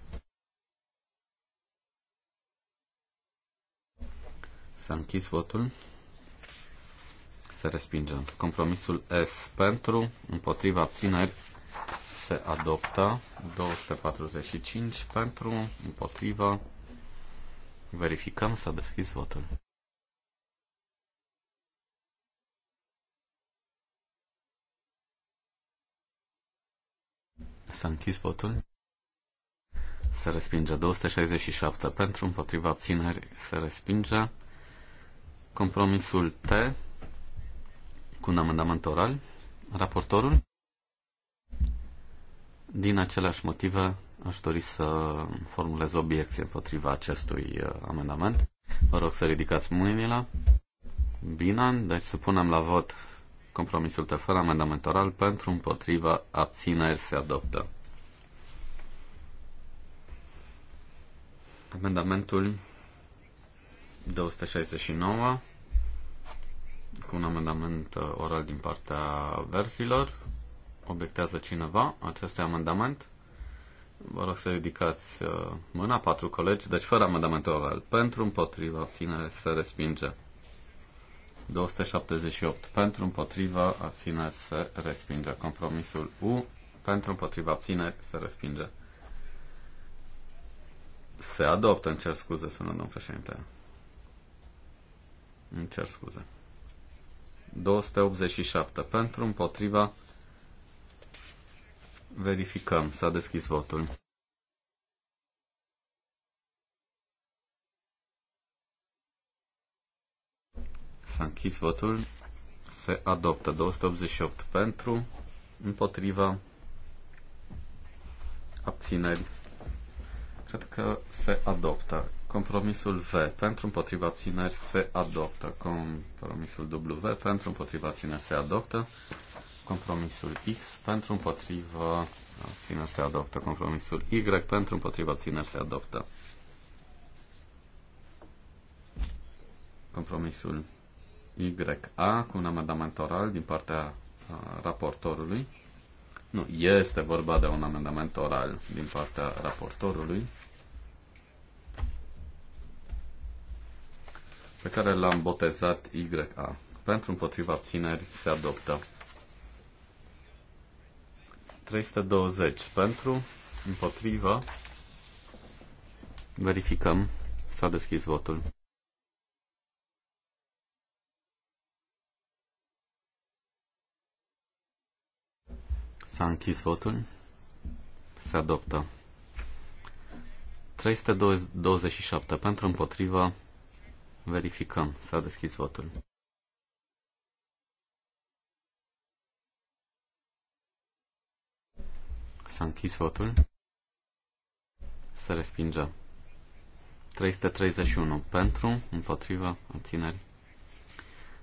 S-a închis votul. Se respinge. Compromisul S pentru, împotriva abțineri, se adoptă. 245 pentru, împotriva. Verificăm, s-a deschis votul. S-a închis votul. Se respinge 267 pentru, împotriva abțineri se respinge. Compromisul T cu un amendament oral. Raportorul. Din aceleași motive aș dori să formulez obiecție împotriva acestui uh, amendament. Vă rog să ridicați mâinile. Bine, deci să punem la vot Compromisul de fără amendament oral pentru împotriva abțineri se adoptă. Amendamentul 269 cu un amendament uh, oral din partea versilor. Obiectează cineva acest amendament? Vă rog să ridicați uh, mâna, patru colegi, deci fără amendament oral. Pentru, împotriva, abținere, se respinge. 278 pentru împotriva abțineri se respinge. Compromisul U pentru împotriva abțineri se respinge. Se adoptă, îmi cer scuze, sună domnul președinte. Îmi cer scuze. 287 pentru împotriva Verificăm. S-a deschis votul. S-a închis votul. Se adoptă 288 pentru, împotriva, abțineri. Cred că se adoptă. Compromisul V pentru împotriva țineri se adoptă. Compromisul W pentru împotriva țineri se adoptă. Compromisul X pentru împotriva țineri se adoptă. Compromisul Y pentru împotriva țineri se adoptă. Compromisul YA cu un amendament oral din partea raportorului. Nu, este vorba de un amendament oral din partea raportorului pe care l-am botezat YA. Pentru împotriva abțineri se adoptă. 320 pentru, împotriva, verificăm, s-a deschis votul. S-a închis votul. Se adoptă. 327 pentru împotrivă. Verificăm. S-a deschis votul. S-a închis votul. Se respinge. 331 pentru, împotriva, abțineri.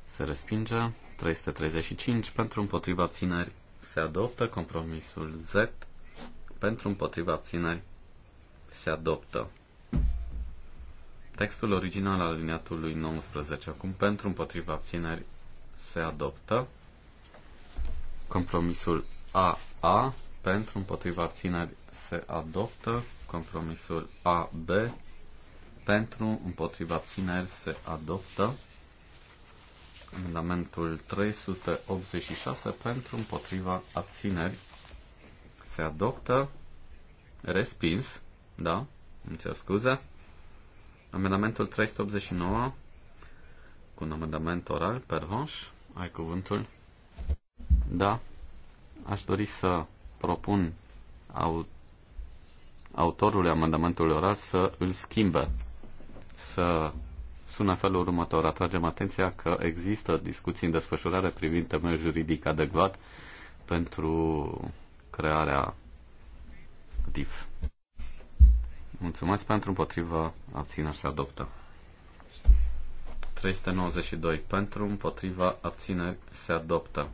Se respinge. 335 pentru, împotriva, abțineri se adoptă. Compromisul Z pentru împotriva abțineri se adoptă. Textul original al liniatului 19 acum pentru împotriva abțineri se adoptă. Compromisul AA pentru împotriva abțineri se adoptă. Compromisul AB pentru împotriva abțineri se adoptă. Amendamentul 386 pentru împotriva abțineri se adoptă. Respins. Da? Îmi cer scuze. Amendamentul 389 cu un amendament oral. Pervanș, ai cuvântul? Da. Aș dori să propun au, autorului amendamentului oral să îl schimbe, să sună felul următor. Atragem atenția că există discuții în desfășurare privind temeiul juridic adecvat pentru crearea DIF. Mulțumesc pentru împotriva abțineri se adoptă. 392 pentru împotriva abțineri se adoptă.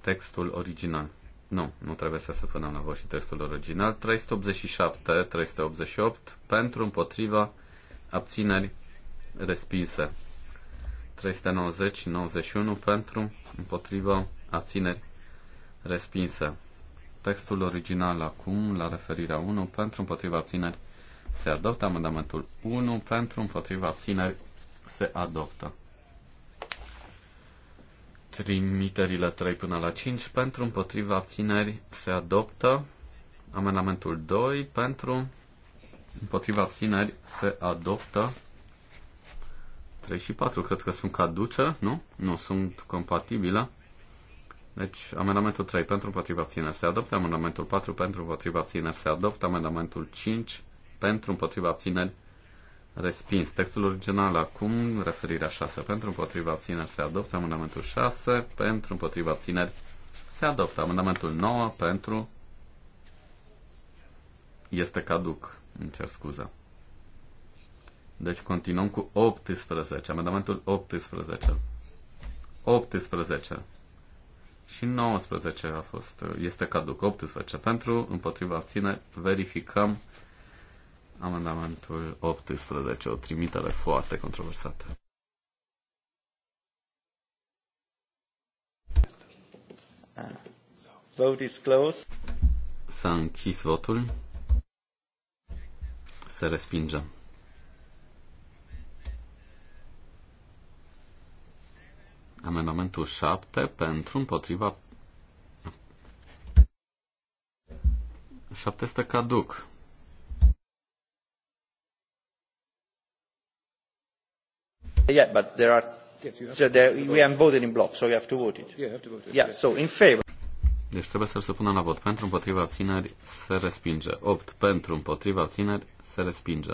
Textul original. Nu, nu trebuie să spunem la voi și textul original. 387, 388 pentru împotriva abțineri respinse. 390 91 pentru, împotriva, abțineri, respinse. Textul original acum, la referirea 1, pentru, împotriva, abțineri, se adoptă. Amendamentul 1, pentru, împotriva, abțineri, se adoptă. Trimiterile 3 până la 5, pentru, împotriva, abțineri, se adoptă. Amendamentul 2, pentru, împotriva, abțineri, se adoptă. 3 și 4 cred că sunt caduce, nu? Nu sunt compatibile. Deci, amendamentul 3 pentru împotriva abțineri se adoptă, amendamentul 4 pentru împotriva abțineri se adoptă, amendamentul 5 pentru împotriva abțineri respins. Textul original acum, referirea 6 pentru împotriva abțineri se adoptă, amendamentul 6 pentru împotriva abțineri se adoptă, amendamentul 9 pentru este caduc, îmi cer scuza. Deci continuăm cu 18, amendamentul 18. 18. Și 19 a fost, este caduc. 18 pentru, împotriva abține, verificăm amendamentul 18, o trimitere foarte controversată. Vote is closed. S-a închis votul. Se respinge. Amendamentul 7 pentru împotriva 7 este caduc. Yeah, but there are so there, we haven't voted in block, so you have to vote it. Yeah, have to vote it. Yeah, so in favor. Deci trebuie să se pună la vot. Pentru împotriva țineri se respinge. 8 pentru împotriva țineri se respinge.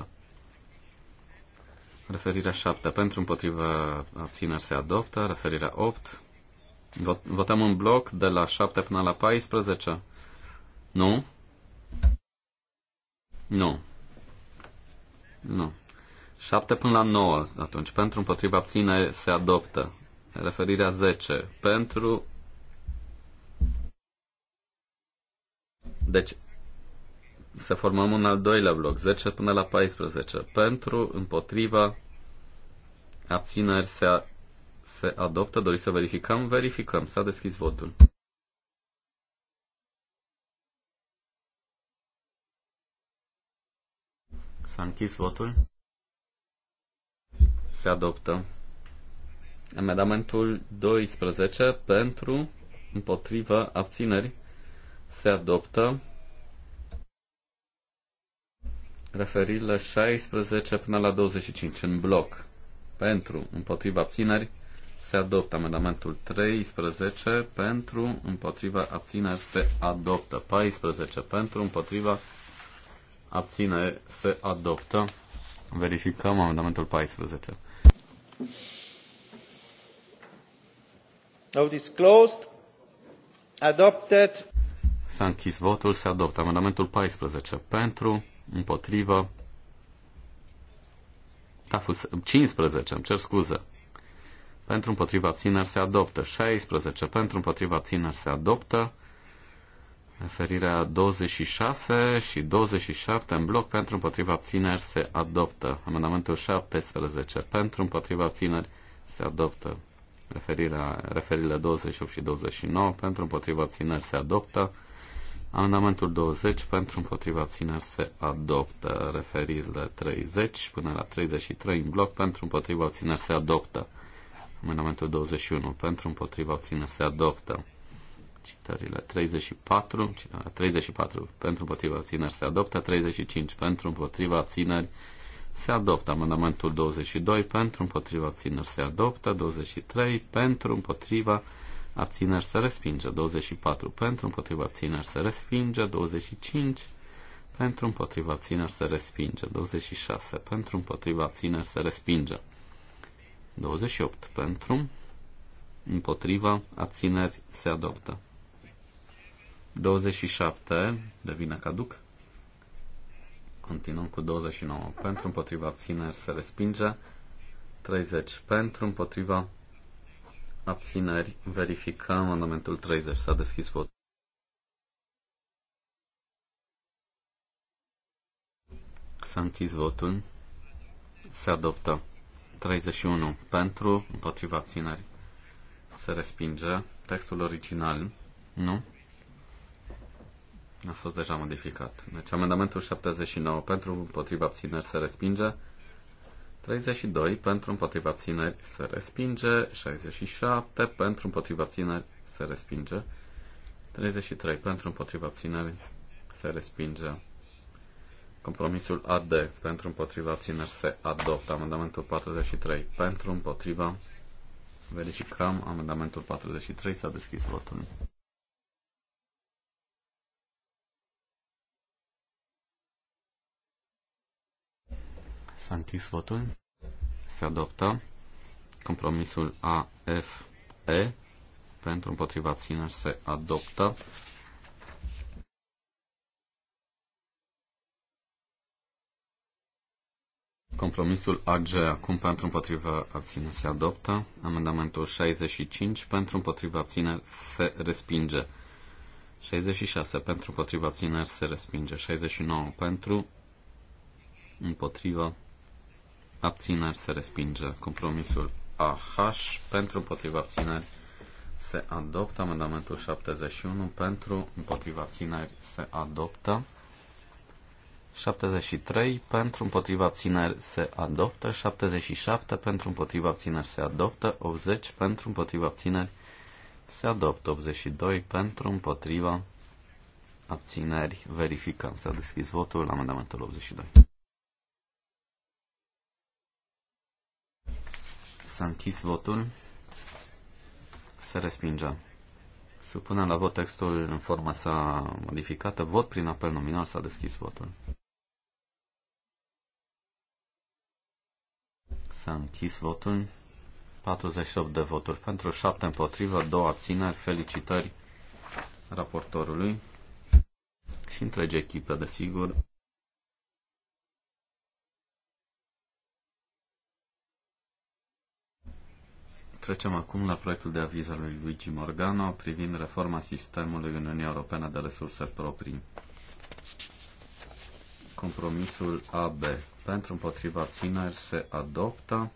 Referirea 7 pentru împotriva abțineri se adoptă. Referirea 8. votăm în bloc de la 7 până la 14. Nu? Nu. Nu. 7 până la 9 atunci. Pentru împotriva abține se adoptă. Referirea 10. Pentru. Deci să formăm un al doilea bloc, 10 până la 14. Pentru, împotriva, abțineri se, a, se adoptă. Doriți să verificăm? Verificăm. S-a deschis votul. S-a închis votul. Se adoptă. Amendamentul 12 pentru, împotriva, abțineri se adoptă. Referirile 16 până la 25 în bloc pentru, împotriva țineri, se adoptă. Amendamentul 13 pentru, împotriva abțineri, se adoptă. 14 pentru, împotriva abțineri, se adoptă. Verificăm amendamentul 14. Vote is closed. Adopted. S-a închis votul, se adoptă amendamentul 14 pentru, împotriva Tafus 15, îmi cer scuze. Pentru împotriva țineri se adoptă. 16. Pentru împotriva țineri se adoptă. Referirea 26 și 27 în bloc pentru împotriva țineri se adoptă. Amendamentul 17 pentru împotriva țineri se adoptă. Referirea, referirea 28 și 29 pentru împotriva țineri se adoptă. Amendamentul 20 pentru împotriva abțineri se adoptă. Referirile 30 până la 33 în bloc pentru împotriva abțineri se adoptă. Amendamentul 21 pentru împotriva abțineri se adoptă. Citările 34, citările 34 pentru împotriva țineri se adoptă, 35 pentru împotriva țineri se adoptă. Amendamentul 22 pentru împotriva țineri se adoptă, 23 pentru împotriva abțineri abțineri se respinge, 24 pentru, împotriva abțineri se respinge, 25 pentru, împotriva abțineri se respinge, 26 pentru, împotriva abțineri se respinge, 28 pentru, împotriva abțineri se adoptă. 27 devine caduc. Continuăm cu 29 pentru, împotriva abțineri se respinge, 30 pentru, împotriva abțineri, verificăm amendamentul 30. S-a deschis vot. S-a închis votul. Se adoptă. 31 pentru, împotriva abțineri. Se respinge. Textul original, nu? A fost deja modificat. Deci amendamentul 79 pentru, împotriva abțineri se respinge. 32 pentru împotriva țineri se respinge, 67 pentru împotriva țineri se respinge, 33 pentru împotriva țineri se respinge. Compromisul AD pentru împotriva țineri se adoptă. Amendamentul 43 pentru împotriva. Verificăm amendamentul 43. S-a deschis votul. S-a închis votul. Se adoptă compromisul AFE pentru împotriva țineri se adoptă. Compromisul AG acum pentru împotriva abțineri se adoptă. Amendamentul 65 pentru împotriva abțineri se respinge. 66 pentru împotriva abțineri se respinge. 69 pentru împotriva abțineri se respinge. Compromisul AH pentru împotriva abțineri se adoptă. Amendamentul 71 pentru împotriva abțineri se adoptă. 73 pentru împotriva abțineri se adoptă, 77 pentru împotriva abțineri se adoptă, 80 pentru împotriva abțineri se adoptă, 82 pentru împotriva abțineri verificăm. S-a deschis votul la amendamentul 82. S-a închis votul. Se respinge. Supunem la vot textul în forma sa modificată. Vot prin apel nominal s-a deschis votul. S-a închis votul. 48 de voturi pentru, 7 împotrivă, 2 abțineri. Felicitări raportorului și întregi echipă, desigur. Trecem acum la proiectul de aviz al lui Luigi Morgano privind reforma sistemului Uniunii Europene de resurse proprii. Compromisul AB. Pentru împotriva abțineri se adoptă.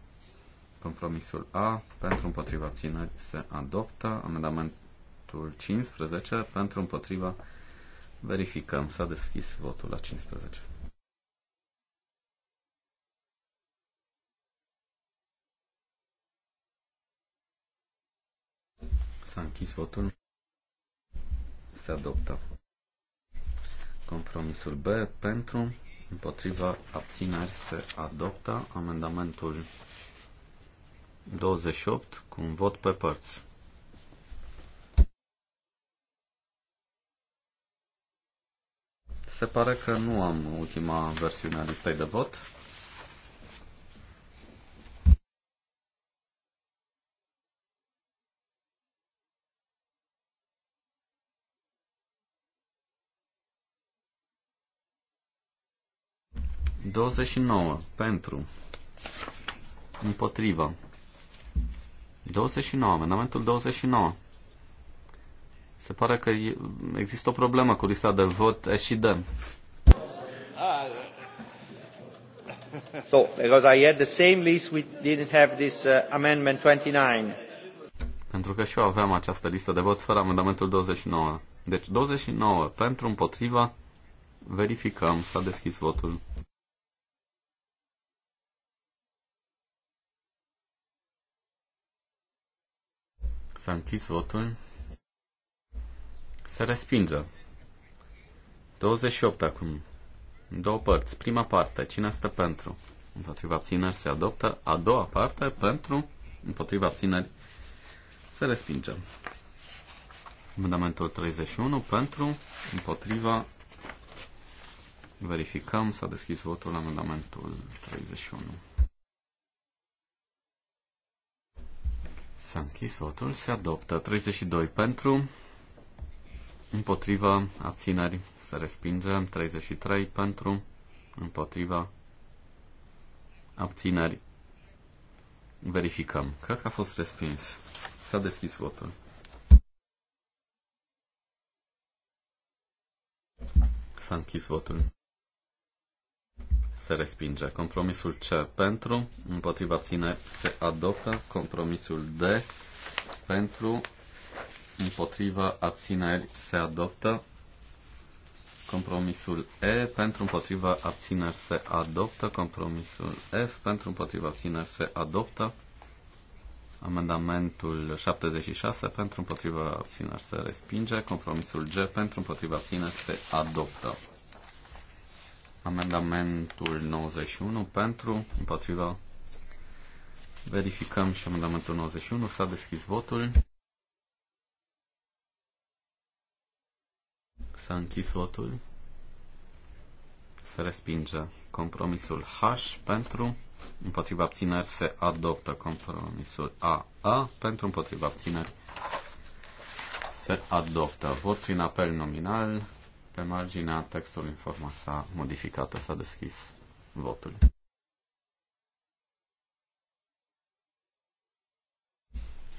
Compromisul A. Pentru împotriva abțineri se adoptă. Amendamentul 15. Pentru împotriva verificăm. S-a deschis votul la 15. S-a închis votul. Se adoptă. Compromisul B pentru, împotriva, abțineri se adoptă. Amendamentul 28 cu un vot pe părți. Se pare că nu am ultima versiune a listei de vot. 29 pentru. Împotrivă. 29, amendamentul 29. Se pare că există o problemă cu lista de vot și dăm. So, because I had the same list, we didn't have this uh, amendment 29. Pentru că și eu aveam această listă de vot fără amendamentul 29. Deci 29 pentru împotriva. Verificăm. S-a deschis votul. S-a închis votul. Să respingă. 28 acum. Două părți. Prima parte. Cine stă pentru? Împotriva abțineri se adoptă. A doua parte pentru. Împotriva abțineri se respinge. Amendamentul 31 pentru. Împotriva. Verificăm. S-a deschis votul la amendamentul 31. S-a închis votul, se adoptă. 32 pentru, împotriva, abțineri, se respinge. 33 pentru, împotriva, abțineri. Verificăm. Cred că a fost respins. S-a deschis votul. S-a închis votul se respinge. Compromisul C pentru, împotriva ține se adoptă. Compromisul D pentru, împotriva abțineri se adoptă. Compromisul E pentru împotriva abțineri se adoptă. Compromisul F pentru împotriva abțineri se adoptă. Amendamentul 76 pentru împotriva abțineri se respinge. Compromisul G pentru împotriva abțineri se adoptă. Amendamentul 91 pentru, împotriva. Verificăm și amendamentul 91. S-a deschis votul. S-a închis votul. Se respinge compromisul H pentru, împotriva abțineri se adoptă compromisul AA pentru, împotriva abțineri se adoptă. Vot prin apel nominal. Pe marginea textului în forma sa modificată s-a deschis votul.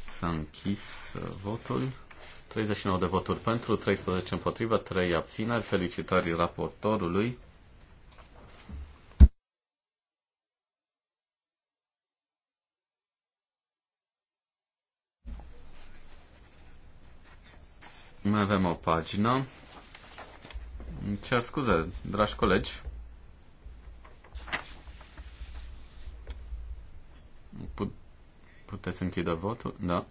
S-a închis uh, votul. 39 de voturi pentru, 13 împotrivă, 3 abțineri. Felicitări raportorului. Mai avem o pagină Cer scuze, dragi colegi. Put- puteți închide votul? Da.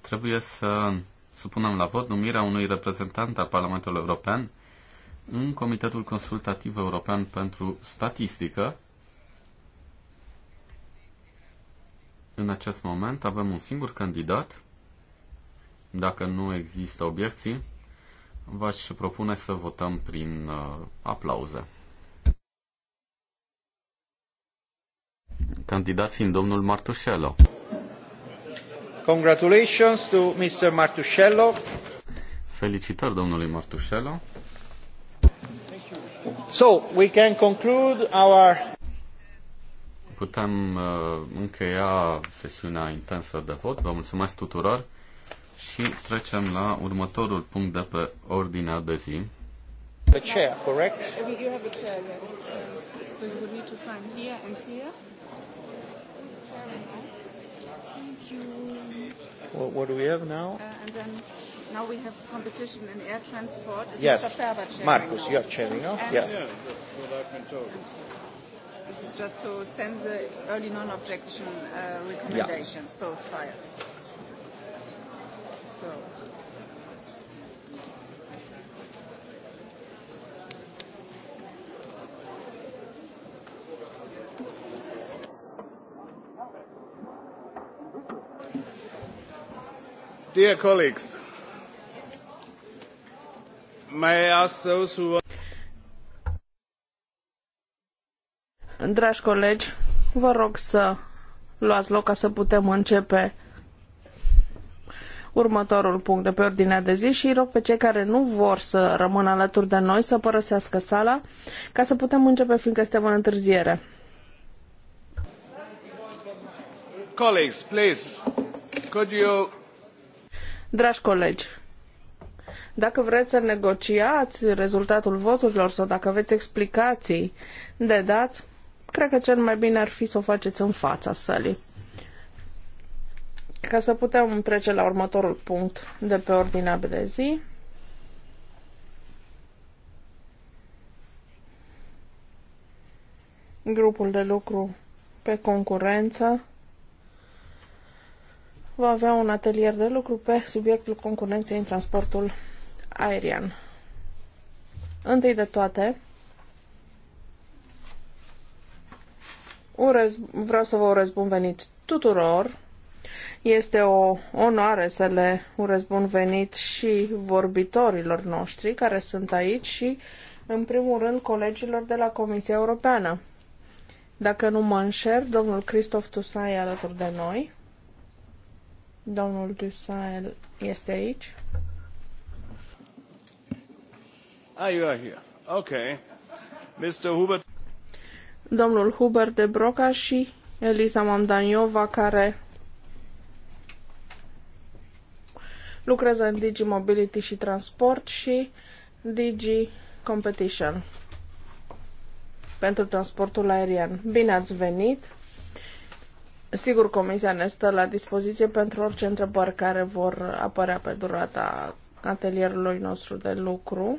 Trebuie să supunem la vot numirea unui reprezentant al Parlamentului European în Comitetul Consultativ European pentru Statistică. În acest moment avem un singur candidat. Dacă nu există obiecții, V-aș propune să votăm prin uh, aplauze. Candidat fiind domnul Martușello. Congratulations to Mr. Martușello. Felicitări domnului Martușello. So, we can conclude our putem uh, încheia sesiunea intensă de vot. Vă mulțumesc tuturor. Și trecem la următorul punct de pe ordinea de zi. The chair, correct? We do have a chair, yes. So you would need to sign here and here. Thank you. Well, what do we have now? Uh, and then now we have competition in air transport. Is yes. Marcus, you are chairing now? Yes. Yeah, that's what I've been told. This is just to send the early non-objection uh, recommendations, yeah. those files. Dear colleagues, may I ask those who Dragi colegi, vă rog să luați loc ca să putem începe următorul punct de pe ordinea de zi și rog pe cei care nu vor să rămână alături de noi să părăsească sala ca să putem începe fiindcă suntem în întârziere. Colleagues, please, could you... Dragi colegi, dacă vreți să negociați rezultatul voturilor sau dacă aveți explicații de dat, cred că cel mai bine ar fi să o faceți în fața sălii. Ca să putem trece la următorul punct de pe ordinea de zi. Grupul de lucru pe concurență va avea un atelier de lucru pe subiectul concurenței în transportul aerian. Întâi de toate, urez, vreau să vă urez bun venit tuturor este o onoare să le urez bun venit și vorbitorilor noștri care sunt aici și, în primul rând, colegilor de la Comisia Europeană. Dacă nu mă înșer, domnul Christoph Tusai e alături de noi. Domnul Tusai este aici. Ah, you are here. Ok. Mr. Huber. Domnul Huber de Broca și Elisa Mamdaniova, care lucrează în Digi Mobility și Transport și Digi Competition pentru transportul aerian. Bine ați venit! Sigur, comisia ne stă la dispoziție pentru orice întrebări care vor apărea pe durata atelierului nostru de lucru.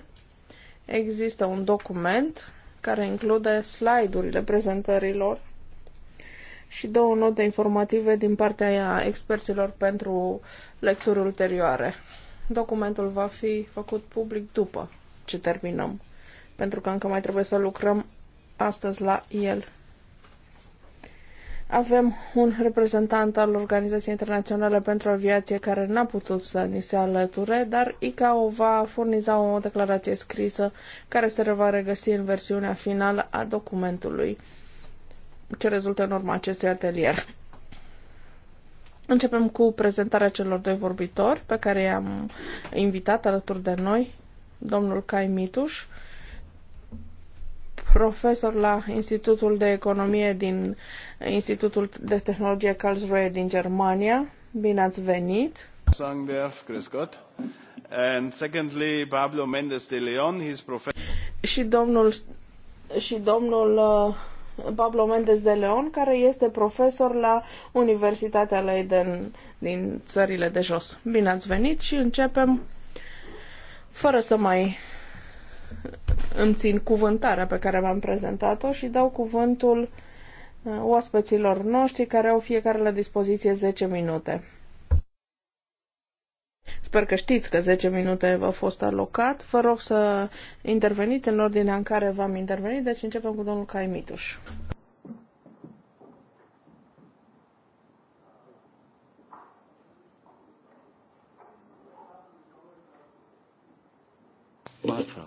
Există un document care include slide-urile prezentărilor și două note informative din partea experților pentru lecturi ulterioare. Documentul va fi făcut public după ce terminăm, pentru că încă mai trebuie să lucrăm astăzi la el. Avem un reprezentant al Organizației Internaționale pentru Aviație care n-a putut să ni se alăture, dar ICAO va furniza o declarație scrisă care se va regăsi în versiunea finală a documentului ce rezultă în urma acestui atelier. Începem cu prezentarea celor doi vorbitori pe care i-am invitat alături de noi, domnul Cai Mituș, profesor la Institutul de Economie din Institutul de Tehnologie Karlsruhe din Germania. Bine ați venit! And secondly, Pablo Mendes de Leon, Și domnul, și domnul uh, Pablo Mendes de Leon, care este profesor la Universitatea Leiden din țările de jos. Bine ați venit și începem fără să mai îmi țin cuvântarea pe care v-am prezentat-o și dau cuvântul uh, oaspeților noștri care au fiecare la dispoziție 10 minute. Sper că știți că 10 minute v a fost alocat. Vă rog să interveniți în ordinea în care v-am intervenit, deci începem cu domnul Caimituș. Macron.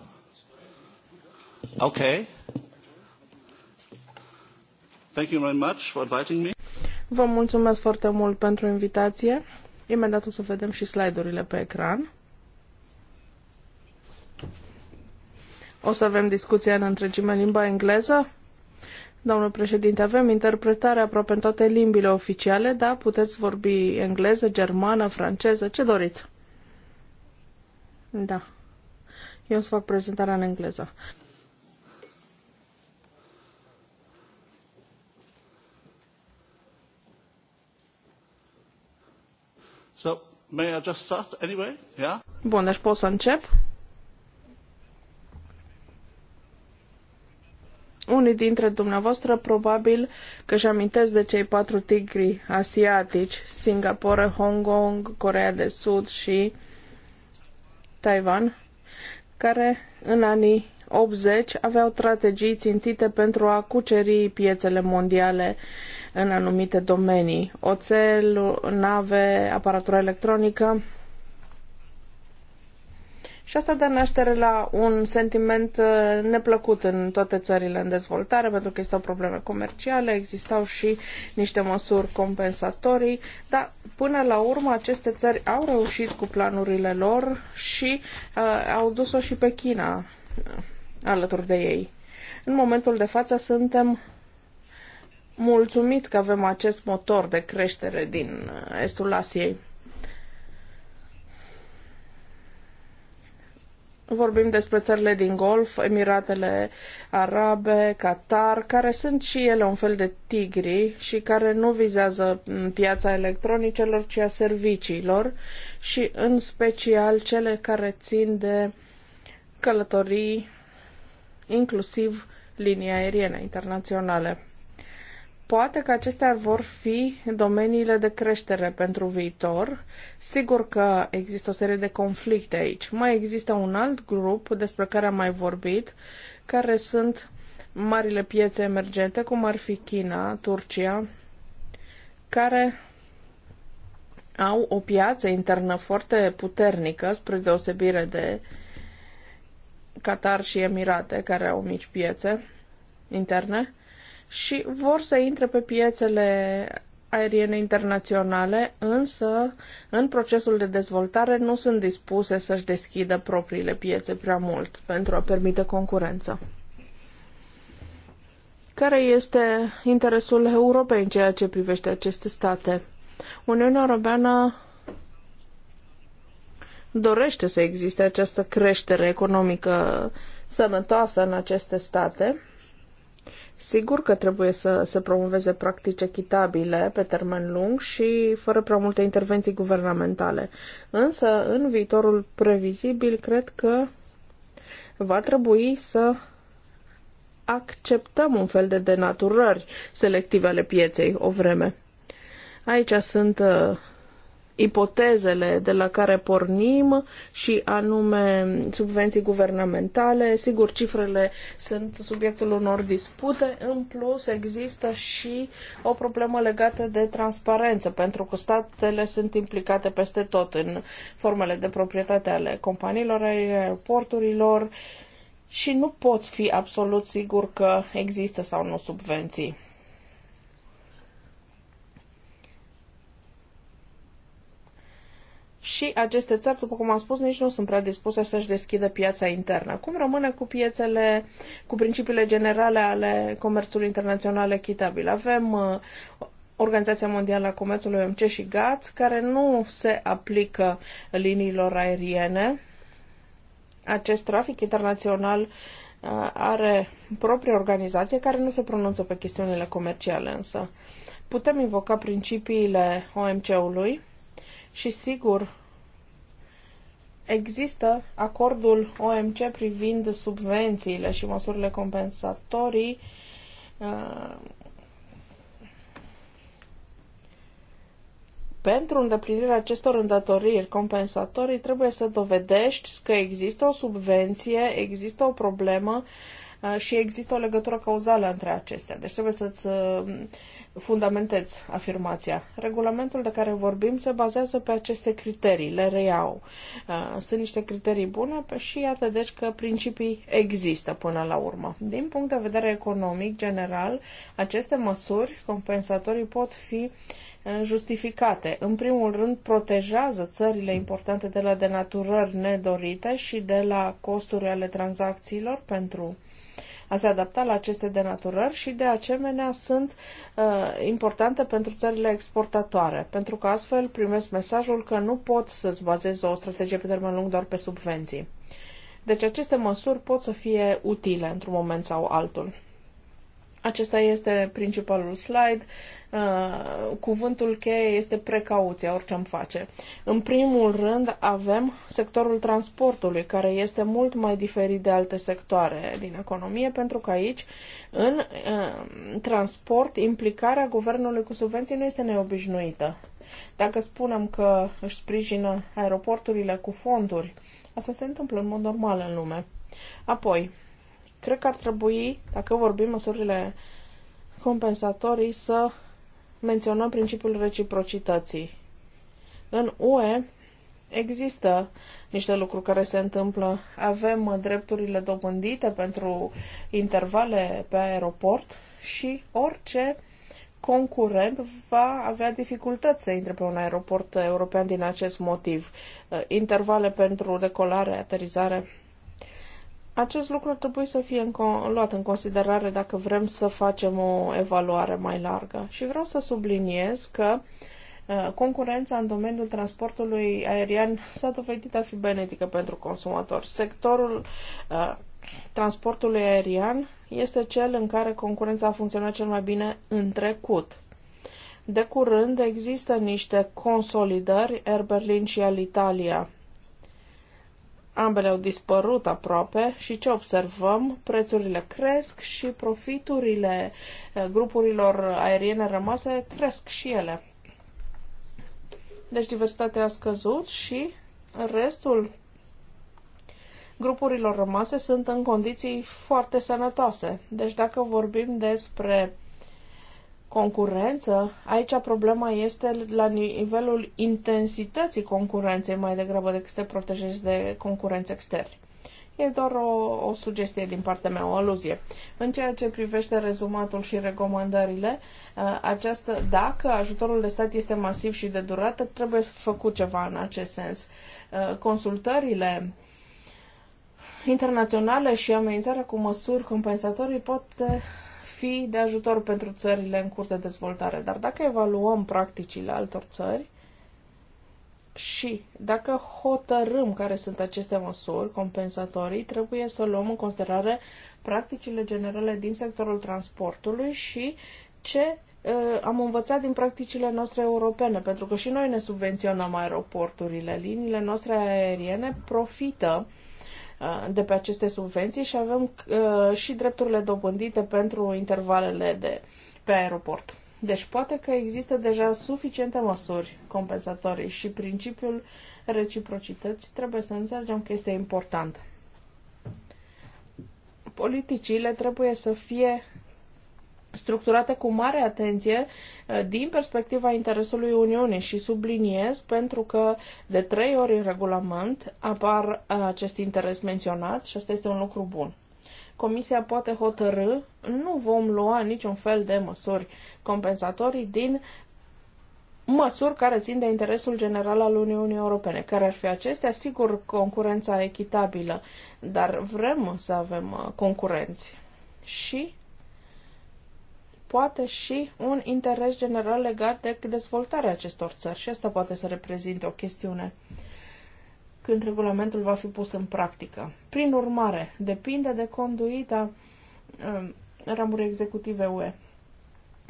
Ok. Thank you very much for inviting me. Vă mulțumesc foarte mult pentru invitație. Imediat o să vedem și slide-urile pe ecran. O să avem discuția în întregime în limba engleză. Domnul președinte, avem interpretare aproape în toate limbile oficiale, da? Puteți vorbi engleză, germană, franceză, ce doriți. Da. Eu o să fac prezentarea în engleză. May I just start anyway? Yeah? Bun, deci pot să încep. Unii dintre dumneavoastră probabil că își amintesc de cei patru tigri asiatici, Singapore, Hong Kong, Corea de Sud și Taiwan, care în anii 80 aveau strategii țintite pentru a cuceri piețele mondiale în anumite domenii. Oțel, nave, aparatură electronică. Și asta dă naștere la un sentiment uh, neplăcut în toate țările în dezvoltare, pentru că existau probleme comerciale, existau și niște măsuri compensatorii, dar până la urmă aceste țări au reușit cu planurile lor și uh, au dus-o și pe China alături de ei. În momentul de față suntem mulțumiți că avem acest motor de creștere din uh, estul Asiei. Vorbim despre țările din Golf, Emiratele Arabe, Qatar, care sunt și ele un fel de tigri și care nu vizează mm, piața electronicelor, ci a serviciilor și în special cele care țin de călătorii inclusiv linii aeriene internaționale. Poate că acestea vor fi domeniile de creștere pentru viitor. Sigur că există o serie de conflicte aici. Mai există un alt grup despre care am mai vorbit, care sunt marile piețe emergente, cum ar fi China, Turcia, care au o piață internă foarte puternică, spre deosebire de uh, Qatar și Emirate, care au mici piețe interne, și vor să intre pe piețele aeriene internaționale, însă în procesul de dezvoltare nu sunt dispuse să-și deschidă propriile piețe prea mult pentru a permite concurență. Care este interesul Europei în ceea ce privește aceste state? Uniunea Europeană dorește să existe această creștere economică sănătoasă în aceste state. Sigur că trebuie să se promoveze practici echitabile pe termen lung și fără prea multe intervenții guvernamentale. Însă, în viitorul previzibil, cred că va trebui să acceptăm un fel de denaturări selective ale pieței o vreme. Aici sunt uh, ipotezele de la care pornim și anume subvenții guvernamentale. Sigur, cifrele sunt subiectul unor dispute. În plus, există și o problemă legată de transparență, pentru că statele sunt implicate peste tot în formele de proprietate ale companiilor, aeroporturilor și nu poți fi absolut sigur că există sau nu subvenții. și aceste țări, după cum am spus, nici nu sunt prea dispuse să-și deschidă piața internă. Cum rămâne cu piețele, cu principiile generale ale comerțului internațional echitabil? Avem uh, Organizația Mondială a Comerțului OMC și GATS, care nu se aplică liniilor aeriene. Acest trafic internațional uh, are proprie organizație care nu se pronunță pe chestiunile comerciale însă. Putem invoca principiile OMC-ului, și sigur există acordul OMC privind subvențiile și măsurile compensatorii uh, pentru îndeplinirea acestor îndatoriri compensatorii trebuie să dovedești că există o subvenție, există o problemă uh, și există o legătură cauzală între acestea. Deci trebuie să-ți uh, fundamentez afirmația. Regulamentul de care vorbim se bazează pe aceste criterii, le reiau. Uh, sunt niște criterii bune și iată deci că principii există până la urmă. Din punct de vedere economic, general, aceste măsuri compensatorii pot fi uh, justificate. În primul rând, protejează țările importante de la denaturări nedorite și de la costuri ale tranzacțiilor pentru a se adapta la aceste denaturări și de asemenea sunt uh, importante pentru țările exportatoare, pentru că astfel primesc mesajul că nu pot să-ți bazeze o strategie pe termen lung doar pe subvenții. Deci aceste măsuri pot să fie utile într-un moment sau altul. Acesta este principalul slide. Uh, cuvântul cheie este precauția, orice am face. În primul rând avem sectorul transportului, care este mult mai diferit de alte sectoare din economie, pentru că aici, în uh, transport, implicarea guvernului cu subvenții nu este neobișnuită. Dacă spunem că își sprijină aeroporturile cu fonduri, asta se întâmplă în mod normal în lume. Apoi, Cred că ar trebui, dacă vorbim măsurile compensatorii, să menționăm principiul reciprocității. În UE există niște lucruri care se întâmplă. Avem drepturile dobândite pentru intervale pe aeroport și orice concurent va avea dificultăți să intre pe un aeroport european din acest motiv. Intervale pentru decolare, aterizare acest lucru ar trebui să fie luat în considerare dacă vrem să facem o evaluare mai largă. Și vreau să subliniez că uh, concurența în domeniul transportului aerian s-a dovedit a fi benefică pentru consumatori. Sectorul uh, transportului aerian este cel în care concurența a funcționat cel mai bine în trecut. De curând există niște consolidări, Air Berlin și Alitalia Ambele au dispărut aproape și ce observăm? Prețurile cresc și profiturile eh, grupurilor aeriene rămase cresc și ele. Deci diversitatea a scăzut și restul grupurilor rămase sunt în condiții foarte sănătoase. Deci dacă vorbim despre concurență, aici problema este la nivelul intensității concurenței mai degrabă decât să te protejezi de concurență externi. E doar o, o sugestie din partea mea, o aluzie. În ceea ce privește rezumatul și recomandările, uh, această, dacă ajutorul de stat este masiv și de durată, trebuie făcut ceva în acest sens. Uh, consultările internaționale și amenințarea cu măsuri compensatorii pot uh, fi de ajutor pentru țările în curs de dezvoltare. Dar dacă evaluăm practicile altor țări și dacă hotărâm care sunt aceste măsuri compensatorii, trebuie să luăm în considerare practicile generale din sectorul transportului și ce ă, am învățat din practicile noastre europene, pentru că și noi ne subvenționăm aeroporturile. Liniile noastre aeriene profită uh, Uh, de pe aceste subvenții și avem uh, și drepturile dobândite pentru intervalele de pe aeroport. Deci poate că există deja suficiente măsuri compensatorii și principiul reciprocității trebuie să înțelegem că este important. Politicile trebuie să fie structurate cu mare atenție uh, din perspectiva interesului Uniunii și subliniez pentru că de trei ori în regulament apar uh, acest interes menționat și asta este un lucru bun. Comisia poate hotărâ, nu vom lua niciun fel de măsuri compensatorii din măsuri care țin de interesul general al Uniunii Europene. Care ar fi acestea? Sigur, concurența echitabilă, dar vrem să avem uh, concurenți. Și poate și un interes general legat de dezvoltarea acestor țări și asta poate să reprezinte o chestiune când regulamentul va fi pus în practică. Prin urmare, depinde de conduita um, ramurii executive UE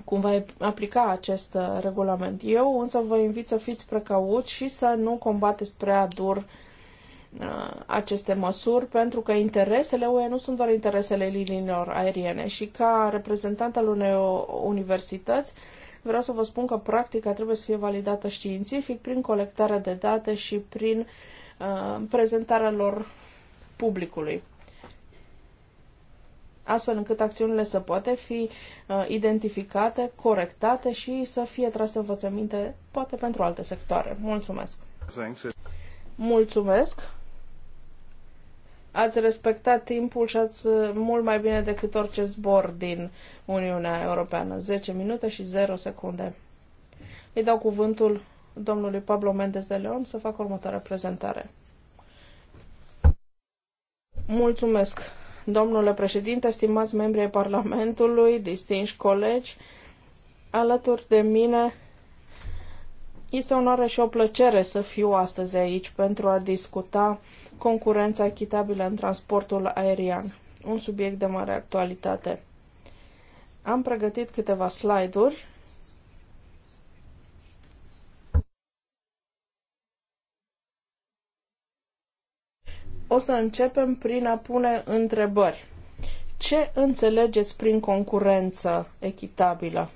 cum va aplica acest uh, regulament. Eu însă vă invit să fiți precauți și să nu combateți prea dur Uh, aceste măsuri pentru că interesele UE nu sunt doar interesele liniilor aeriene și ca reprezentant al unei universități vreau să vă spun că practica trebuie să fie validată științific prin colectarea de date și prin uh, prezentarea lor publicului astfel încât acțiunile să poate fi uh, identificate, corectate și să fie trase învățăminte, poate pentru alte sectoare. Mulțumesc! Mulțumesc! ați respectat timpul și ați mult mai bine decât orice zbor din Uniunea Europeană. 10 minute și 0 secunde. Îi dau cuvântul domnului Pablo Mendes de Leon să facă următoarea prezentare. Mulțumesc, domnule președinte, stimați membri ai Parlamentului, distinși colegi, alături de mine este o onoare și o plăcere să fiu astăzi aici pentru a discuta concurența echitabilă în transportul aerian, un subiect de mare actualitate. Am pregătit câteva slide-uri o să începem prin a pune întrebări. Ce înțelegeți prin concurență echitabilă?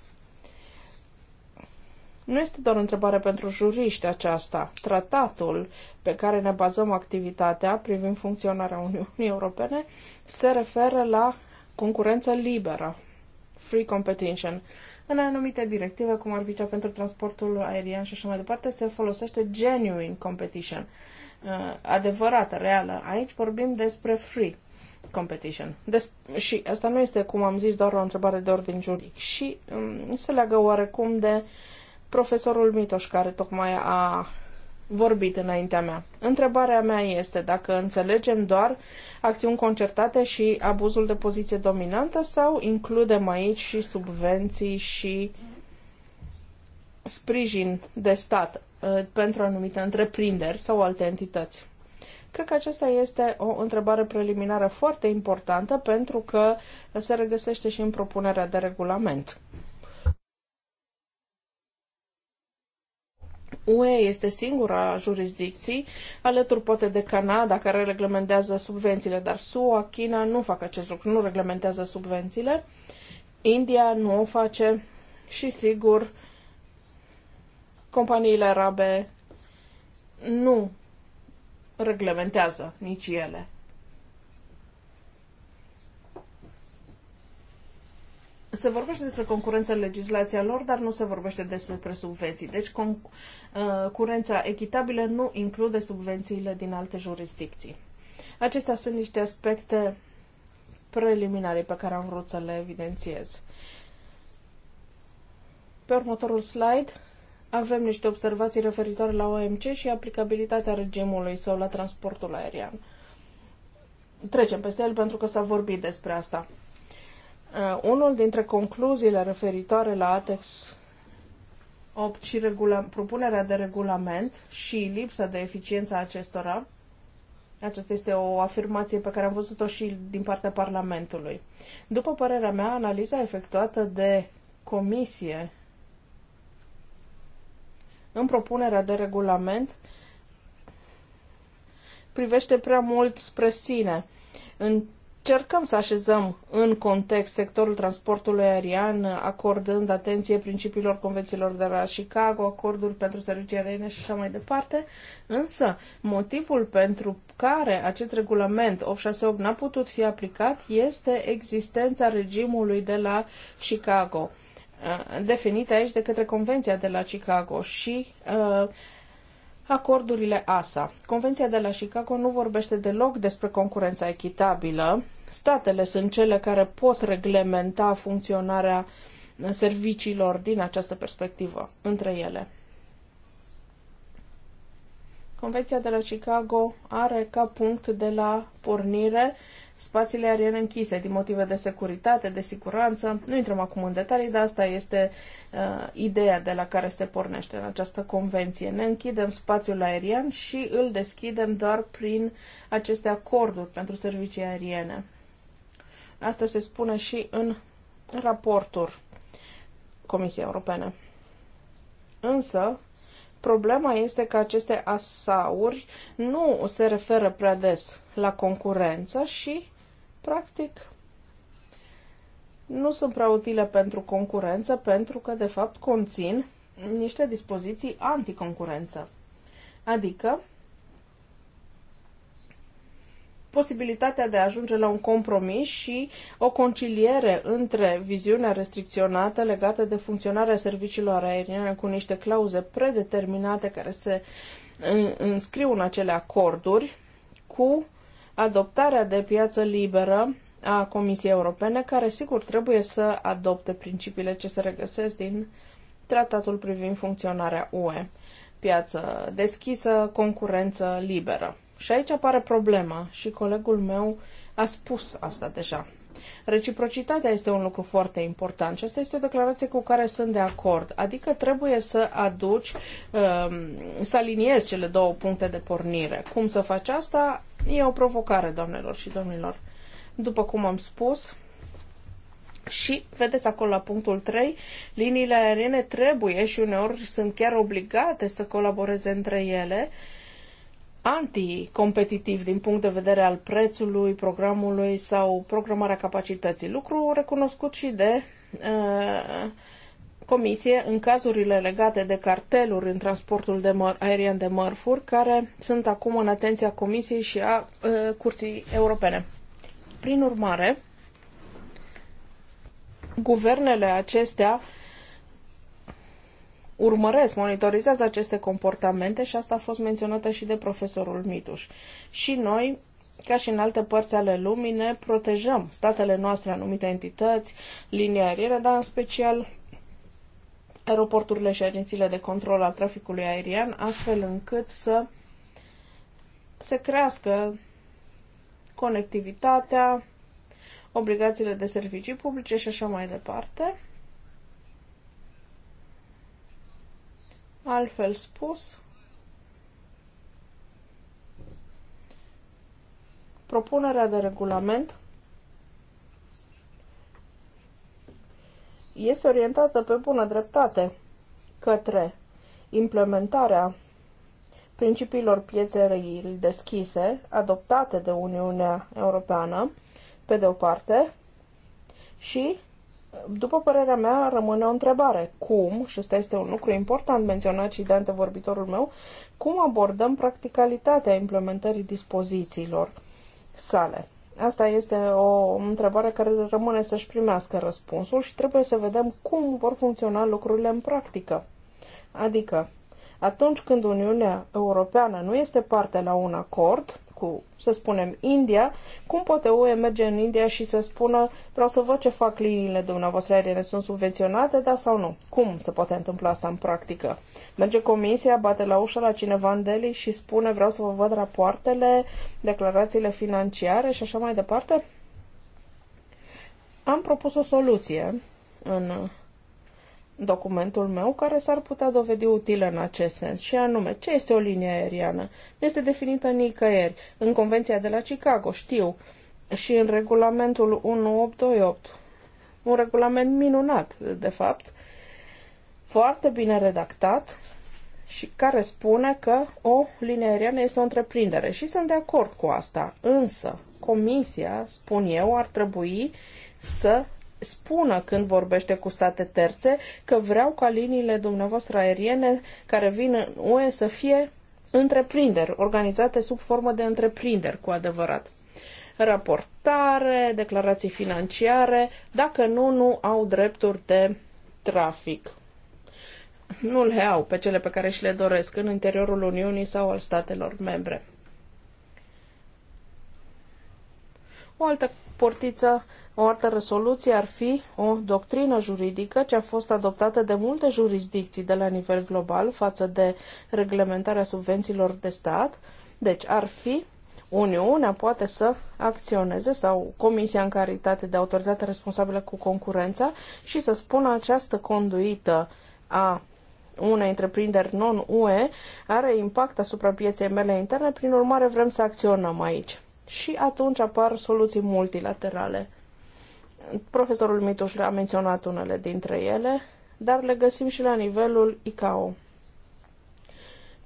Nu este doar o întrebare pentru juriști aceasta. Tratatul pe care ne bazăm activitatea privind funcționarea Uniunii Europene se referă la concurență liberă, free competition. În anumite directive, cum ar fi cea pentru transportul aerian și așa mai departe, se folosește genuine competition, uh, adevărată, reală. Aici vorbim despre free competition. Des- și asta nu este, cum am zis, doar o întrebare de ordin juridic și um, se leagă oarecum de uh, profesorul Mitoș, care tocmai a vorbit înaintea mea. Întrebarea mea este dacă înțelegem doar acțiuni concertate și abuzul de poziție dominantă sau includem aici și subvenții și sprijin de stat uh, pentru anumite întreprinderi sau alte entități. Cred că aceasta este o întrebare preliminară foarte importantă pentru că se regăsește și în propunerea de regulament. UE este singura jurisdicții, alături poate de Canada, care reglementează subvențiile, dar SUA, China nu fac acest lucru, nu reglementează subvențiile. India nu o face și, sigur, companiile arabe nu reglementează nici ele se vorbește despre concurență în legislația lor, dar nu se vorbește despre subvenții. Deci concurența uh, echitabilă nu include subvențiile din alte jurisdicții. Acestea sunt niște aspecte preliminare pe care am vrut să le evidențiez. Pe următorul slide avem niște observații referitoare la OMC și aplicabilitatea regimului sau la transportul aerian. Trecem peste el pentru că s-a vorbit despre asta. Uh, unul dintre concluziile referitoare la ATEX 8 și regula- propunerea de regulament și lipsa de eficiență a acestora, aceasta este o afirmație pe care am văzut-o și din partea Parlamentului. După părerea mea, analiza efectuată de comisie în propunerea de regulament privește prea mult spre sine în încercăm să așezăm în context sectorul transportului aerian, acordând atenție principiilor convențiilor de la Chicago, acorduri pentru servicii aeriene și așa mai departe, însă motivul pentru care acest regulament 868 n-a putut fi aplicat este existența regimului de la Chicago, uh, definit aici de către Convenția de la Chicago și uh, acordurile ASA. Convenția de la Chicago nu vorbește deloc despre concurența echitabilă. Statele sunt cele care pot reglementa funcționarea serviciilor din această perspectivă între ele. Convenția de la Chicago are ca punct de la pornire spațiile aeriene închise din motive de securitate, de siguranță. Nu intrăm acum în detalii, dar asta este uh, ideea de la care se pornește în această convenție. Ne închidem spațiul aerian și îl deschidem doar prin aceste acorduri pentru servicii aeriene. Asta se spune și în raportul Comisiei Europene. Însă, problema este că aceste asauri nu se referă prea des la concurență și, practic, nu sunt prea utile pentru concurență pentru că, de fapt, conțin niște dispoziții anticoncurență. Adică, posibilitatea de a ajunge la un compromis și o conciliere între viziunea restricționată legată de funcționarea serviciilor aeriene cu niște clauze predeterminate care se înscriu în acele acorduri cu adoptarea de piață liberă a Comisiei Europene, care sigur trebuie să adopte principiile ce se regăsesc din tratatul privind funcționarea UE. Piață deschisă, concurență liberă. Și aici apare problema și colegul meu a spus asta deja. Reciprocitatea este un lucru foarte important și asta este o declarație cu care sunt de acord. Adică trebuie să aduci, um, să aliniezi cele două puncte de pornire. Cum să faci asta e o provocare, doamnelor și domnilor. După cum am spus, și vedeți acolo la punctul 3, liniile aeriene trebuie și uneori sunt chiar obligate să colaboreze între ele uh, anticompetitiv din punct de vedere al prețului, programului sau programarea capacității. Lucru recunoscut și de uh, comisie în cazurile legate de carteluri în transportul de măr- aerian de mărfuri, care sunt acum în atenția comisiei și a uh, curții europene. Prin urmare, guvernele acestea uh, urmăresc, monitorizează aceste comportamente și asta a fost menționată și de profesorul Mituș. Și noi, ca și în alte părți ale lumii, ne protejăm statele noastre, anumite entități, linii aeriene, dar în special aeroporturile și agențiile de control al traficului aerian, astfel încât să se crească conectivitatea, obligațiile de servicii publice și așa mai departe. Altfel spus, propunerea de regulament este orientată pe bună dreptate către implementarea principiilor pieței deschise adoptate de Uniunea Europeană, pe de o parte, și după părerea mea, rămâne o întrebare. Cum, și ăsta este un lucru important menționat și de antevorbitorul meu, cum abordăm practicalitatea implementării dispozițiilor sale? Asta este o întrebare care rămâne să-și primească răspunsul și trebuie să vedem cum vor funcționa lucrurile în practică. Adică, atunci când Uniunea Europeană nu este parte la un acord, cu, să spunem, India, cum poate UE merge în India și să spună vreau să văd ce fac liniile dumneavoastră aeriene, sunt subvenționate, da sau nu? Cum se poate întâmpla asta în practică? Merge comisia, bate la ușa la cineva în Delhi și spune vreau să vă văd rapoartele, declarațiile financiare și așa mai departe? Am propus o soluție în documentul meu care s-ar putea dovedi utilă în acest sens, și anume, ce este o linie aeriană? Nu este definită nicăieri. În Convenția de la Chicago, știu, și în regulamentul 1828, un regulament minunat, de fapt, foarte bine redactat și care spune că o linie aeriană este o întreprindere și sunt de acord cu asta, însă comisia, spun eu, ar trebui să spună când vorbește cu state terțe că vreau ca liniile dumneavoastră aeriene care vin în UE să fie întreprinderi, organizate sub formă de întreprinderi cu adevărat. Raportare, declarații financiare, dacă nu, nu au drepturi de trafic. Nu le au pe cele pe care și le doresc în interiorul Uniunii sau al statelor membre. O altă portiță. o altă rezoluție ar fi o doctrină juridică ce a fost adoptată de multe jurisdicții de la nivel global față de reglementarea subvențiilor de stat. Deci ar fi Uniunea poate să acționeze sau Comisia în caritate de autoritate responsabilă cu concurența și să spună această conduită a unei întreprinderi non-UE are impact asupra pieței mele interne, prin urmare vrem să acționăm aici și atunci apar soluții multilaterale. Profesorul Mituș le-a menționat unele dintre ele, dar le găsim și la nivelul ICAO,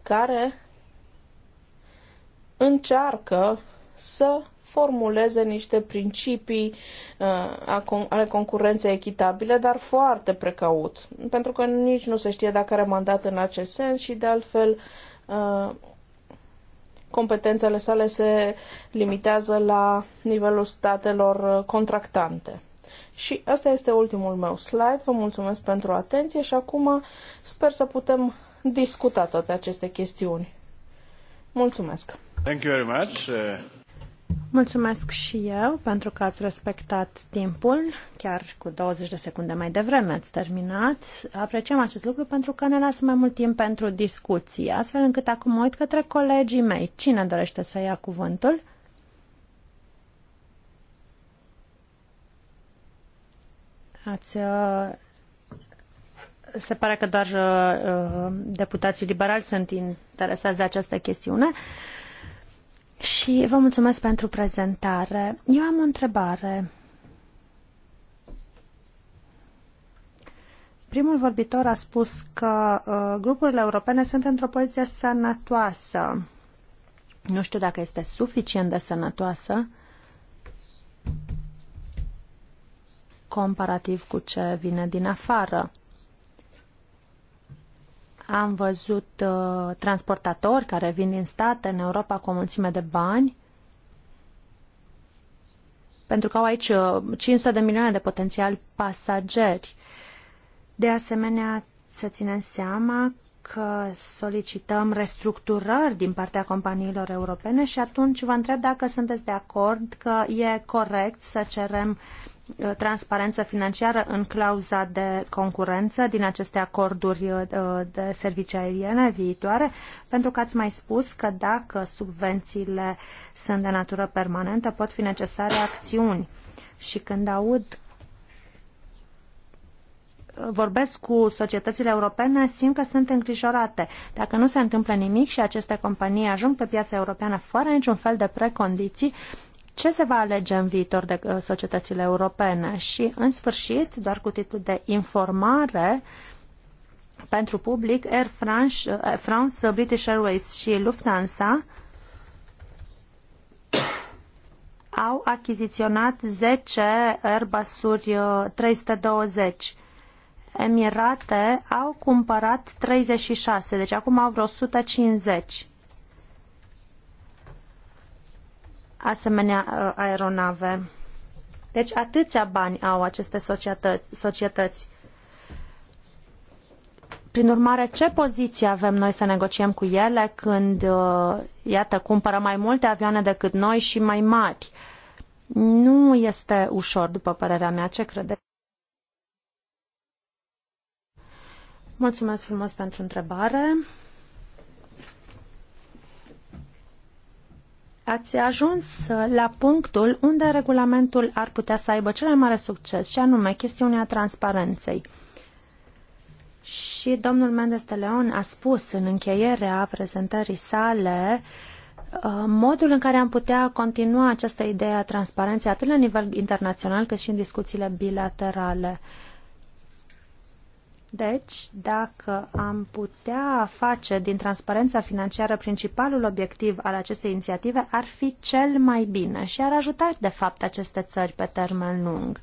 care încearcă să formuleze niște principii uh, ale concurenței echitabile, dar foarte precaut, pentru că nici nu se știe dacă are mandat în acest sens și, de altfel, uh, competențele sale se limitează la nivelul statelor contractante. Și ăsta este ultimul meu slide. Vă mulțumesc pentru atenție și acum sper să putem discuta toate aceste chestiuni. Mulțumesc! Thank you very much. Uh, Mulțumesc și eu pentru că ați respectat timpul, chiar cu 20 de secunde mai devreme ați terminat. Apreciem acest lucru pentru că ne lasă mai mult timp pentru discuții, astfel încât acum mă uit către colegii mei. Cine dorește să ia cuvântul? Ați, uh, se pare că doar uh, uh, deputații liberali sunt interesați de această chestiune și vă mulțumesc pentru prezentare. Eu am o întrebare. Primul vorbitor a spus că uh, grupurile europene sunt într-o poziție sănătoasă. Nu știu dacă este suficient de sănătoasă comparativ cu ce vine din afară. Am văzut uh, transportatori care vin din state în Europa cu o mulțime de bani, pentru că au aici 500 uh, de milioane de potențiali pasageri. De asemenea, să ținem seama că solicităm restructurări din partea companiilor europene și atunci vă întreb dacă sunteți de acord că e corect să cerem uh, Uh, transparență financiară în clauza de concurență din aceste acorduri uh, de servicii aeriene viitoare, pentru că ați mai spus că dacă subvențiile sunt de natură permanentă, pot fi necesare acțiuni. Și când aud uh, vorbesc cu societățile europene, simt că sunt îngrijorate. Dacă nu se întâmplă nimic și aceste companii ajung pe piața europeană fără niciun fel de precondiții, ce se va alege în viitor de uh, societățile europene și, în sfârșit, doar cu titlul de informare, pentru public, Air France, uh, France, uh, British Airways și Lufthansa au achiziționat 10 Airbus-uri 320. Emirate au cumpărat 36, deci acum au vreo 150. asemenea uh, aeronave. Deci atâția bani au aceste societăți. Prin urmare, ce poziție avem noi să negociem cu ele când, uh, iată, cumpără mai multe avioane decât noi și mai mari? Nu este ușor, după părerea mea. Ce credeți? Mulțumesc frumos pentru întrebare. ați ajuns la punctul unde regulamentul ar putea să aibă cel mai mare succes, și anume chestiunea transparenței. Și domnul Mendes de Leon a spus în încheierea prezentării sale uh, modul în care am putea continua această idee a transparenței atât la nivel internațional cât și în discuțiile bilaterale. Uh, deci, dacă am putea face din transparența financiară principalul obiectiv al acestei inițiative, ar fi cel mai bine și ar ajuta, de fapt, aceste țări pe termen lung.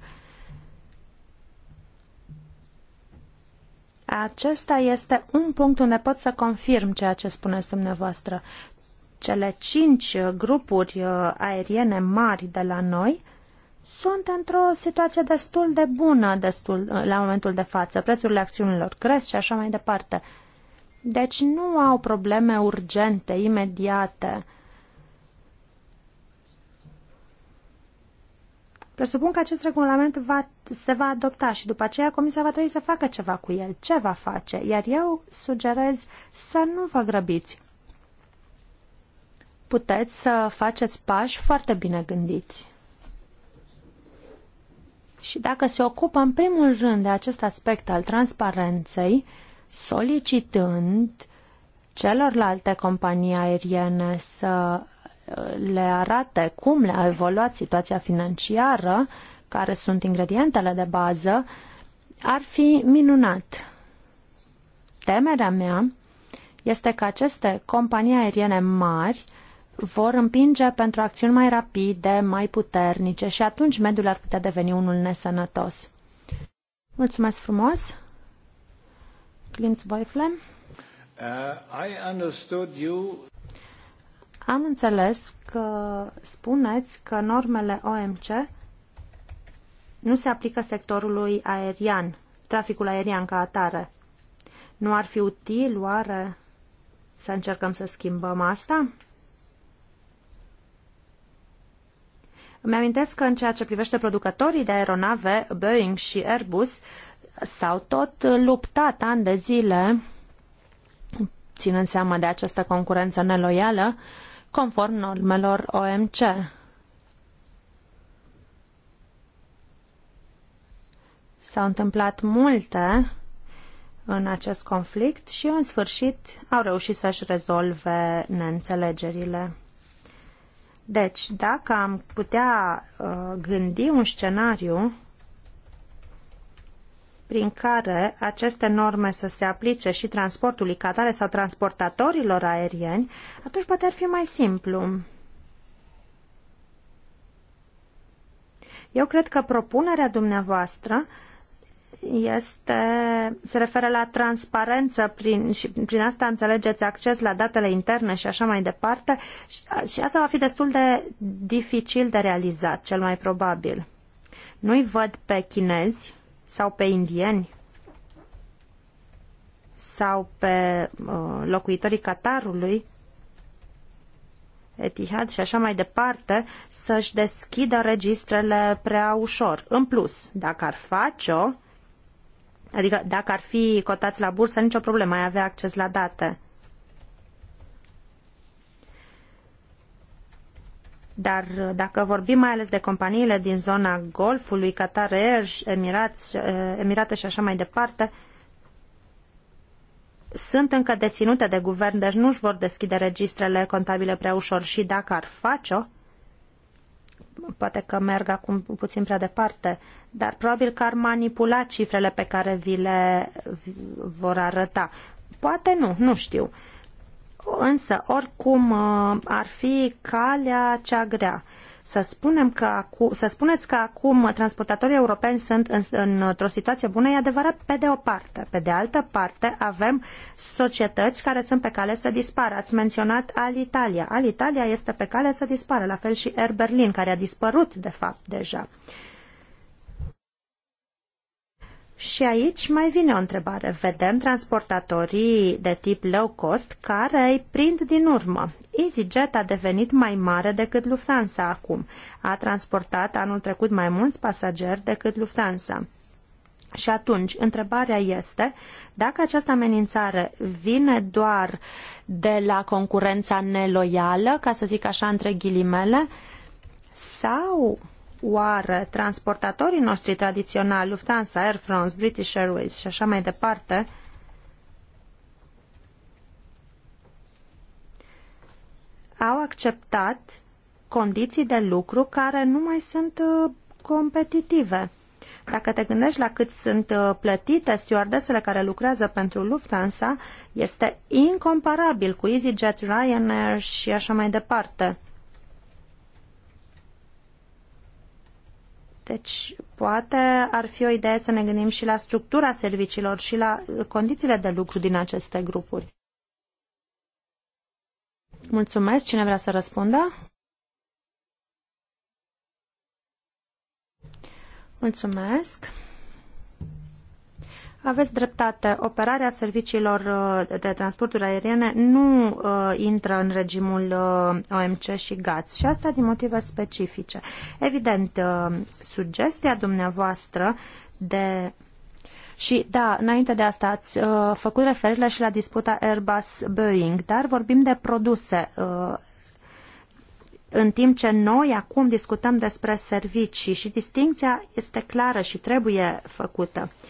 Acesta este un punct unde pot să confirm ceea ce spuneți dumneavoastră. Cele cinci grupuri uh, aeriene mari de la noi sunt într-o situație destul de bună destul, la momentul de față. Prețurile acțiunilor cresc și așa mai departe. Deci nu au probleme urgente, imediate. Presupun că acest regulament va, se va adopta și după aceea Comisia va trebui să facă ceva cu el. Ce va face? Iar eu sugerez să nu vă grăbiți. Puteți să faceți pași foarte bine gândiți. Și dacă se ocupă în primul rând de acest aspect al transparenței, solicitând celorlalte companii aeriene să uh, le arate cum le-a evoluat situația financiară, care sunt ingredientele de bază, ar fi minunat. Temerea mea este că aceste companii aeriene mari vor împinge pentru acțiuni mai rapide, mai puternice și atunci mediul ar putea deveni unul nesănătos. Mulțumesc frumos! Clint Voifle. Uh, I understood you... Am înțeles că spuneți că normele OMC nu se aplică sectorului aerian, traficul aerian ca atare. Nu ar fi util, oare, să încercăm să schimbăm asta? Îmi amintesc că în ceea ce privește producătorii de aeronave, Boeing și Airbus, s-au tot luptat ani de zile, ținând seama de această concurență neloială, conform normelor OMC. S-au întâmplat multe în acest conflict și, în sfârșit, au reușit să-și rezolve neînțelegerile. Deci, dacă am putea uh, gândi un scenariu prin care aceste norme să se aplice și transportului catare sau transportatorilor aerieni, atunci poate ar fi mai simplu. Eu cred că propunerea dumneavoastră uh, este, se referă la transparență prin, și prin asta înțelegeți acces la datele interne și așa mai departe și, și asta va fi destul de dificil de realizat, cel mai probabil. Nu-i văd pe chinezi sau pe indieni sau pe uh, locuitorii Qatarului Etihad și așa mai departe, să-și deschidă registrele prea ușor. În plus, dacă ar face-o, Adică dacă ar fi cotați la bursă, nicio problemă, ai avea acces la date. Dar dacă vorbim mai ales de companiile din zona Golfului, Qatar Air, Emirați, eh, Emirate și așa mai departe, sunt încă deținute de guvern, deci nu își vor deschide registrele contabile prea ușor și dacă ar face-o, poate că merg acum puțin prea departe, dar probabil că ar manipula cifrele pe care vi le vor arăta. Poate nu, nu știu. Însă, oricum uh, ar fi calea cea grea. Să, spunem că acu- să spuneți că acum transportatorii europeni sunt în, într-o situație bună e adevărat pe de o parte. Pe de altă parte avem societăți care sunt pe cale să dispară. Ați menționat Alitalia. Alitalia este pe cale să dispară, la fel și Air Berlin, care a dispărut de fapt deja. Uh, și aici mai vine o întrebare. Vedem transportatorii de tip low cost care îi prind din urmă. EasyJet a devenit mai mare decât Lufthansa acum. A transportat anul trecut mai mulți pasageri decât Lufthansa. Și atunci, întrebarea este dacă această amenințare vine doar de la concurența neloială, ca să zic așa între ghilimele, sau oară transportatorii noștri tradiționali, Lufthansa, Air France, British Airways și așa mai departe, au acceptat condiții de lucru care nu mai sunt uh, competitive. Dacă te gândești la cât sunt uh, plătite stewardesele care lucrează pentru Lufthansa, este incomparabil cu EasyJet, Ryanair și așa mai departe. Deci, poate ar fi o idee să ne gândim și la structura serviciilor și la condițiile de lucru din aceste grupuri. Mulțumesc. Cine vrea să răspundă? Mulțumesc. Aveți dreptate. Operarea serviciilor uh, de transporturi aeriene nu uh, intră în regimul uh, OMC și GATS și asta din motive specifice. Evident, uh, sugestia dumneavoastră de și da, înainte de asta ați uh, făcut referire și la disputa Airbus-Boeing, dar vorbim de produse. Uh, în timp ce noi acum discutăm despre servicii și distinția este clară și trebuie făcută. Uh,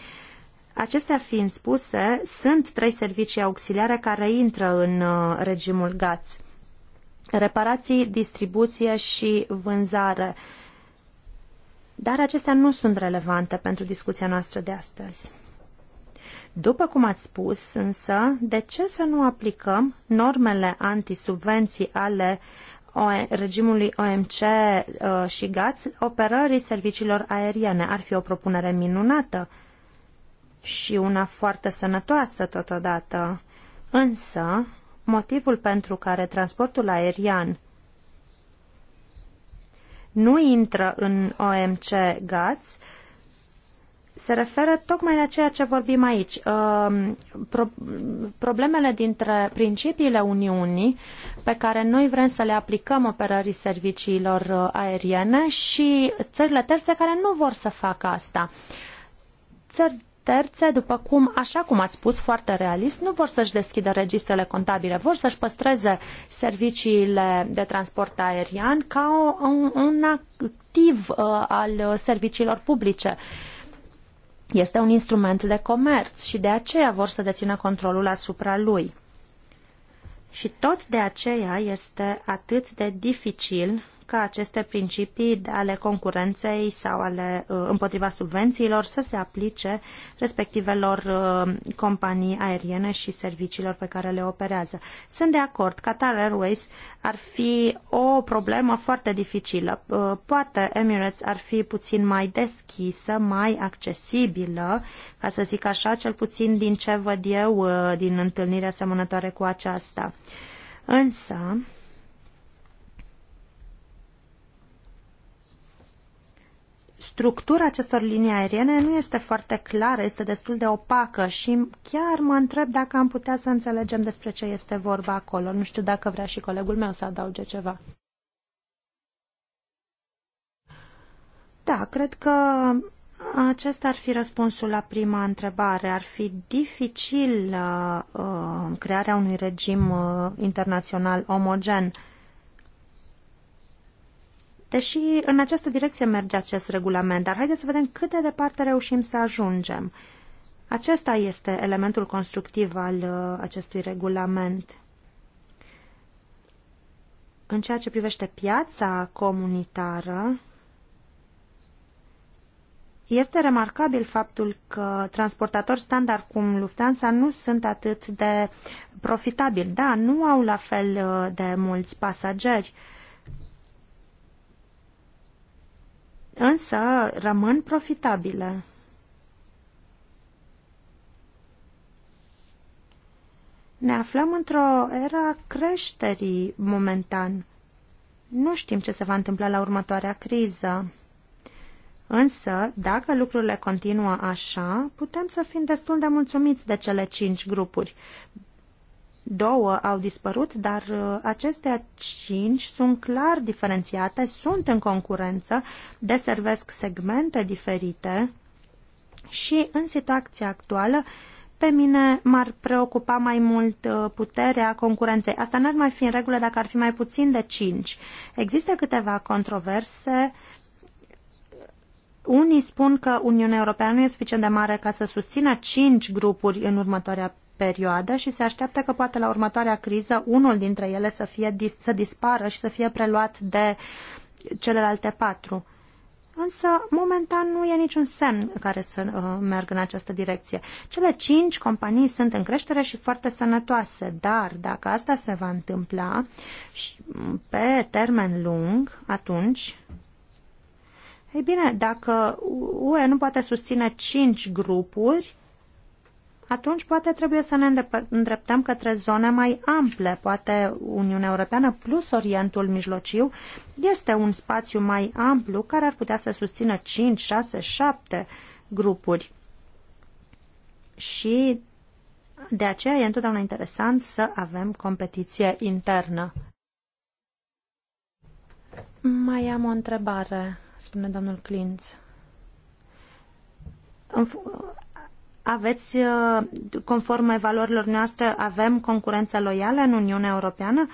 Acestea fiind spuse, sunt trei servicii auxiliare care intră în uh, regimul GATS. Reparații, distribuție și vânzare. Dar acestea nu sunt relevante pentru discuția noastră de astăzi. După cum ați spus, însă, de ce să nu aplicăm normele antisubvenții ale regimului OMC uh, și GATS operării serviciilor aeriene? Ar fi o propunere minunată și una foarte sănătoasă totodată. Însă, motivul pentru care transportul aerian nu intră în OMC GATS se referă tocmai la ceea ce vorbim aici. Um, pro problemele dintre principiile Uniunii pe care noi vrem să le aplicăm operării serviciilor uh, aeriene și țările terțe care nu vor să facă asta. Țări terțe, după cum, așa cum ați spus foarte realist, nu vor să-și deschidă registrele contabile, vor să-și păstreze serviciile de transport aerian ca un, un activ uh, al serviciilor publice. Este un instrument de comerț și de aceea vor să dețină controlul asupra lui. Și tot de aceea este atât de dificil ca aceste principii ale concurenței sau ale uh, împotriva subvențiilor să se aplice respectivelor uh, companii aeriene și serviciilor pe care le operează. Sunt de acord, Qatar Airways ar fi o problemă foarte dificilă. Uh, poate Emirates ar fi puțin mai deschisă, mai accesibilă, ca să zic așa, cel puțin din ce văd eu din întâlnirea asemănătoare cu aceasta. Însă, structura acestor linii aeriene nu este foarte clară, este destul de opacă și chiar mă întreb dacă am putea să înțelegem despre ce este vorba acolo. Nu știu dacă vrea și colegul meu să adauge ceva. Da, cred că acesta ar fi răspunsul la prima întrebare. Ar fi dificil uh, uh crearea unui regim uh, internațional omogen. Uh, Deși în această direcție merge acest regulament, dar haideți să vedem cât de departe reușim să ajungem. Acesta este elementul constructiv al uh, acestui regulament. În ceea ce privește piața comunitară, este remarcabil faptul că transportatori standard cum Lufthansa nu sunt atât de profitabili. Da, nu au la fel uh, de mulți pasageri, însă rămân profitabile. Ne aflăm într-o era creșterii momentan. Nu știm ce se va întâmpla la următoarea criză. Însă, dacă lucrurile continuă așa, putem să fim destul de mulțumiți de cele cinci grupuri, două au dispărut, dar uh, acestea cinci sunt clar diferențiate, sunt în concurență, deservesc segmente diferite și în situația actuală pe mine m-ar preocupa mai mult uh, puterea concurenței. Asta n-ar mai fi în regulă dacă ar fi mai puțin de 5. Există câteva controverse. Unii spun că Uniunea Europeană nu e suficient de mare ca să susțină 5 grupuri în următoarea perioadă și se așteaptă că poate la următoarea criză unul dintre ele să, fie, să dispară și să fie preluat de celelalte patru. Însă, momentan, nu e niciun semn care să uh, meargă în această direcție. Cele cinci companii sunt în creștere și foarte sănătoase, dar dacă asta se va întâmpla și, pe termen lung, atunci ei bine, dacă UE nu poate susține cinci grupuri, atunci poate trebuie să ne îndreptăm către zone mai ample. Poate Uniunea Europeană plus Orientul Mijlociu este un spațiu mai amplu care ar putea să susțină 5, 6, 7 grupuri. Și de aceea e întotdeauna interesant să avem competiție internă. Mai am o întrebare, spune domnul Clinț aveți, uh, conform evaluărilor noastre, avem concurență loială în Uniunea Europeană?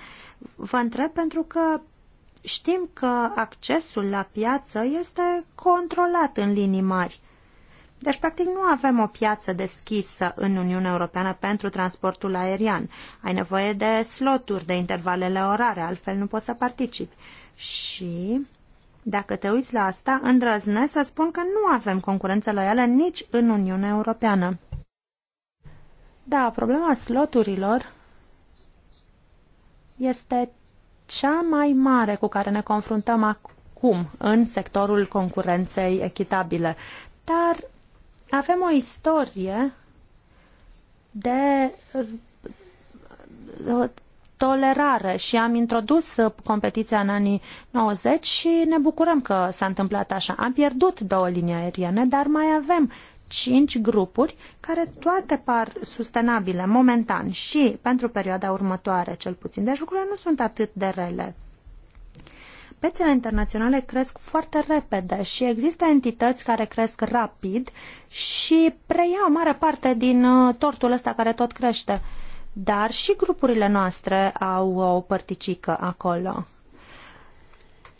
Vă întreb pentru că știm că accesul la piață este controlat în linii mari. Deci, practic, nu avem o piață deschisă în Uniunea Europeană pentru transportul aerian. Ai nevoie de sloturi, de intervalele orare, altfel nu poți să participi. Și dacă te uiți la asta, îndrăznesc să spun că nu avem concurență loială nici în Uniunea Europeană. Da, problema sloturilor este cea mai mare cu care ne confruntăm acum în sectorul concurenței echitabile. Dar avem o istorie de tolerare și am introdus uh, competiția în anii 90 și ne bucurăm că s-a întâmplat așa. Am pierdut două linii aeriene, dar mai avem cinci grupuri care toate par sustenabile momentan și pentru perioada următoare cel puțin. Deci lucrurile nu sunt atât de rele. Pețele internaționale cresc foarte repede și există entități care cresc rapid și preiau mare parte din uh, tortul ăsta care tot crește dar și grupurile noastre au o părticică acolo.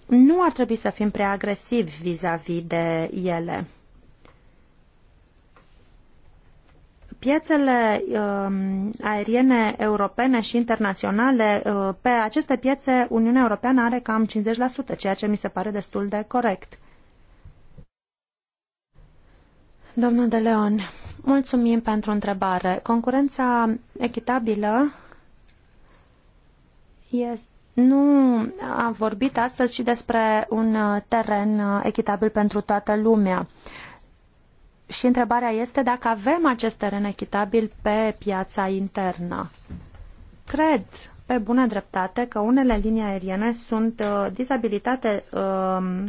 Nu ar trebui să fim prea agresivi vis-a-vis -vis de ele. Piețele uh, aeriene europene și internaționale, uh, pe aceste piețe Uniunea Europeană are cam 50%, ceea ce mi se pare destul de corect. Domnul de Leon, Mulțumim pentru întrebare. Concurența echitabilă nu am vorbit astăzi și despre un uh, teren uh, echitabil pentru toată lumea. Și întrebarea este dacă avem acest teren echitabil pe piața internă. Cred pe bună dreptate că unele linii aeriene sunt uh, dizabilitate uh,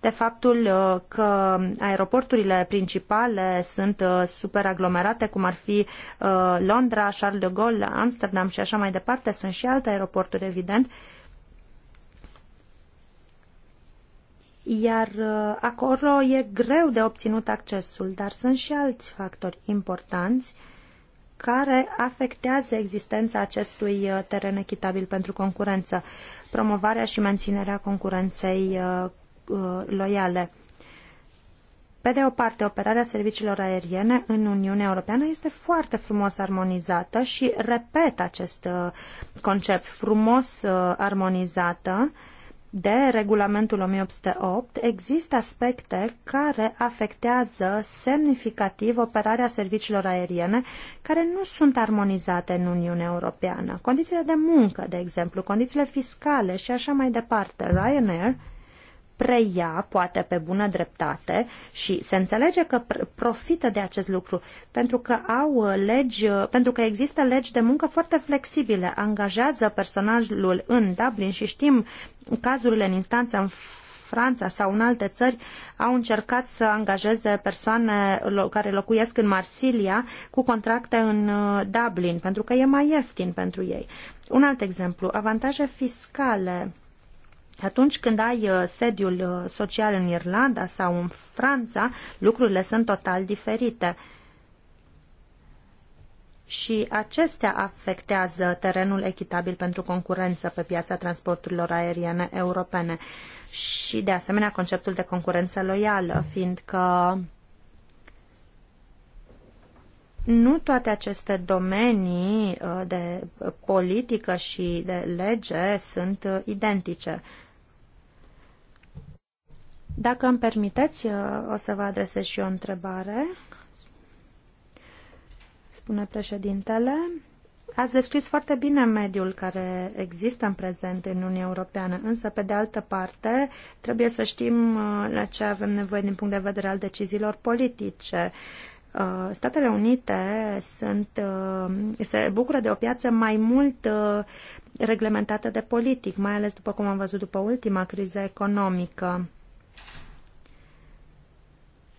de faptul uh, că aeroporturile principale sunt uh, superaglomerate, cum ar fi uh, Londra, Charles de Gaulle, Amsterdam și așa mai departe. Sunt și alte aeroporturi, evident. Iar uh, acolo e greu de obținut accesul, dar sunt și alți factori importanți uh, care afectează existența acestui uh, teren echitabil pentru concurență, promovarea și menținerea concurenței uh, uh, loiale. Pe de o parte, operarea serviciilor aeriene în Uniunea Europeană este foarte frumos armonizată și repet acest concept frumos armonizată de regulamentul 1808 există aspecte care afectează semnificativ operarea serviciilor aeriene care nu sunt armonizate în Uniunea Europeană. Condițiile de muncă, de exemplu, condițiile fiscale și așa mai departe. Ryanair preia, poate pe bună dreptate, și se înțelege că profită de acest lucru, pentru că au uh, legi, uh, pentru că există legi de muncă foarte flexibile, angajează personajul în Dublin și știm cazurile în instanță în Franța sau în alte țări au încercat să angajeze persoane care locuiesc în Marsilia cu contracte în uh, Dublin, pentru că e mai ieftin pentru ei. Un alt exemplu, avantaje fiscale atunci când ai uh, sediul uh, social în Irlanda sau în Franța, lucrurile sunt total diferite. Și acestea afectează terenul echitabil pentru concurență pe piața transporturilor aeriene europene. Și, de asemenea, conceptul de concurență loială, fiindcă nu toate aceste domenii uh, de politică și de lege sunt identice. Dacă îmi permiteți, uh, o să vă adresez și o întrebare. Spune președintele. Ați descris foarte bine mediul care există în prezent în Uniunea Europeană, însă, pe de altă parte, trebuie să știm uh, la ce avem nevoie din punct de vedere al deciziilor politice. Uh, Statele Unite sunt, se bucură de o piață mai mult reglementată de politic, mai ales după cum am văzut după ultima criză economică.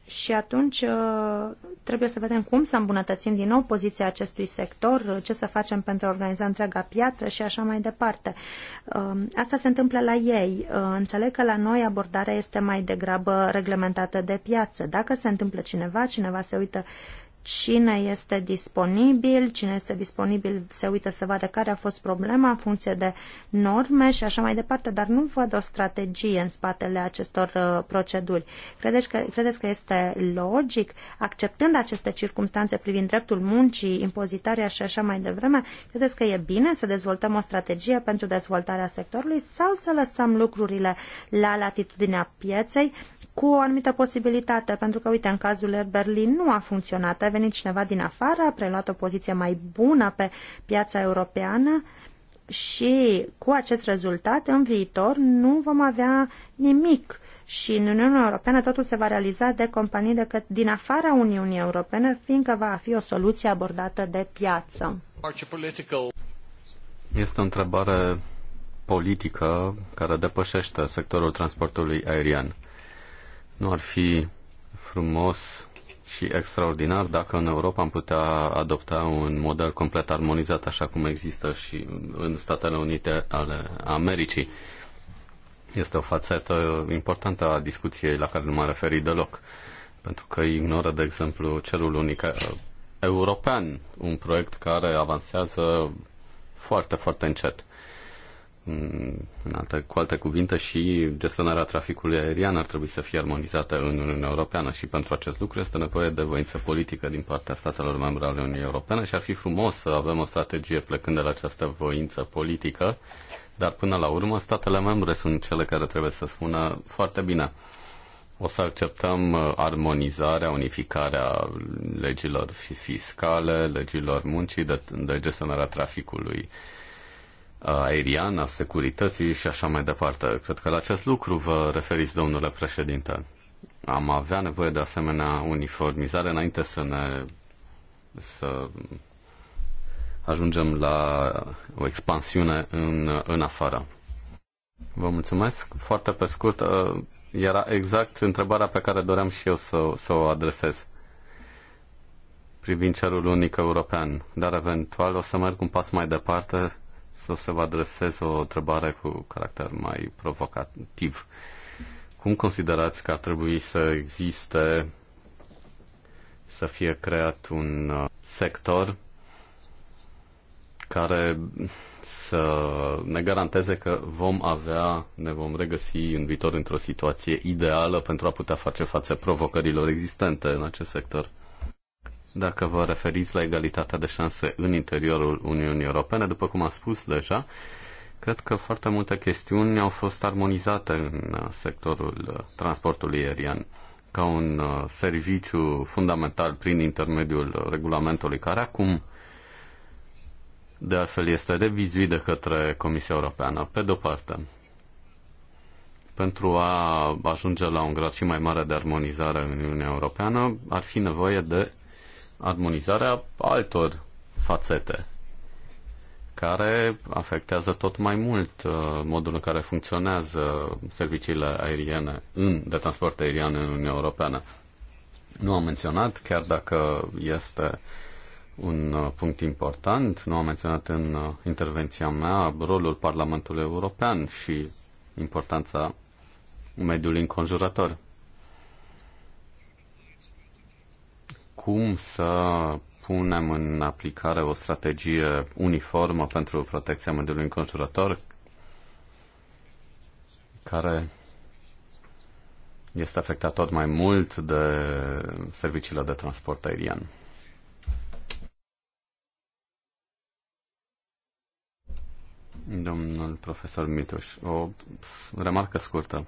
Și atunci uh, trebuie să vedem cum să îmbunătățim din nou poziția acestui sector, uh, ce să facem pentru a organiza întreaga piață și așa mai departe. Um, asta se întâmplă la ei. Uh, înțeleg că la noi abordarea este mai degrabă reglementată de piață. Dacă se întâmplă cineva, cineva se uită cine este disponibil, cine este disponibil se uită să vadă care a fost problema în funcție de norme și așa mai departe, dar nu văd o strategie în spatele acestor uh, proceduri. Credeți că, credeți că este logic, acceptând aceste circunstanțe privind dreptul muncii, impozitarea și așa mai devreme, credeți că e bine să dezvoltăm o strategie pentru dezvoltarea sectorului sau să lăsăm lucrurile la latitudinea pieței cu o anumită posibilitate, pentru că, uite, în cazul Air Berlin nu a funcționat. A venit cineva din afară, a preluat o poziție mai bună pe piața europeană și cu acest rezultat, în viitor, nu vom avea nimic și în Uniunea Europeană totul se va realiza de companii decât din afara Uniunii Europene, fiindcă va fi o soluție abordată de piață. Este o întrebare politică care depășește sectorul transportului aerian. Nu ar fi frumos și extraordinar dacă în Europa am putea adopta un model complet armonizat așa cum există și în Statele Unite ale Americii. Este o fațetă importantă a discuției la care nu m a referit deloc, pentru că ignoră, de exemplu, celul unic european, un proiect care avansează foarte, foarte încet. Mm, în alte, cu alte cuvinte, și gestionarea traficului aerian ar trebui să fie armonizată în Uniunea Europeană și pentru acest lucru este nevoie de voință politică din partea statelor membre ale Uniunii Europene și ar fi frumos să avem o strategie plecând de la această voință politică, dar până la urmă statele membre sunt cele care trebuie să spună foarte bine. O să acceptăm armonizarea, unificarea legilor fiscale, legilor muncii, de, de gestionarea traficului aeriană, a securității și așa mai departe. Cred că la acest lucru vă referiți, domnule președinte. Am avea nevoie de asemenea uniformizare înainte să ne să ajungem la o expansiune în, în afară. Vă mulțumesc. Foarte pe scurt, uh, era exact întrebarea pe care doream și eu să, să o adresez privind cerul unic european, dar eventual o să merg un pas mai departe să se vă adresez o întrebare cu caracter mai provocativ. Cum considerați că ar trebui să existe, să fie creat un uh, sector care să ne garanteze că vom avea, ne vom regăsi în viitor într-o situație ideală pentru a putea face față provocărilor existente în acest sector? dacă vă referiți la egalitatea de șanse în interiorul Uniunii Europene, după cum am spus deja, cred că foarte multe chestiuni au fost armonizate în uh, sectorul uh, transportului aerian ca un uh, serviciu fundamental prin intermediul regulamentului care acum de altfel este revizuit de către Comisia Europeană. Pe de-o parte, pentru a ajunge la un grad și mai mare de armonizare în Uniunea Europeană, ar fi nevoie de uh, admonizarea altor fațete care afectează tot mai mult uh, modul în care funcționează serviciile aeriene în, de transport aerian în Uniunea Europeană. Nu am menționat, chiar dacă este un uh, punct important, nu am menționat în uh, intervenția mea rolul Parlamentului European și importanța mediului înconjurător. cum să punem în aplicare o strategie uniformă pentru protecția mediului înconjurător care este afectat tot mai mult de serviciile de transport aerian. Domnul profesor Mitoș, o remarcă scurtă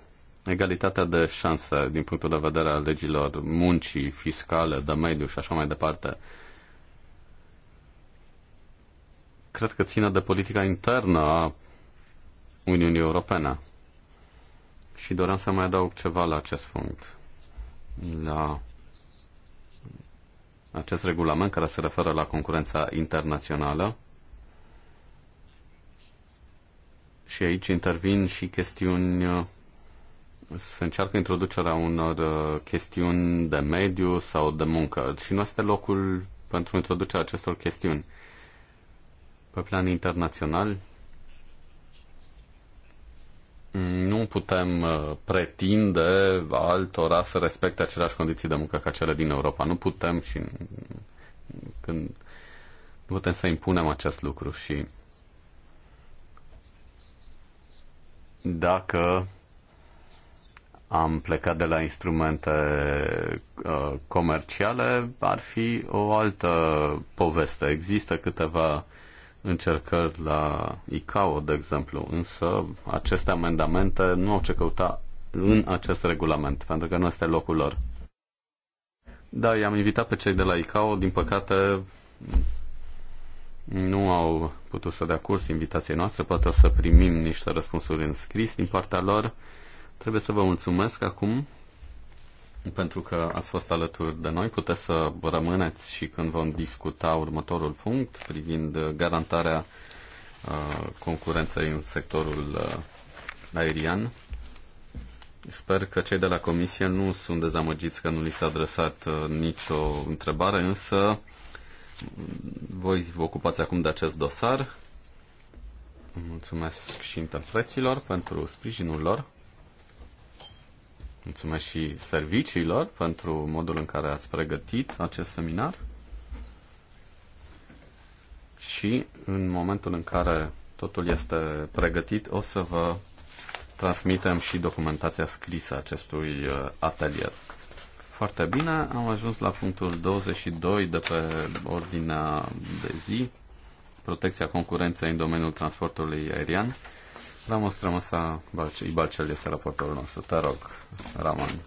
egalitatea de șanse din punctul de vedere al legilor muncii, fiscale, de mediu și așa mai departe, cred că ține de politica internă a Uniunii Europene. Și doream să mai adaug ceva la acest punct, la acest regulament care se referă la concurența internațională. Și aici intervin și chestiuni se încearcă introducerea unor uh, chestiuni de mediu sau de muncă și nu este locul pentru introducerea acestor chestiuni. Pe plan internațional, nu putem uh, pretinde altora să respecte aceleași condiții de muncă ca cele din Europa. Nu putem și când nu putem să impunem acest lucru și dacă am plecat de la instrumente uh, comerciale, ar fi o altă poveste. Există câteva încercări la ICAO, de exemplu, însă aceste amendamente nu au ce căuta în acest regulament, pentru că nu este locul lor. Da, i-am invitat pe cei de la ICAO, din păcate nu au putut să dea curs invitației noastre, poate o să primim niște răspunsuri în scris din partea lor. Trebuie să vă mulțumesc acum pentru că ați fost alături de noi. Puteți să rămâneți și când vom discuta următorul punct privind garantarea uh, concurenței în sectorul uh, aerian. Sper că cei de la Comisie nu sunt dezamăgiți că nu li s-a adresat uh, nicio întrebare, însă voi vă ocupați acum de acest dosar. Mulțumesc și interpreților pentru sprijinul lor. Mulțumesc și serviciilor pentru modul în care ați pregătit acest seminar. Și în momentul în care totul este pregătit, o să vă transmitem și documentația scrisă acestui uh, atelier. Foarte bine, am ajuns la punctul 22 de pe ordinea de zi, protecția concurenței în domeniul transportului aerian. Ramos da, Trămăsa Ibacel este raportorul nostru. Te rog, Raman.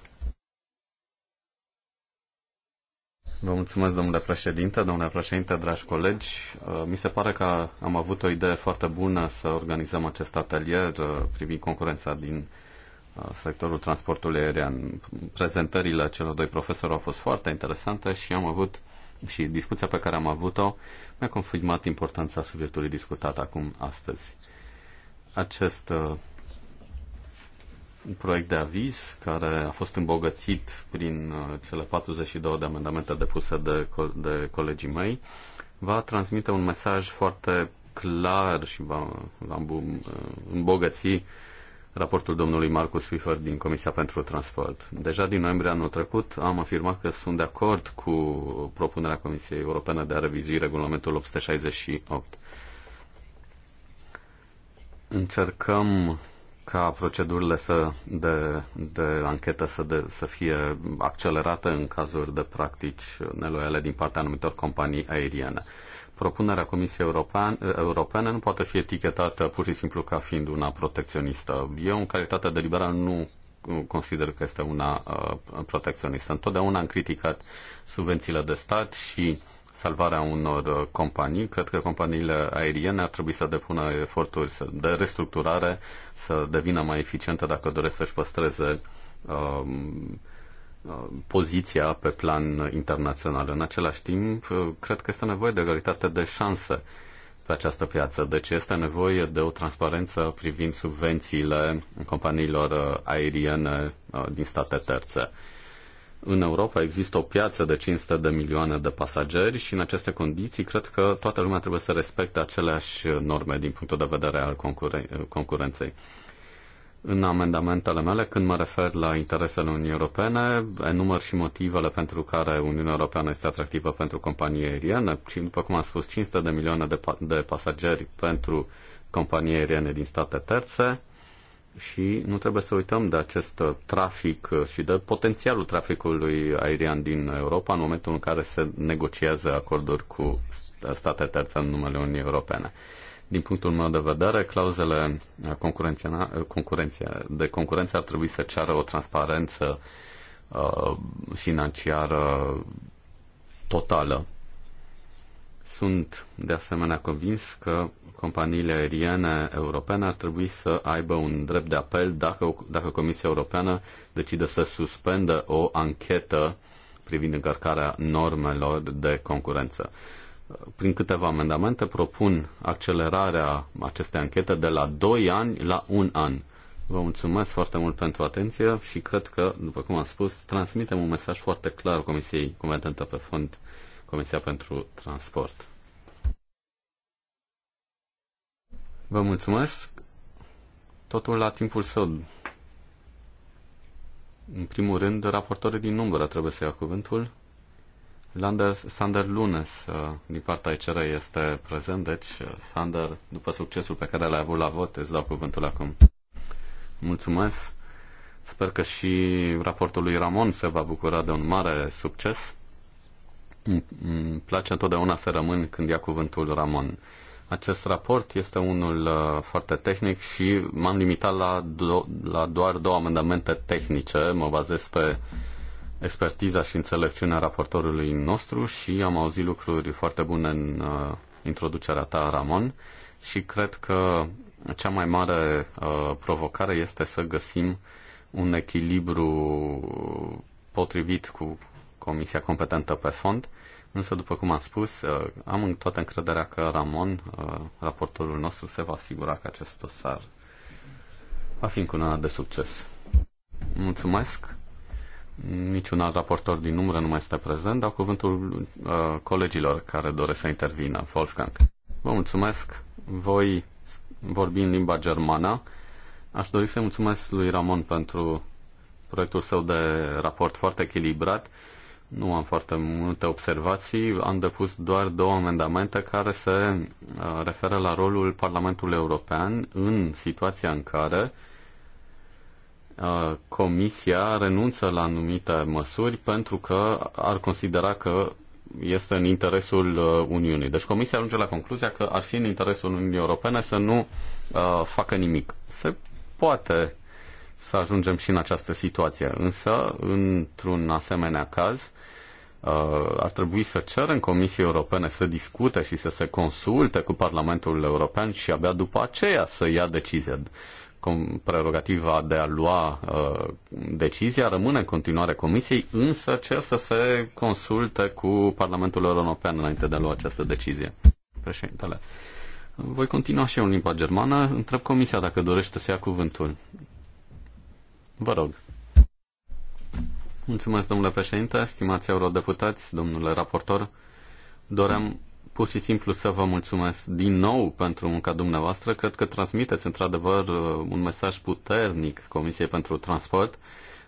Vă mulțumesc, domnule președinte, domnule președinte, dragi colegi. Uh, mi se pare că am avut o idee foarte bună să organizăm acest atelier uh, privind concurența din uh, sectorul transportului aerian. Prezentările celor doi profesori au fost foarte interesante și am avut și discuția pe care am avut-o mi-a confirmat importanța subiectului discutat acum astăzi acest uh, proiect de aviz care a fost îmbogățit prin uh, cele 42 de amendamente depuse de, co- de colegii mei va transmite un mesaj foarte clar și va, va uh, îmbogăți raportul domnului Marcus Fifer din Comisia pentru Transport. Deja din noiembrie anul trecut am afirmat că sunt de acord cu propunerea Comisiei Europene de a revizui regulamentul 868. Încercăm ca procedurile să, de, de anchetă să, de, să fie accelerate în cazuri de practici neloiale din partea anumitor companii aeriene. Propunerea Comisiei Europene nu poate fi etichetată pur și simplu ca fiind una protecționistă. Eu, în calitate de liberal, nu consider că este una uh, protecționistă. Întotdeauna am criticat subvențiile de stat și salvarea unor uh, companii. Cred că companiile aeriene ar trebui să depună eforturi de restructurare, să devină mai eficiente dacă doresc să-și păstreze um, uh, poziția pe plan internațional. În același timp, uh, cred că este nevoie de egalitate de șanse pe această piață. Deci este nevoie de o transparență privind subvențiile companiilor aeriene din state terțe. În Europa există o piață de 500 de milioane de pasageri și în aceste condiții cred că toată lumea trebuie să respecte aceleași norme din punctul de vedere al concuren- concurenței. În amendamentele mele, când mă refer la interesele Uniunii Europene, enumăr și motivele pentru care Uniunea Europeană este atractivă pentru companii aeriene și, după cum am spus, 500 de milioane de, pa- de pasageri pentru companii aeriene din state terțe, și nu trebuie să uităm de acest uh, trafic uh, și de potențialul traficului aerian din Europa în momentul în care se negociază acorduri cu state terțe în numele Uniunii Europene. Din punctul meu de vedere, clauzele uh, de concurență ar trebui să ceară o transparență financiară totală. Sunt de asemenea convins că companiile aeriene europene ar trebui să aibă un drept de apel dacă, dacă Comisia Europeană decide să suspendă o anchetă privind încărcarea normelor de concurență. Prin câteva amendamente propun accelerarea acestei anchete de la 2 ani la 1 an. Vă mulțumesc foarte mult pentru atenție și cred că, după cum am spus, transmitem un mesaj foarte clar Comisiei Competentă pe Fond, Comisia pentru Transport. Vă mulțumesc. Totul la timpul său. În primul rând, raportorii din umbră trebuie să ia cuvântul. Lander, Sander Lunes uh, din partea ICR este prezent, deci uh, Sander, după succesul pe care l-ai avut la vot, îți dau cuvântul acum. Mulțumesc. Sper că și raportul lui Ramon se va bucura de un mare succes. Îmi place întotdeauna să rămân când ia cuvântul Ramon. Acest raport este unul uh, foarte tehnic și m-am limitat la, do- la doar două amendamente tehnice. Mă bazez pe expertiza și înțelepciunea raportorului nostru și am auzit lucruri foarte bune în uh, introducerea ta, Ramon, și cred că cea mai mare uh, provocare este să găsim un echilibru potrivit cu Comisia competentă pe fond Însă, după cum am spus, uh, am toată încrederea că Ramon, uh, raportorul nostru, se va asigura că acest dosar va fi încă de succes. Mulțumesc! Niciun alt raportor din număr nu mai este prezent, dar cuvântul uh, colegilor care doresc să intervină, Wolfgang. Vă mulțumesc! Voi vorbi în limba germană. Aș dori să mulțumesc lui Ramon pentru proiectul său de raport foarte echilibrat nu am foarte multe observații, am depus doar două amendamente care se uh, referă la rolul Parlamentului European în situația în care uh, Comisia renunță la anumite măsuri pentru că ar considera că este în interesul uh, Uniunii. Deci Comisia ajunge la concluzia că ar fi în interesul Uniunii Europene să nu facă nimic. Se poate să ajungem și în această situație, însă, într-un asemenea caz, Uh, ar trebui să cerem Comisiei Europene să discute și să se consulte cu Parlamentul European și abia după aceea să ia decizia. Prerogativa de a lua uh, decizia rămâne în continuare Comisiei, însă cer să se consulte cu Parlamentul European înainte de a lua această decizie. Președintele. Voi continua și eu în limba germană. Întreb Comisia dacă dorește să ia cuvântul. Vă rog. Mulțumesc, domnule președinte, stimați eurodeputați, domnule raportor. Doream pur și simplu să vă mulțumesc din nou pentru munca dumneavoastră. Cred că transmiteți într-adevăr un mesaj puternic Comisiei pentru Transport.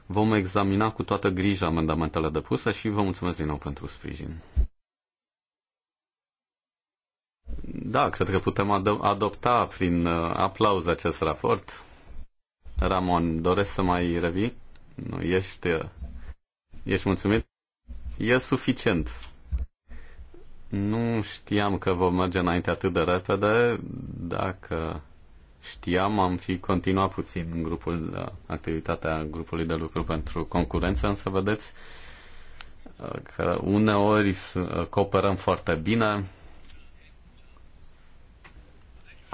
Vom examina cu toată grija amendamentele depuse și vă mulțumesc din nou pentru sprijin. Da, cred că putem ad- adopta prin aplauz uh, aplauze acest raport. Ramon, doresc să mai revii? Nu, ești uh, Ești mulțumit? E suficient. Nu știam că vom merge înainte atât de repede. Dacă știam, am fi continuat puțin în grupul de, da, activitatea grupului de lucru pentru concurență, însă vedeți uh, că uneori uh, cooperăm foarte bine,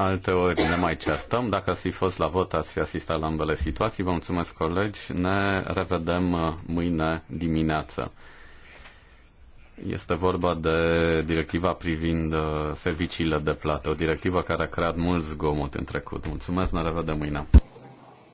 alte ori ne mai certăm. Dacă ați fi fost la vot, ați fi asistat la ambele situații. Vă mulțumesc, colegi. Ne revedem uh, mâine dimineață. Este vorba de directiva privind uh, serviciile de plată, o directivă care a creat mult zgomot în trecut. Mulțumesc, ne revedem mâine.